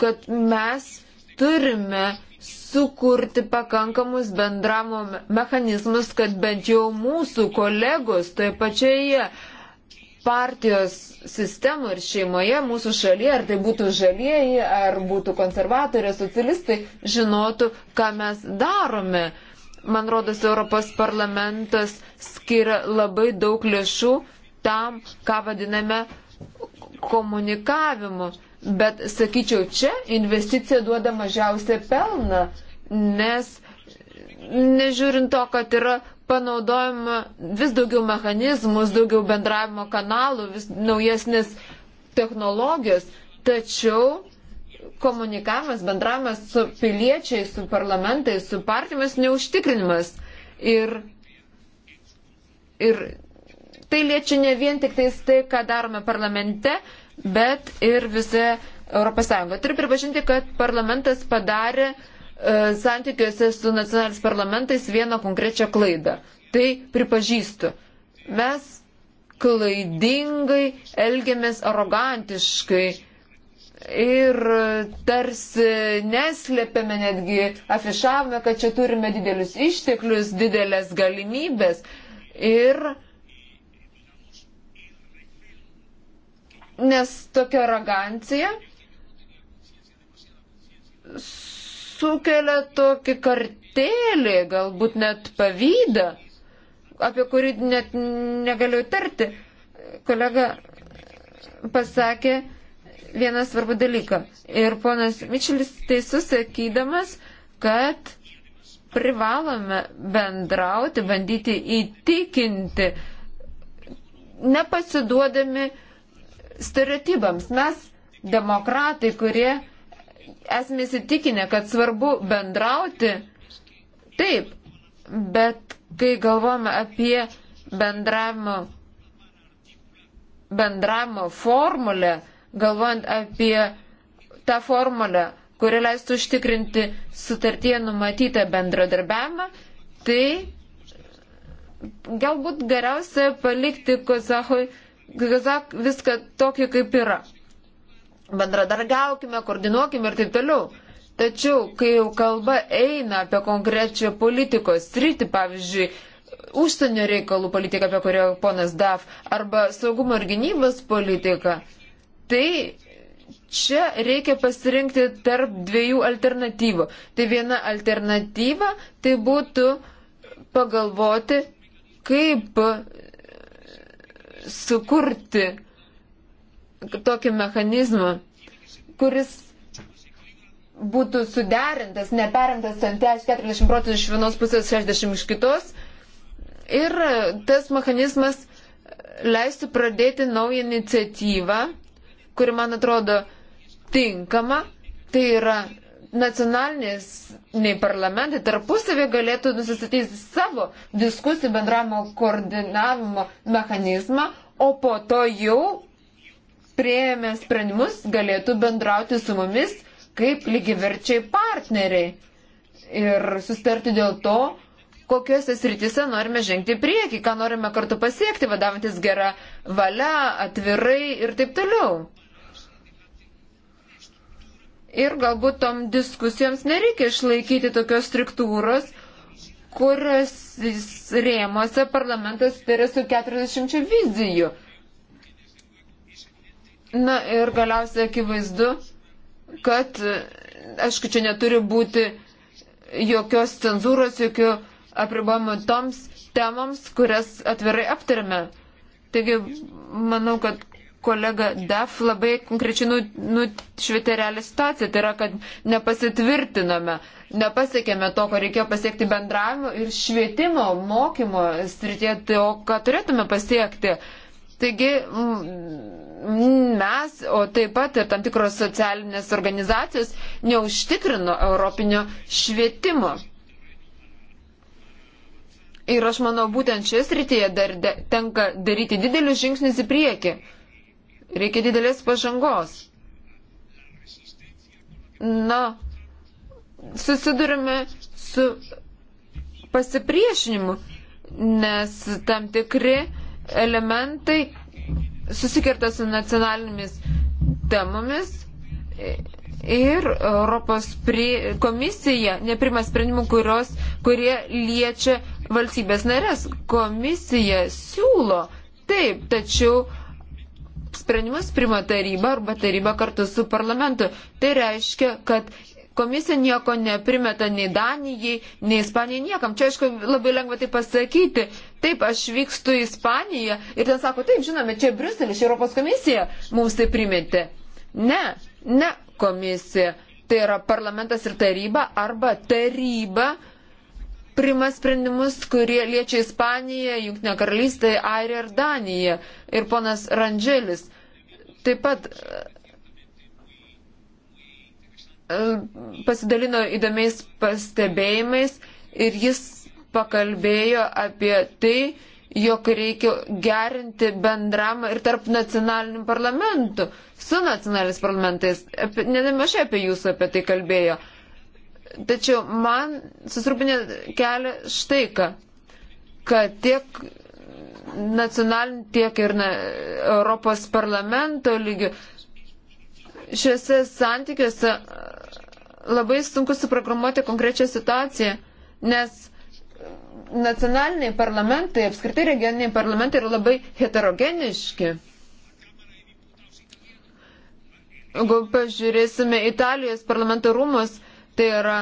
kad mes turime sukurti pakankamus bendramo mechanizmus, kad bent jau mūsų kolegos toje pačioje partijos sistemoje ir šeimoje, mūsų šalyje, ar tai būtų žalieji, ar būtų konservatoriai, socialistai, žinotų, ką mes darome. Man rodos, Europos parlamentas skiria labai daug lėšų tam, ką vadiname komunikavimu, bet sakyčiau, čia investicija duoda mažiausią pelną, nes nežiūrint to, kad yra panaudojama vis daugiau mechanizmų, vis daugiau bendravimo kanalų, vis naujesnės technologijos, tačiau komunikavimas, bendravimas su piliečiais, su parlamentais, su partijomis neužtikrinimas. Ir, ir tai liečia ne vien tik tais tai, ką darome parlamente, bet ir visą ES. Turiu pripažinti, kad parlamentas padarė e, santykiuose su nacionalinis parlamentais vieną konkrečią klaidą. Tai pripažįstu. Mes klaidingai elgiamės arogantiškai ir tarsi neslėpėme netgi, afišavome, kad čia turime didelius išteklius, didelės galimybės. Ir uh, nes tokia arogancija sukelia tokį kartėlį, galbūt net pavydą, apie kurį net negaliu tarti. Kolega pasakė vieną svarbų dalyką. Ir ponas Mičelis teisus sakydamas, kad privalome bendrauti, bandyti įtikinti, nepasiduodami uh, stereotipams. Mes, demokratai, kurie esame įsitikinę, kad svarbu bendrauti, taip, bet kai galvome apie bendravimo, bendravimo formulę, galvojant apie tą formulę, kuri leistų užtikrinti sutartie numatytą bendradarbiavimą, tai galbūt geriausia palikti Kozahui gazak viską tokį, kaip yra. Bendradargaukime, koordinuokime ir taip toliau. Tačiau, kai jau kalba eina apie konkrečią politikos sritį, pavyzdžiui, užsienio reikalų politiką, apie kurią ponas Daf, arba saugumo ir gynybos politiką, tai čia reikia pasirinkti tarp dviejų alternatyvų. Tai viena alternatyva, tai būtų pagalvoti, kaip sukurti tokį mechanizmą, kuris būtų suderintas, neperimtas ant 40 procentų iš vienos pusės, 60 iš kitos. Ir tas mechanizmas leistų pradėti naują iniciatyvą, kuri man atrodo tinkama. Tai yra nacionaliniai parlamentai tarpusavė galėtų nusistatyti savo diskusijų bendravimo koordinavimo mechanizmą, o po to jau prieėmę sprendimus galėtų bendrauti su mumis kaip lygiverčiai partneriai ir sustarti dėl to, kokiuose srityse norime žengti priekį, ką norime kartu pasiekti, vadovantis gerą valią, atvirai ir taip toliau. Ir galbūt tom diskusijoms nereikia išlaikyti tokios struktūros, kurios rėmose parlamentas turi su 40 vizijų. Na ir galiausiai akivaizdu, kad, aišku, čia neturi būti jokios cenzūros, jokių apribojimų toms temams, kurias atvirai aptarėme. Taigi, manau, kad kolega Daf labai konkrečiai nu, nušvietė nu, realią situaciją, tai yra, kad nepasitvirtiname, nepasiekėme to, ko reikėjo pasiekti bendravimo ir švietimo, mokymo srityje, tai o ką turėtume pasiekti. Taigi mes, o taip pat ir tam tikros socialinės organizacijos neužtikrino europinio švietimo. Ir aš manau, būtent šioje srityje dar de, tenka daryti didelius žingsnius į priekį. Reikia didelės pažangos. Na, susidurime su pasipriešinimu, nes tam tikri elementai susikerta su nacionalinėmis temomis ir Europos prie, komisija neprima sprendimų, kurios, kurie liečia valstybės narės. Komisija siūlo taip, tačiau sprendimus prima taryba arba taryba kartu su parlamentu. Tai reiškia, kad komisija nieko neprimeta nei Danijai, nei Ispanijai, niekam. Čia, aišku, labai lengva tai pasakyti. Taip, aš vykstu į Ispaniją ir ten sako, taip, žinome, čia Briuselis, čia Europos komisija mums tai primetė. Ne, ne komisija. Tai yra parlamentas ir taryba arba taryba priima sprendimus, kurie liečia Ispaniją, Junktinę karalystę, Airiją ir Daniją. Ir ponas Randželis taip pat e, pasidalino įdomiais pastebėjimais ir jis pakalbėjo apie tai, jog reikia gerinti bendramą ir tarp nacionalinių parlamentų, su nacionaliniais parlamentais. Nemažai apie jūsų apie tai kalbėjo. Tačiau man susirūpinė kelia štai ką, kad tiek nacionalinių, tiek ir na, Europos parlamento lygių šiuose santykiuose labai sunku suprogramuoti konkrečią situaciją, nes nacionaliniai parlamentai, apskritai regioniniai parlamentai yra labai heterogeniški. Jeigu pažiūrėsime Italijos parlamento rūmus, tai yra,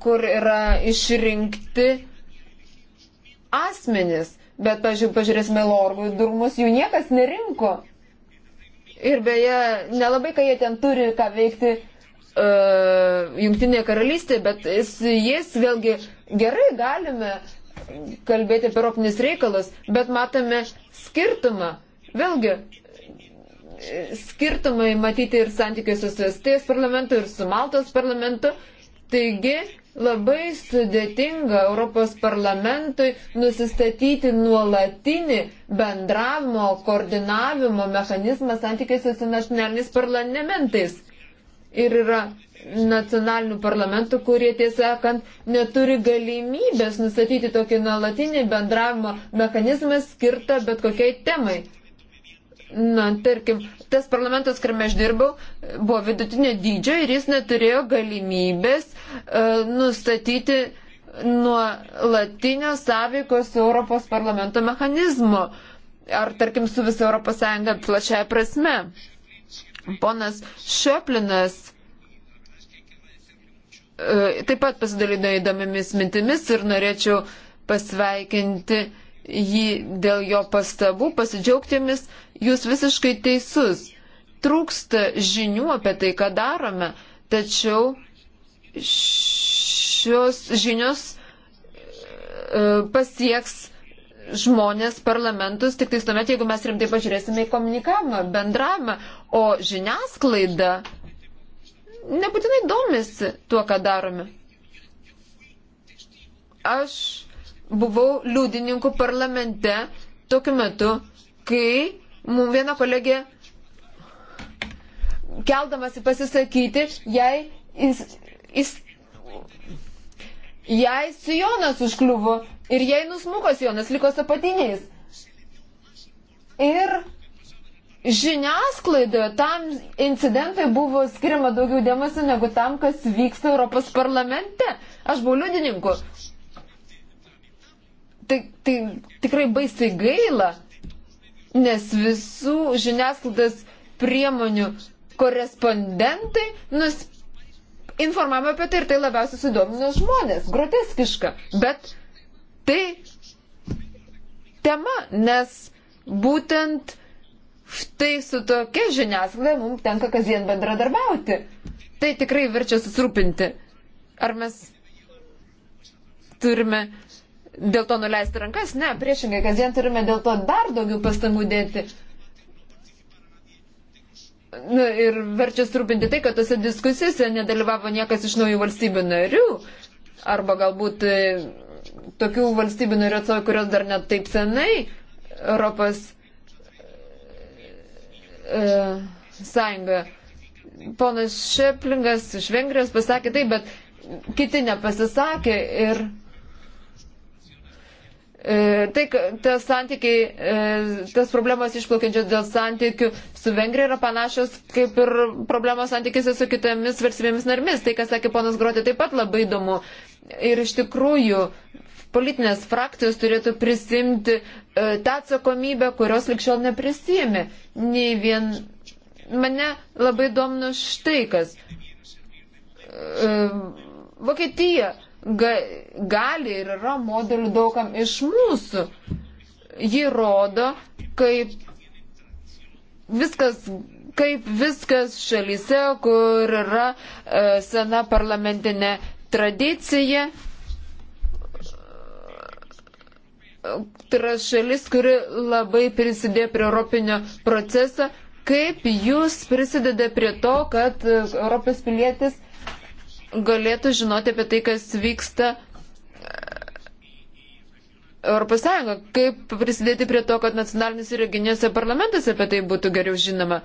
kur yra išrinkti asmenys. Bet, pažiūrėjau, pažiūrėsime lorgų durmus, jų niekas nerinko. Ir beje, nelabai, kai jie ten turi ką veikti uh, e, Junktinėje karalystėje, bet jais vėlgi gerai galime kalbėti apie europinius reikalus, bet matome skirtumą. Vėlgi, skirtumai matyti ir santykiai su Estijos parlamentu, ir su Maltos parlamentu. Taigi labai sudėtinga Europos parlamentui nusistatyti nuolatinį bendravimo, koordinavimo mechanizmą santykiai su nacionaliniais parlamentais. Ir yra nacionalinių parlamentų, kurie tiesąkant neturi galimybės nustatyti tokį nuolatinį bendravimo mechanizmą skirtą bet kokiai temai. Na, tarkim, tas parlamentas, kuriame aš dirbau, buvo vidutinio dydžio ir jis neturėjo galimybės e, nustatyti nuo latinio sąveikos su Europos parlamento mechanizmu ar, tarkim, su visą Europos Sąjungą plačiaja prasme. Ponas Šioplinas e, taip pat pasidalino įdomiamis mintimis ir norėčiau pasveikinti jį dėl jo pastabų, pasidžiaugtėmis. Jūs visiškai teisus. Trūksta žinių apie tai, ką darome, tačiau šios žinios e, pasieks žmonės, parlamentus, tik tai tuomet, jeigu mes rimtai pažiūrėsime į komunikavimą, bendravimą, o žiniasklaida nebūtinai domisi tuo, ką darome. Aš buvau liudininku parlamente tokiu metu, kai mums viena kolegė keldamasi pasisakyti, jai, jis, jis, jai sijonas užkliuvo ir jai nusmuko sijonas, liko apatiniais. Ir žiniasklaidoje tam incidentai buvo skiriama daugiau dėmesio negu tam, kas vyksta Europos parlamente. Aš buvau liudininku. Tai, tai tikrai baisiai gaila nes visų žiniasklaidos priemonių korespondentai nus informavimo apie tai ir tai labiausiai sudomino žmonės. Groteskiška, bet tai tema, nes būtent štai su tokia žiniasklaida mums tenka kasdien bendradarbiauti. Tai tikrai verčia susirūpinti. Ar mes turime dėl to nuleisti rankas, ne, priešingai, kasdien turime dėl to dar daugiau pastangų dėti. Nu, ir verčia strūpinti tai, kad tose diskusijose nedalyvavo niekas iš naujų valstybių narių, arba galbūt e, tokių valstybių narių atsovai, kurios dar net taip senai Europos e, sąjungoje. Ponas Šeplingas iš Vengrijos pasakė taip, bet kiti nepasisakė ir E, tai tas santykiai, e, tas problemas išplaukiančios dėl santykių su Vengrija yra panašios kaip ir problemos santykiuose su kitomis valstybėmis narmis. Tai, kas sakė ponas Grotė, taip pat labai įdomu. Ir iš tikrųjų politinės frakcijos turėtų prisimti e, tą atsakomybę, kurios likščiol neprisėmė. Nei vien. Mane labai domino štai kas. Vokietija ga, gali ir yra modelių daugam iš mūsų. Ji rodo, kaip viskas kaip viskas šalyse, kur yra e, sena parlamentinė tradicija. Tai yra šalis, kuri labai prisidėjo prie europinio proceso. Kaip jūs prisideda prie to, kad Europos pilietis galėtų žinoti apie tai, kas vyksta e, Europos Sąjunga, kaip prisidėti prie to, kad nacionalinis ir regioniuose parlamentuose apie tai būtų geriau žinoma.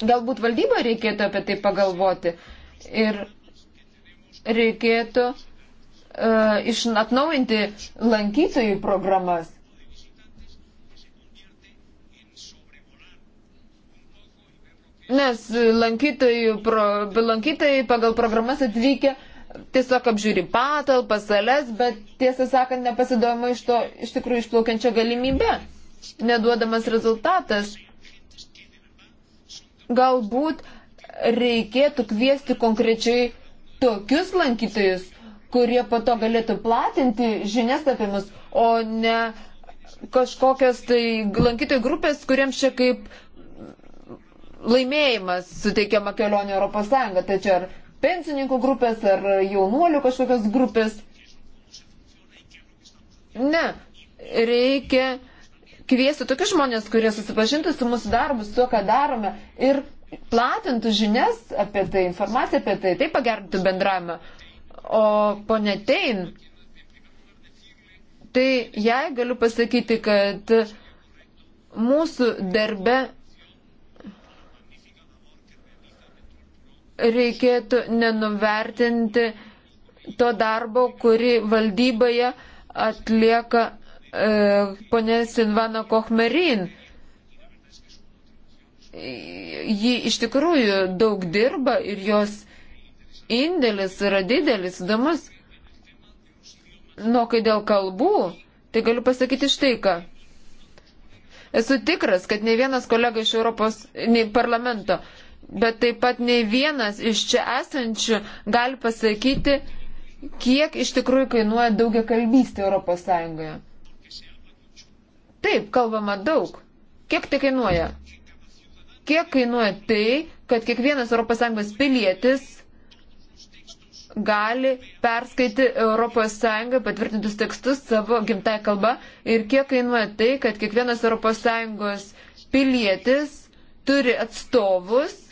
Galbūt valdybą reikėtų apie tai pagalvoti ir reikėtų uh, iš atnaujinti lankytojų programas. nes lankytojai, pro, lankytojai pagal programas atvykę tiesiog apžiūri patalpą, sales, bet tiesą sakant nepasidomima iš to iš tikrųjų išplaukiančio galimybę, neduodamas rezultatas. Galbūt reikėtų kviesti konkrečiai tokius lankytojus, kurie po to galėtų platinti žinias apie mus, o ne kažkokias tai lankytojų grupės, kuriems čia kaip laimėjimas suteikiama kelionė Europos Sąjungą. Tačiau ar pensininkų grupės, ar jaunuolių kažkokios grupės. Ne, reikia kviesti tokius žmonės, kurie susipažintų su mūsų darbu, su to, ką darome ir platintų žinias apie tai, informaciją apie tai, tai pagerintų bendravimą. O ponė Tein, tai jai galiu pasakyti, kad mūsų darbe reikėtų nenuvertinti to darbo, kurį valdyboje atlieka e, ponė Silvana Kochmerin. Ji iš tikrųjų daug dirba ir jos indėlis yra didelis, įdomus. Nu, kai dėl kalbų, tai galiu pasakyti štai ką. Esu tikras, kad ne vienas kolega iš Europos ne, parlamento bet taip pat nei vienas iš čia esančių gali pasakyti, kiek iš tikrųjų kainuoja daugia kalbystė Europos Sąjungoje. Taip, kalbama daug. Kiek tai kainuoja? Kiek kainuoja tai, kad kiekvienas ES pilietis gali perskaiti ES patvirtintus tekstus savo gimtąją kalbą ir kiek kainuoja tai, kad kiekvienas ES pilietis turi atstovus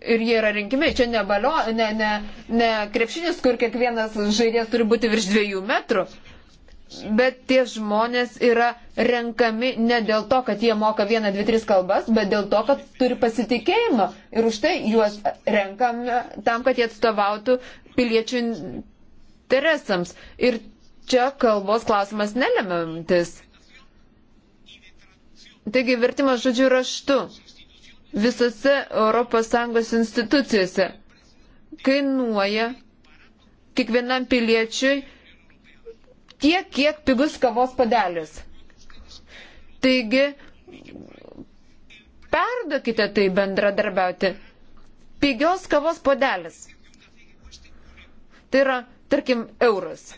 ir jie yra rinkimi. Čia ne, balio, ne, ne, ne krepšinis, kur kiekvienas žaidėjas turi būti virš dviejų metrų. Bet tie žmonės yra renkami ne dėl to, kad jie moka vieną, dvi, tris kalbas, bet dėl to, kad turi pasitikėjimą. Ir už tai juos renkam tam, kad jie atstovautų piliečių interesams. Ir čia kalbos klausimas nelemiantis. Taigi vertimas žodžiu raštu visose ES institucijose. Kainuoja kiekvienam piliečiui tiek, kiek pigus kavos padelis. Taigi, perduokite tai bendradarbiauti. Pigios kavos padelis. Tai yra, tarkim, euras.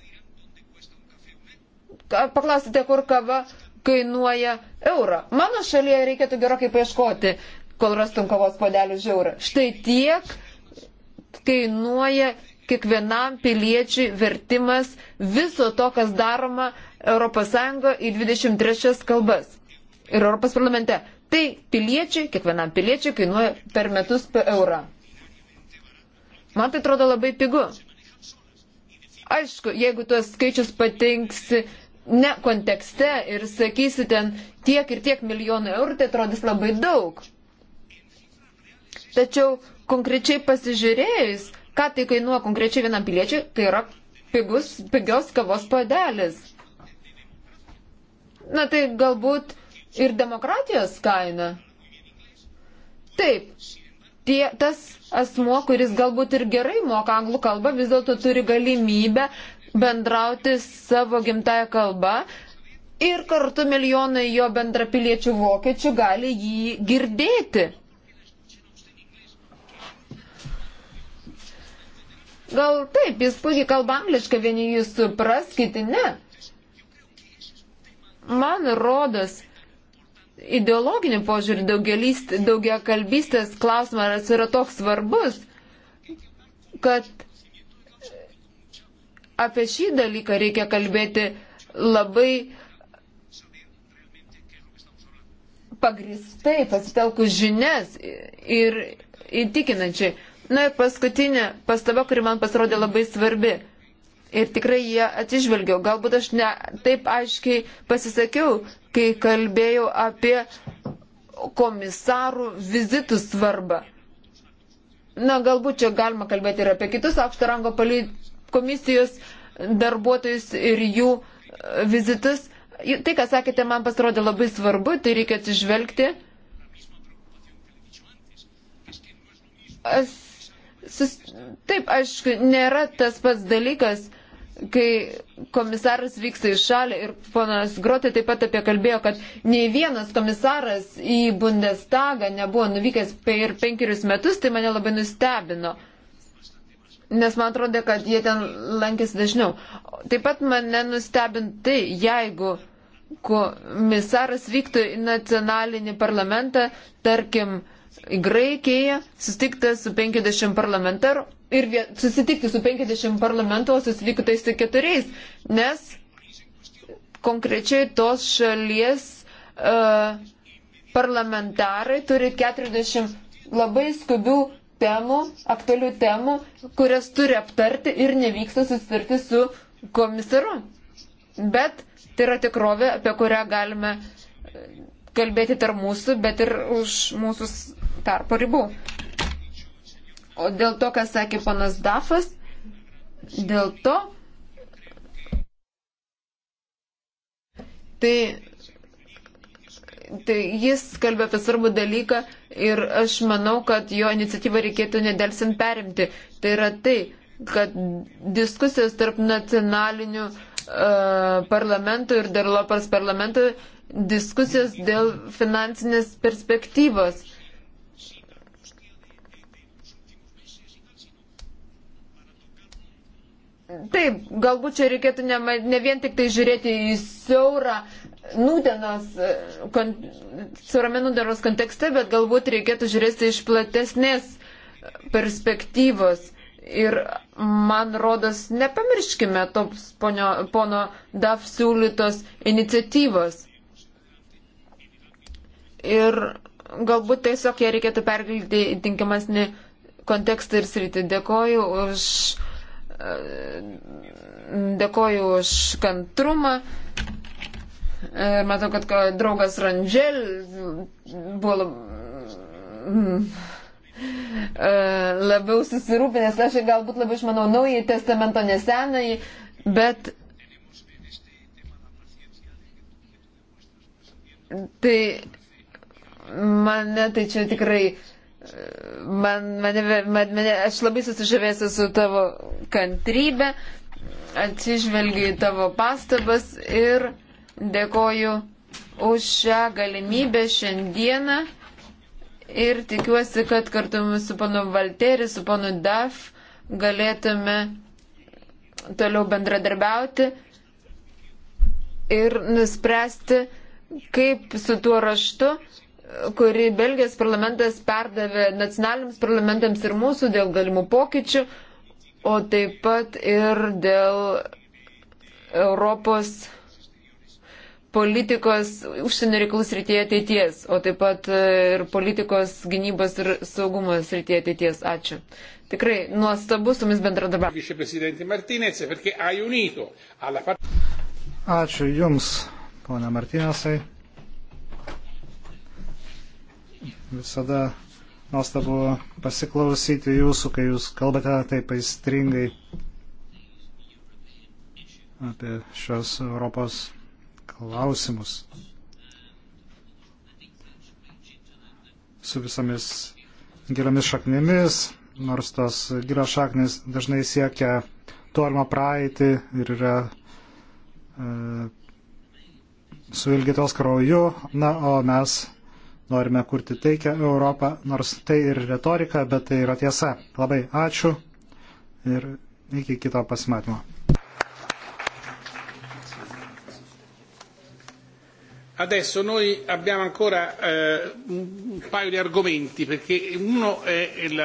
Paklausite, kur kava kainuoja eurą. Mano šalyje reikėtų gerokai paieškoti, kol rastum kavos podelių žiaurą. Štai tiek kainuoja kiekvienam piliečiui vertimas viso to, kas daroma ES į 23 kalbas ir Europos parlamente. Tai piliečiui, kiekvienam piliečiui kainuoja per metus per eurą. Man tai atrodo labai pigu. Aišku, jeigu tuos skaičius patinksi ne kontekste ir sakysi ten tiek ir tiek milijonų eurų, tai atrodys labai daug. Tačiau konkrečiai pasižiūrėjus, ką tai kainuoja konkrečiai vienam piliečiui, tai yra pigus, pigios kavos padelis. Na tai galbūt ir demokratijos kaina. Taip, tie, tas asmo, kuris galbūt ir gerai moka anglų kalbą, vis dėlto turi galimybę bendrauti savo gimtają kalbą ir kartu milijonai jo bendrapiliečių vokiečių gali jį girdėti. Gal taip, jis puikiai kalba angliškai, vieni jūs supras, kiti ne. Man rodos, ideologinių požiūrį daugia kalbystės klausimas yra toks svarbus, kad apie šį dalyką reikia kalbėti labai pagristai, pasitelkus žinias ir įtikinančiai. Na ir paskutinė pastaba, kuri man pasirodė labai svarbi. Ir tikrai jie atsižvelgiau. Galbūt aš ne taip aiškiai pasisakiau, kai kalbėjau apie komisarų vizitų svarbą. Na, galbūt čia galima kalbėti ir apie kitus aukšto rango komisijos darbuotojus ir jų e, vizitus. Tai, ką sakėte, man pasirodė labai svarbu, tai reikia atsižvelgti. Aš Sus... Taip, aišku, nėra tas pats dalykas, kai komisaras vyksta į šalį ir ponas Grotė taip pat apie kalbėjo, kad nei vienas komisaras į Bundestagą nebuvo nuvykęs per penkerius metus, tai mane labai nustebino. Nes man atrodo, kad jie ten lankėsi dažniau. Taip pat mane nustebintai, jeigu komisaras vyktų į nacionalinį parlamentą, tarkim, uh, į Graikiją, susitikti su 50 parlamentaru ir susitikti su 50 parlamentu, o susitikti tai su keturiais, nes konkrečiai tos šalies uh, parlamentarai turi 40 labai skubių temų, aktualių temų, kurias turi aptarti ir nevyksta susitarti su komisaru. Bet tai yra tikrovė, apie kurią galime kalbėti tarp mūsų, bet ir už mūsų tarpo ribų. O dėl to, ką sakė panas Dafas, dėl to, tai, tai jis kalbė apie svarbų dalyką ir aš manau, kad jo iniciatyvą reikėtų nedelsint perimti. Tai yra tai, kad diskusijos tarp nacionalinių uh, parlamentų ir dar Lopas parlamentų diskusijos dėl finansinės perspektyvos. Taip, galbūt čia reikėtų ne, ne vien tik tai žiūrėti į siaurą nūdienos, kon, siaurame nūdienos kontekste, bet galbūt reikėtų žiūrėti iš platesnės perspektyvos. Ir man rodos, nepamirškime tos ponio, pono DAF siūlytos iniciatyvos ir galbūt tiesiog ją reikėtų perkelti į tinkamasnį kontekstą ir sritį. Dėkoju už, e, dėkoju už kantrumą. Ir e, matau, kad draugas Randžel buvo e, labiau susirūpinęs, aš galbūt labiau išmanau naująjį testamentą, nesenąjį, bet tai Mane tai čia tikrai. Man, mane, man, mane, aš labai susižavėsiu su tavo kantrybė, atsižvelgiu į tavo pastabas ir dėkoju už šią galimybę šiandieną ir tikiuosi, kad kartu su panu Valteriu, su panu Daf galėtume toliau bendradarbiauti ir nuspręsti, kaip su tuo raštu kurį Belgijos parlamentas perdavė nacionaliniams parlamentams ir mūsų dėl galimų pokyčių, o taip pat ir dėl Europos politikos užsienio reikalų srityje ateities, o taip pat ir politikos gynybos ir saugumo srityje ateities. Ačiū. Tikrai nuostabu su jumis bendradarbiavimas. Ačiū Jums, ponia Martinėsai. Visada nuostabu pasiklausyti jūsų, kai jūs kalbate taip aistringai apie šios Europos klausimus. Su visomis giliomis šaknimis, nors tos gilios šaknis dažnai siekia tolimą praeitį ir yra e, suilgytos krauju, na, o mes Norime kurti taikę Europą, nors tai ir retorika, bet tai yra tiesa. Labai ačiū ir iki kito pasimatymo. Adesso noi abbiamo ancora eh, un paio di argomenti perché uno è il.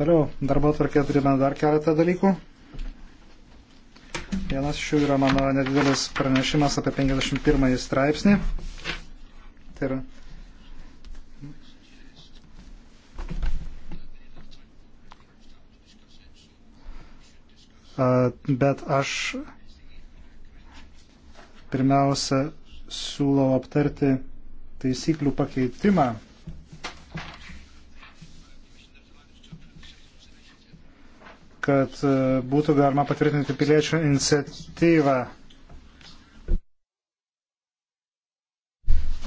Toliau darbo tvarkė turime dar keletą dalykų. Vienas iš jų yra mano nedidelis pranešimas apie 51 straipsnį. Tai yra bet aš pirmiausia siūlau aptarti taisyklių pakeitimą. kad e, būtų galima patvirtinti piliečių iniciatyvą.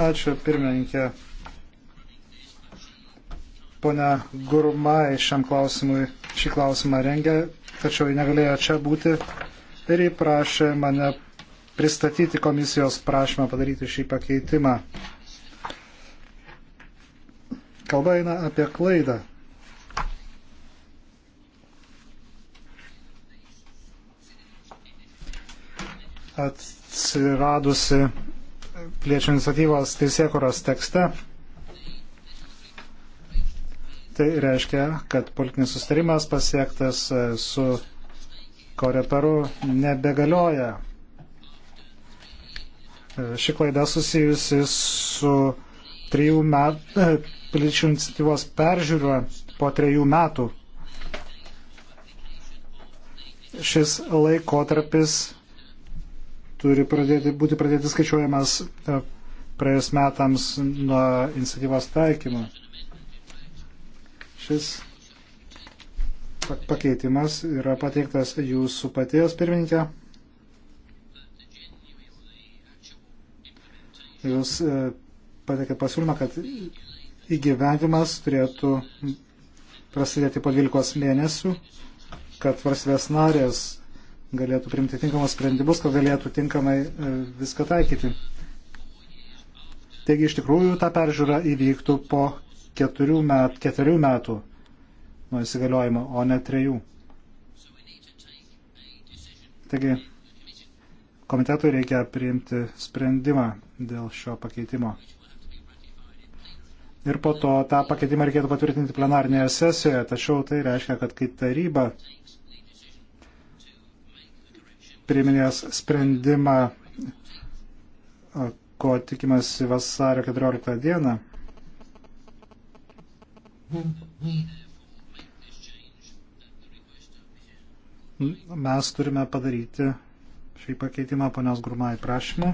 Ačiū, pirmininkė. Pone Gurmai šiam klausimui šį klausimą rengia tačiau ji negalėjo čia būti ir ji prašė mane pristatyti komisijos prašymą padaryti šį pakeitimą. Kalba eina apie klaidą. Atsiradusi pliečių iniciatyvos teisėkuros tekste Tai reiškia, kad politinis sustarimas pasiektas e, su Koreperu nebegalioja. E, ši klaida susijusi su trijų metų e, piliečių iniciatyvos peržiūra po trejų metų. Šis laikotarpis turi pradėti, būti pradėti skaičiuojamas praėjus metams nuo iniciatyvos taikymo. Šis pakeitimas yra pateiktas jūsų paties pirmininkė. Jūs e, pateikėte pasiūlymą, kad įgyvendimas turėtų prasidėti po 12 mėnesių, kad varsvės narės galėtų priimti tinkamus sprendimus, kad galėtų tinkamai e, viską taikyti. Taigi iš tikrųjų ta peržiūra įvyktų po keturių, met, keturių metų nuo įsigaliojimo, o ne trejų. Taigi, komitetui reikia priimti sprendimą dėl šio pakeitimo. Ir po to tą pakeitimą reikėtų patvirtinti plenarnėje sesijoje, tačiau tai reiškia, kad kai taryba priminės sprendimą, ko tikimasi vasario 14 dieną, Mes turime padaryti šį pakeitimą ponios Grumai prašymu.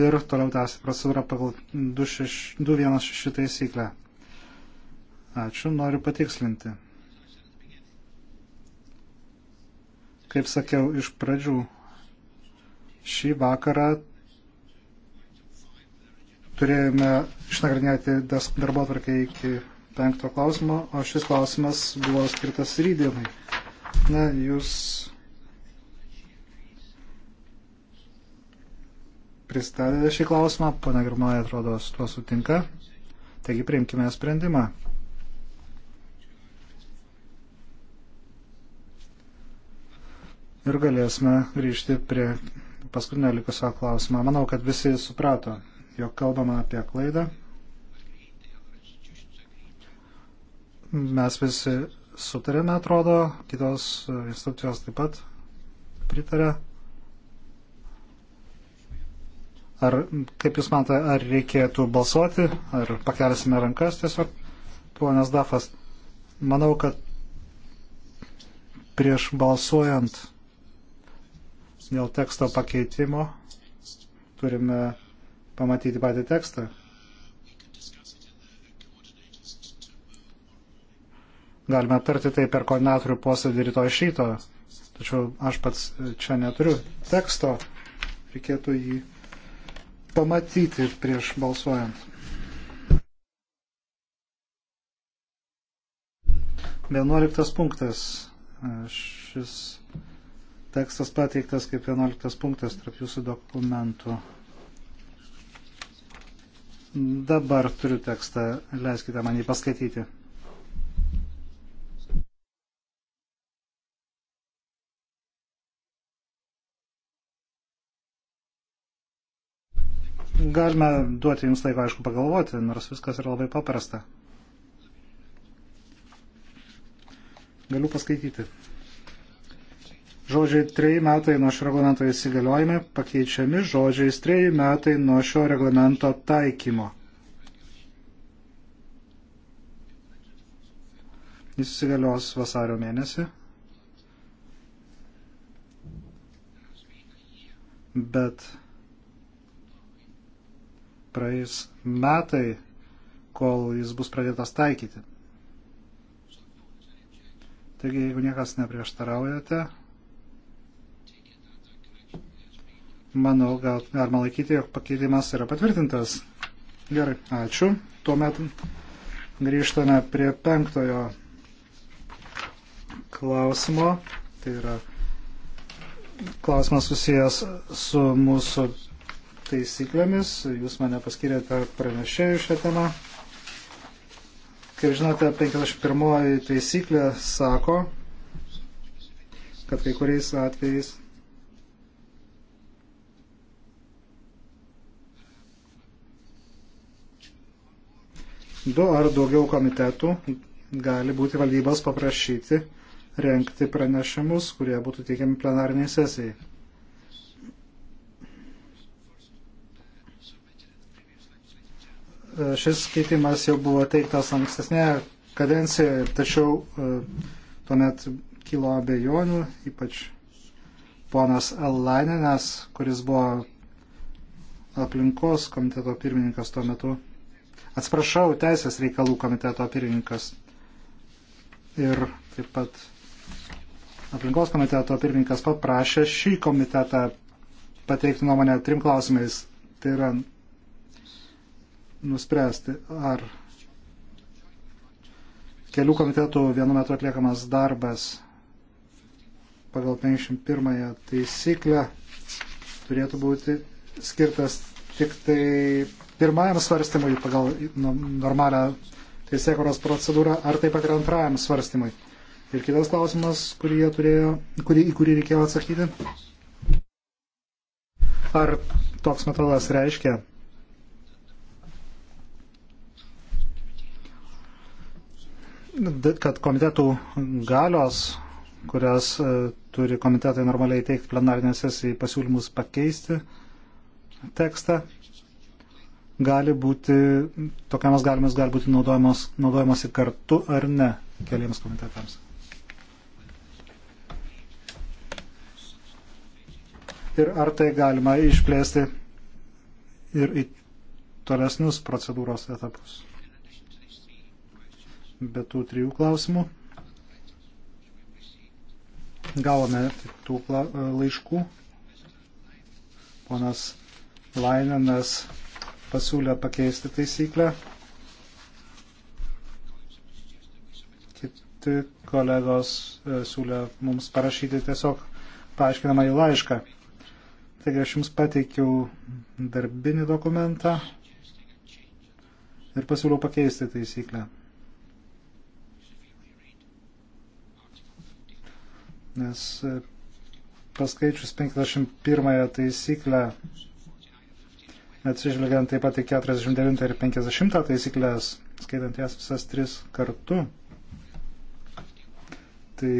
Ir toliau tęsti procedūrą pagal 216 taisyklę. Ačiū, noriu patikslinti. Kaip sakiau iš pradžių, šį vakarą turėjome išnagrinėti darbo atvarkę iki penkto klausimo, o šis klausimas buvo skirtas rydienai. Na, jūs pristatėte šį klausimą, pana Girmoja atrodo su tuo sutinka, taigi priimkime sprendimą. Ir galėsime grįžti prie paskutinio likusio klausimą. Manau, kad visi suprato jog kalbama apie klaidą. Mes visi sutarėme, atrodo, kitos institucijos taip pat pritarė. Ar, kaip Jūs matote, ar reikėtų balsuoti, ar pakelsime rankas tiesiog, ponas Dafas? Manau, kad prieš balsuojant dėl teksto pakeitimo turime pamatyti patį tekstą. Galime aptarti tai per koordinatorių posėdį rytoj iš ryto, tačiau aš pats čia neturiu teksto, reikėtų jį pamatyti prieš balsuojant. Vienuoliktas punktas. Šis tekstas pateiktas kaip vienuoliktas punktas tarp jūsų dokumentų. Dabar turiu tekstą, leiskite man jį paskaityti. Galime duoti jums laiko, aišku, pagalvoti, nors viskas yra labai paprasta. Galiu paskaityti. Žodžiai treji metai nuo šio reglamento įsigaliojime pakeičiami žodžiais treji metai nuo šio reglamento taikymo. Jis įsigalios vasario mėnesį. Bet praeis metai, kol jis bus pradėtas taikyti. Taigi, jeigu niekas neprieštaraujate, Manau, gal galima laikyti, jog pakeitimas yra patvirtintas. Gerai, ačiū. Tuomet grįžtame prie penktojo klausimo. Tai yra klausimas susijęs su mūsų taisyklėmis. Jūs mane paskirėte pranešėjų šią temą. Kaip žinote, 51 taisyklė sako, kad kai kuriais atvejais du ar daugiau komitetų gali būti valdybos paprašyti renkti pranešimus, kurie būtų teikiami plenariniai sesijai. E, šis keitimas jau buvo teiktas ankstesnėje kadencijoje, tačiau e, tuomet kilo abejonių, ypač ponas Allaninas, kuris buvo aplinkos komiteto pirmininkas tuo metu Atsiprašau, Teisės reikalų komiteto pirmininkas ir taip pat aplinkos komiteto pirmininkas paprašė šį komitetą pateikti nuomonę trim klausimais. Tai yra nuspręsti, ar kelių komitetų vienu metu atliekamas darbas pagal 51 taisyklę turėtų būti skirtas tik tai pirmajam svarstymui pagal nu, normalią teisėkuros procedūrą, ar taip pat ir antrajam svarstymui. Ir kitas klausimas, kurį turėjo, kurį, į kurį reikėjo atsakyti. Ar toks metodas reiškia, kad komitetų galios, kurias e, turi komitetai normaliai teikti plenarinės sesijai pasiūlymus pakeisti tekstą, gali būti, tokiamas galimas gali būti naudojamos, naudojamos ir kartu ar ne keliems komitetams. Ir ar tai galima išplėsti ir į tolesnius procedūros etapus. Be tų trijų klausimų gavome tų laiškų. Ponas Lainanas pasiūlė pakeisti taisyklę. Kiti kolegos e, siūlė mums parašyti tiesiog paaiškinamą į laišką. Taigi aš jums pateikiau darbinį dokumentą ir pasiūliau pakeisti taisyklę. Nes e, paskaičius 51 taisyklę atsižvelgiant taip pat į 49 ir 50 taisyklės, skaitant jas visas tris kartu. Tai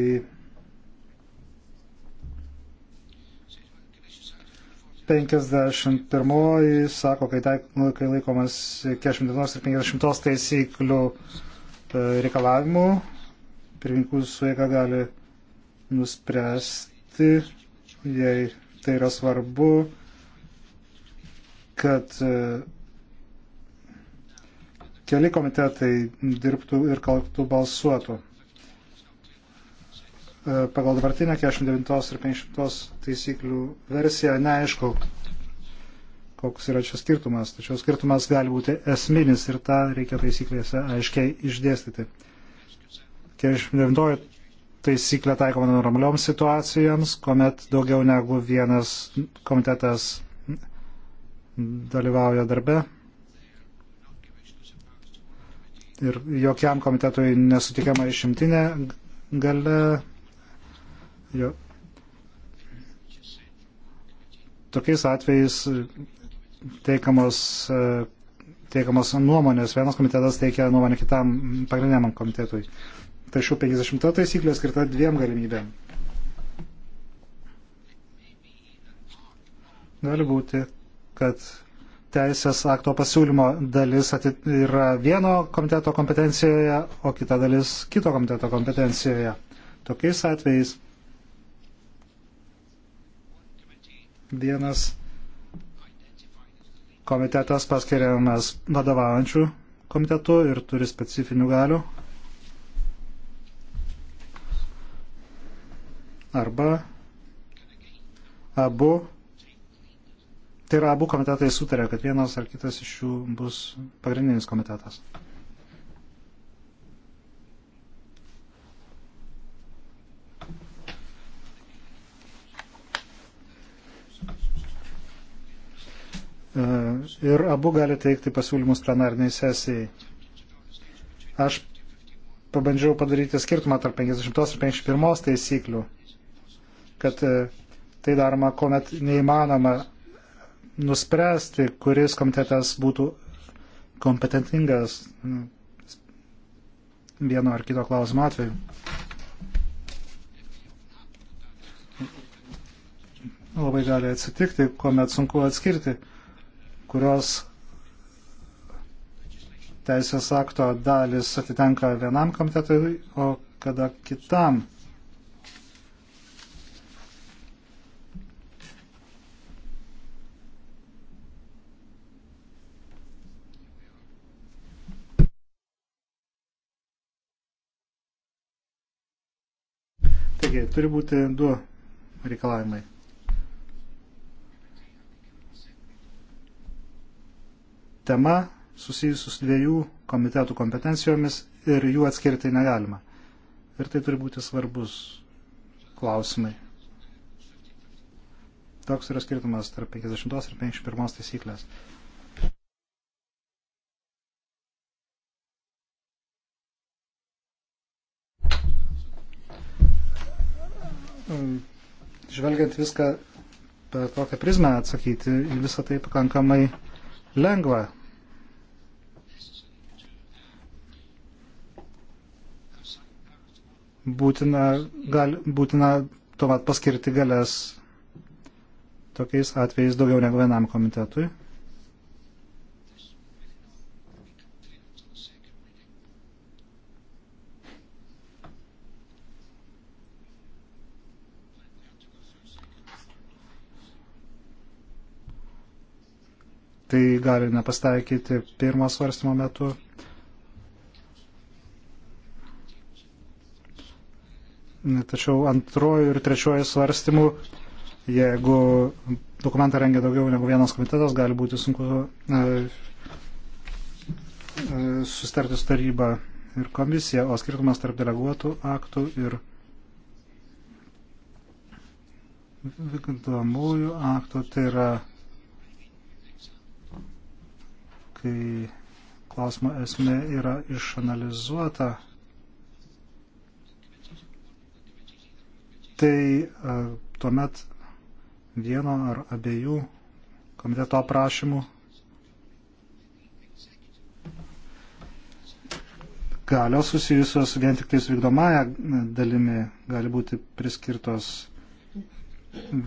Penkiasdešimt pirmoji sako, kai, taik, nu, kai laikomas 40 dienos ir 50 taisyklių e, reikalavimų, pirmininkų suėga gali nuspręsti, jei tai yra svarbu, kad e, keli komitetai dirbtų ir kartu balsuotų. E, pagal dabartinę 49 ir 50 taisyklių versiją neaišku, koks yra čia skirtumas, tačiau skirtumas gali būti esminis ir tą reikia taisyklėse aiškiai išdėstyti. 49 taisyklė taikoma normalioms situacijoms, kuomet daugiau negu vienas komitetas dalyvauja darbe ir jokiam komitetui nesutikiama išimtinė gale. Jo. Tokiais atvejais teikamos, e, teikamos nuomonės, vienas komitetas teikia nuomonę kitam pagrindiniam komitetui. Tai šių 50 taisyklė skirta dviem galimybėm. Gali būti, kad teisės akto pasiūlymo dalis yra vieno komiteto kompetencijoje, o kita dalis kito komiteto kompetencijoje. Tokiais atvejais vienas komitetas paskiriamas vadovaujančių komitetų ir turi specifinių galių. Arba abu Tai yra abu komitetai sutarė, kad vienas ar kitas iš jų bus pagrindinis komitetas. E, ir abu gali teikti pasiūlymus plenarniai sesijai. Aš pabandžiau padaryti skirtumą tarp 50 ir 51 taisyklių, kad e, tai daroma, kuomet neįmanoma nuspręsti, kuris komitetas būtų kompetentingas nu, vieno ar kito klausimo atveju. Labai gali atsitikti, kuomet sunku atskirti, kurios teisės akto dalis atitenka vienam komitetui, o kada kitam. turi būti du reikalavimai. Tema susijusius dviejų komitetų kompetencijomis ir jų atskirti negalima. Ir tai turi būti svarbus klausimai. Toks yra skirtumas tarp 50 ir 51 taisyklės. Um, žvelgiant viską per tokią prizmę atsakyti į visą tai pakankamai lengva. Būtina, gal, būtina tuomet paskirti galės tokiais atvejais daugiau negu vienam komitetui. tai gali nepastaikyti pirmo svarstymo metu. Tačiau antrojo ir trečiojo svarstymų, jeigu dokumentą rengia daugiau negu vienas komitetas, gali būti sunku e, e susitarti su taryba ir komisija, o skirtumas tarp deleguotų aktų ir vykdomųjų aktų tai yra kai klausimo esmė yra išanalizuota, tai e, tuomet vieno ar abiejų komiteto aprašymų galios susijusios vien tik tais vykdomąją dalimi gali būti priskirtos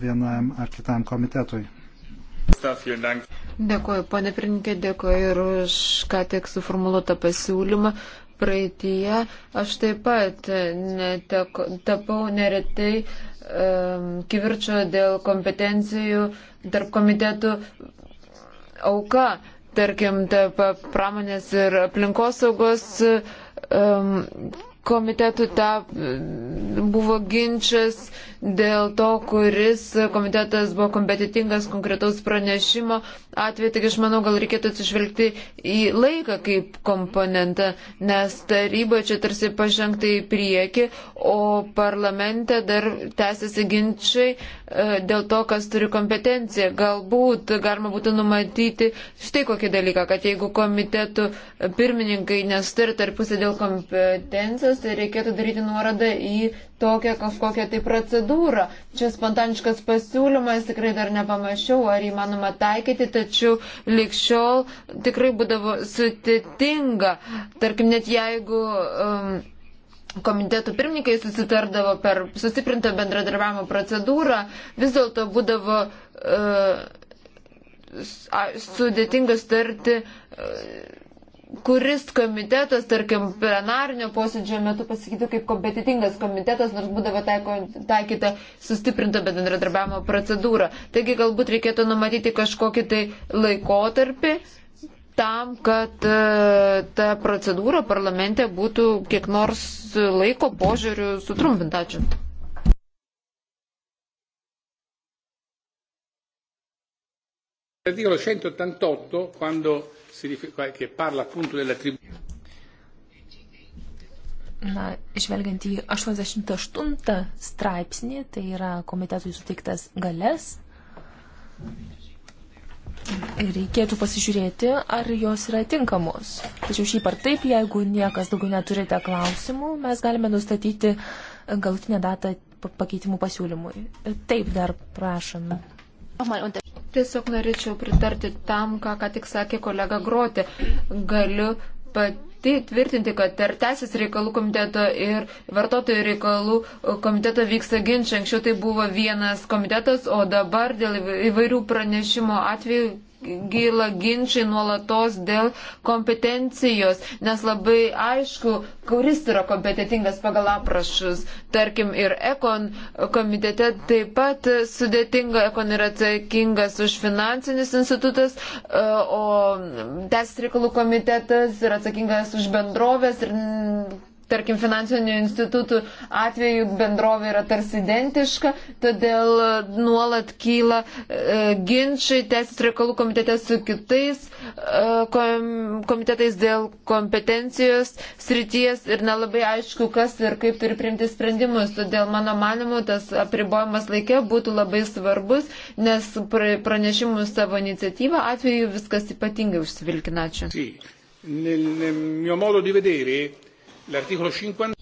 vienam ar kitam komitetui. Dėkuoju, ponė Prinkė, dėkuoju ir už ką tik suformuoluotą pasiūlymą. Praeitie aš taip pat neteko, tapau neretai um, kivirčio dėl kompetencijų tarp komitetų auka, tarkim, tarp pramonės ir aplinkosaugos um, komitetų ta, buvo ginčas dėl to, kuris komitetas buvo kompetitingas konkretaus pranešimo atveju. Tik aš manau, gal reikėtų atsižvelgti į laiką kaip komponentą, nes taryba čia tarsi pažengta į priekį, o parlamente dar tęsiasi ginčiai e, dėl to, kas turi kompetenciją. Galbūt galima būtų numatyti štai kokį dalyką, kad jeigu komitetų pirmininkai nesutari tarpusė dėl kompetencijos, teisės, tai reikėtų daryti nuorodą į tokią kažkokią tai procedūrą. Čia spontaniškas pasiūlymas, tikrai dar nepamačiau, ar įmanoma taikyti, tačiau likščiol tikrai būdavo sutitinga. Tarkim, net jeigu. Um, komitetų pirmininkai susitardavo per sustiprintą bendradarbiavimo procedūrą, vis dėlto būdavo uh, sudėtinga sutarti uh, kuris komitetas, tarkim, plenarinio posėdžio metu pasakytų kaip kompetitingas komitetas, nors būdavo taiko, taikyta sustiprinta bendradarbiavimo procedūra. Taigi galbūt reikėtų numatyti kažkokį tai laikotarpį tam, kad e, ta procedūra parlamente būtų kiek nors laiko požiūrių sutrumpinta. Ačiū. L'articolo 188, quando che parla appunto della tribù. Na, žvelgiant į 88 straipsnį, tai yra komitetui suteiktas galės. Reikėtų pasižiūrėti, ar jos yra tinkamos. Tačiau šiaip ar taip, jeigu niekas daugiau neturite klausimų, mes galime nustatyti galutinę datą pakeitimų pasiūlymui. Taip dar prašom. Tiesiog norėčiau pritarti tam, ką ką tik sakė kolega Groti. Galiu pati tvirtinti, kad ir Teisės reikalų komiteto ir Vartotojų reikalų komiteto vyksta ginčiai. Anksčiau tai buvo vienas komitetas, o dabar dėl įvairių pranešimo atvejų gila ginčiai nuolatos dėl kompetencijos, nes labai aišku, kuris yra kompetitingas pagal aprašus. Tarkim, ir Ekon komitete taip pat sudėtinga, Ekon yra atsakingas už finansinis institutas, e, o Teisės reikalų komitetas yra atsakingas už bendrovės ir tarkim, finansinių institutų atveju bendrovė yra tarsi identiška, todėl nuolat kyla e, ginčiai teisės reikalų komitete su kitais e, komitetais dėl kompetencijos srities ir nelabai aišku, kas ir kaip turi priimti sprendimus. Todėl mano manimu, tas apribojimas laikė būtų labai svarbus, nes pranešimų savo iniciatyvą atveju viskas ypatingai užsivilkina. Ačiū. Sì, nel, nel mio modo di vedere L'articolo 50.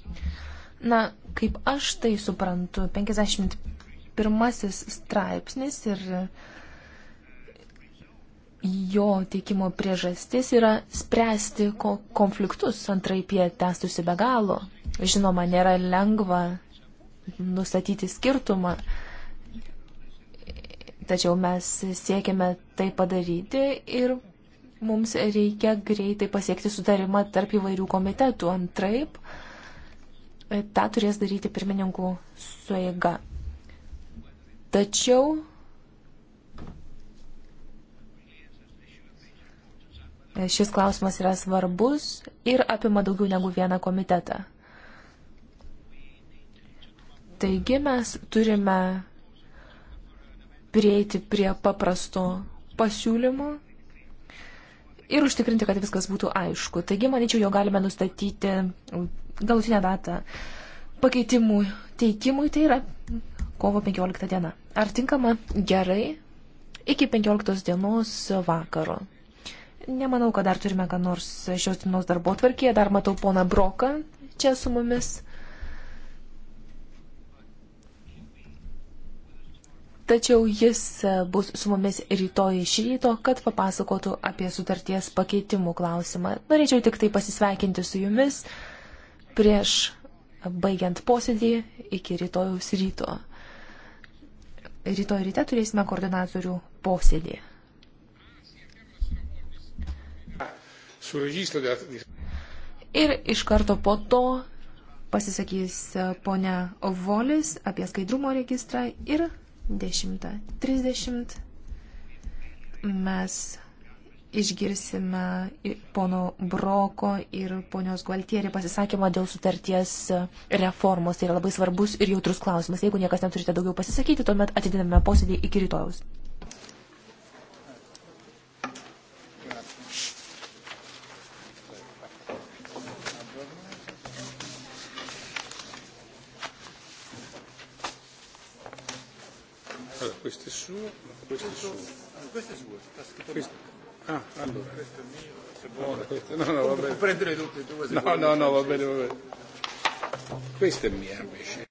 Na, kaip aš tai suprantu, 51 straipsnis ir jo teikimo priežastis yra spręsti konfliktus, antraip jie tęstusi be galo. Žinoma, nėra lengva nustatyti skirtumą, tačiau mes siekiame tai padaryti ir mums reikia greitai pasiekti sudarimą tarp įvairių komitetų. Antraip, e, tą turės daryti pirmininkų sueiga. Tačiau e, šis klausimas yra svarbus ir apima daugiau negu vieną komitetą. Taigi mes turime prieiti prie paprastų pasiūlymų ir užtikrinti, kad viskas būtų aišku. Taigi, manyčiau, jo galime nustatyti galutinę datą pakeitimų teikimui, tai yra kovo 15 diena. Ar tinkama gerai iki 15 dienos vakaro? Nemanau, kad dar turime ką nors šios dienos darbo tvarkėje. Dar matau poną Broką čia su mumis. tačiau jis e, bus su mumis rytoj iš ryto, kad papasakotų apie sutarties pakeitimų klausimą. Norėčiau tik tai pasisveikinti su jumis prieš baigiant posėdį iki rytojaus ryto. Rytoj ryte turėsime koordinatorių posėdį. Ir iš karto po to pasisakys e, ponia Volis apie skaidrumo registrą ir 10.30 mes išgirsime pono Broko ir ponios Gualtieri pasisakymą dėl sutarties e, reformos. Tai yra labai svarbus ir jautrus klausimas. Jeigu niekas neturite daugiau pasisakyti, tuomet atidiname posėdį iki rytojaus. suo, questo è suo. Ah, questo è suo, sta scritto questo. Ah, allora. Questo è mio, se vuole. No, questo, no, no, va bene. Può prendere tutte e due se No, vuole, no, no, va bene, va bene. Questa è mia invece.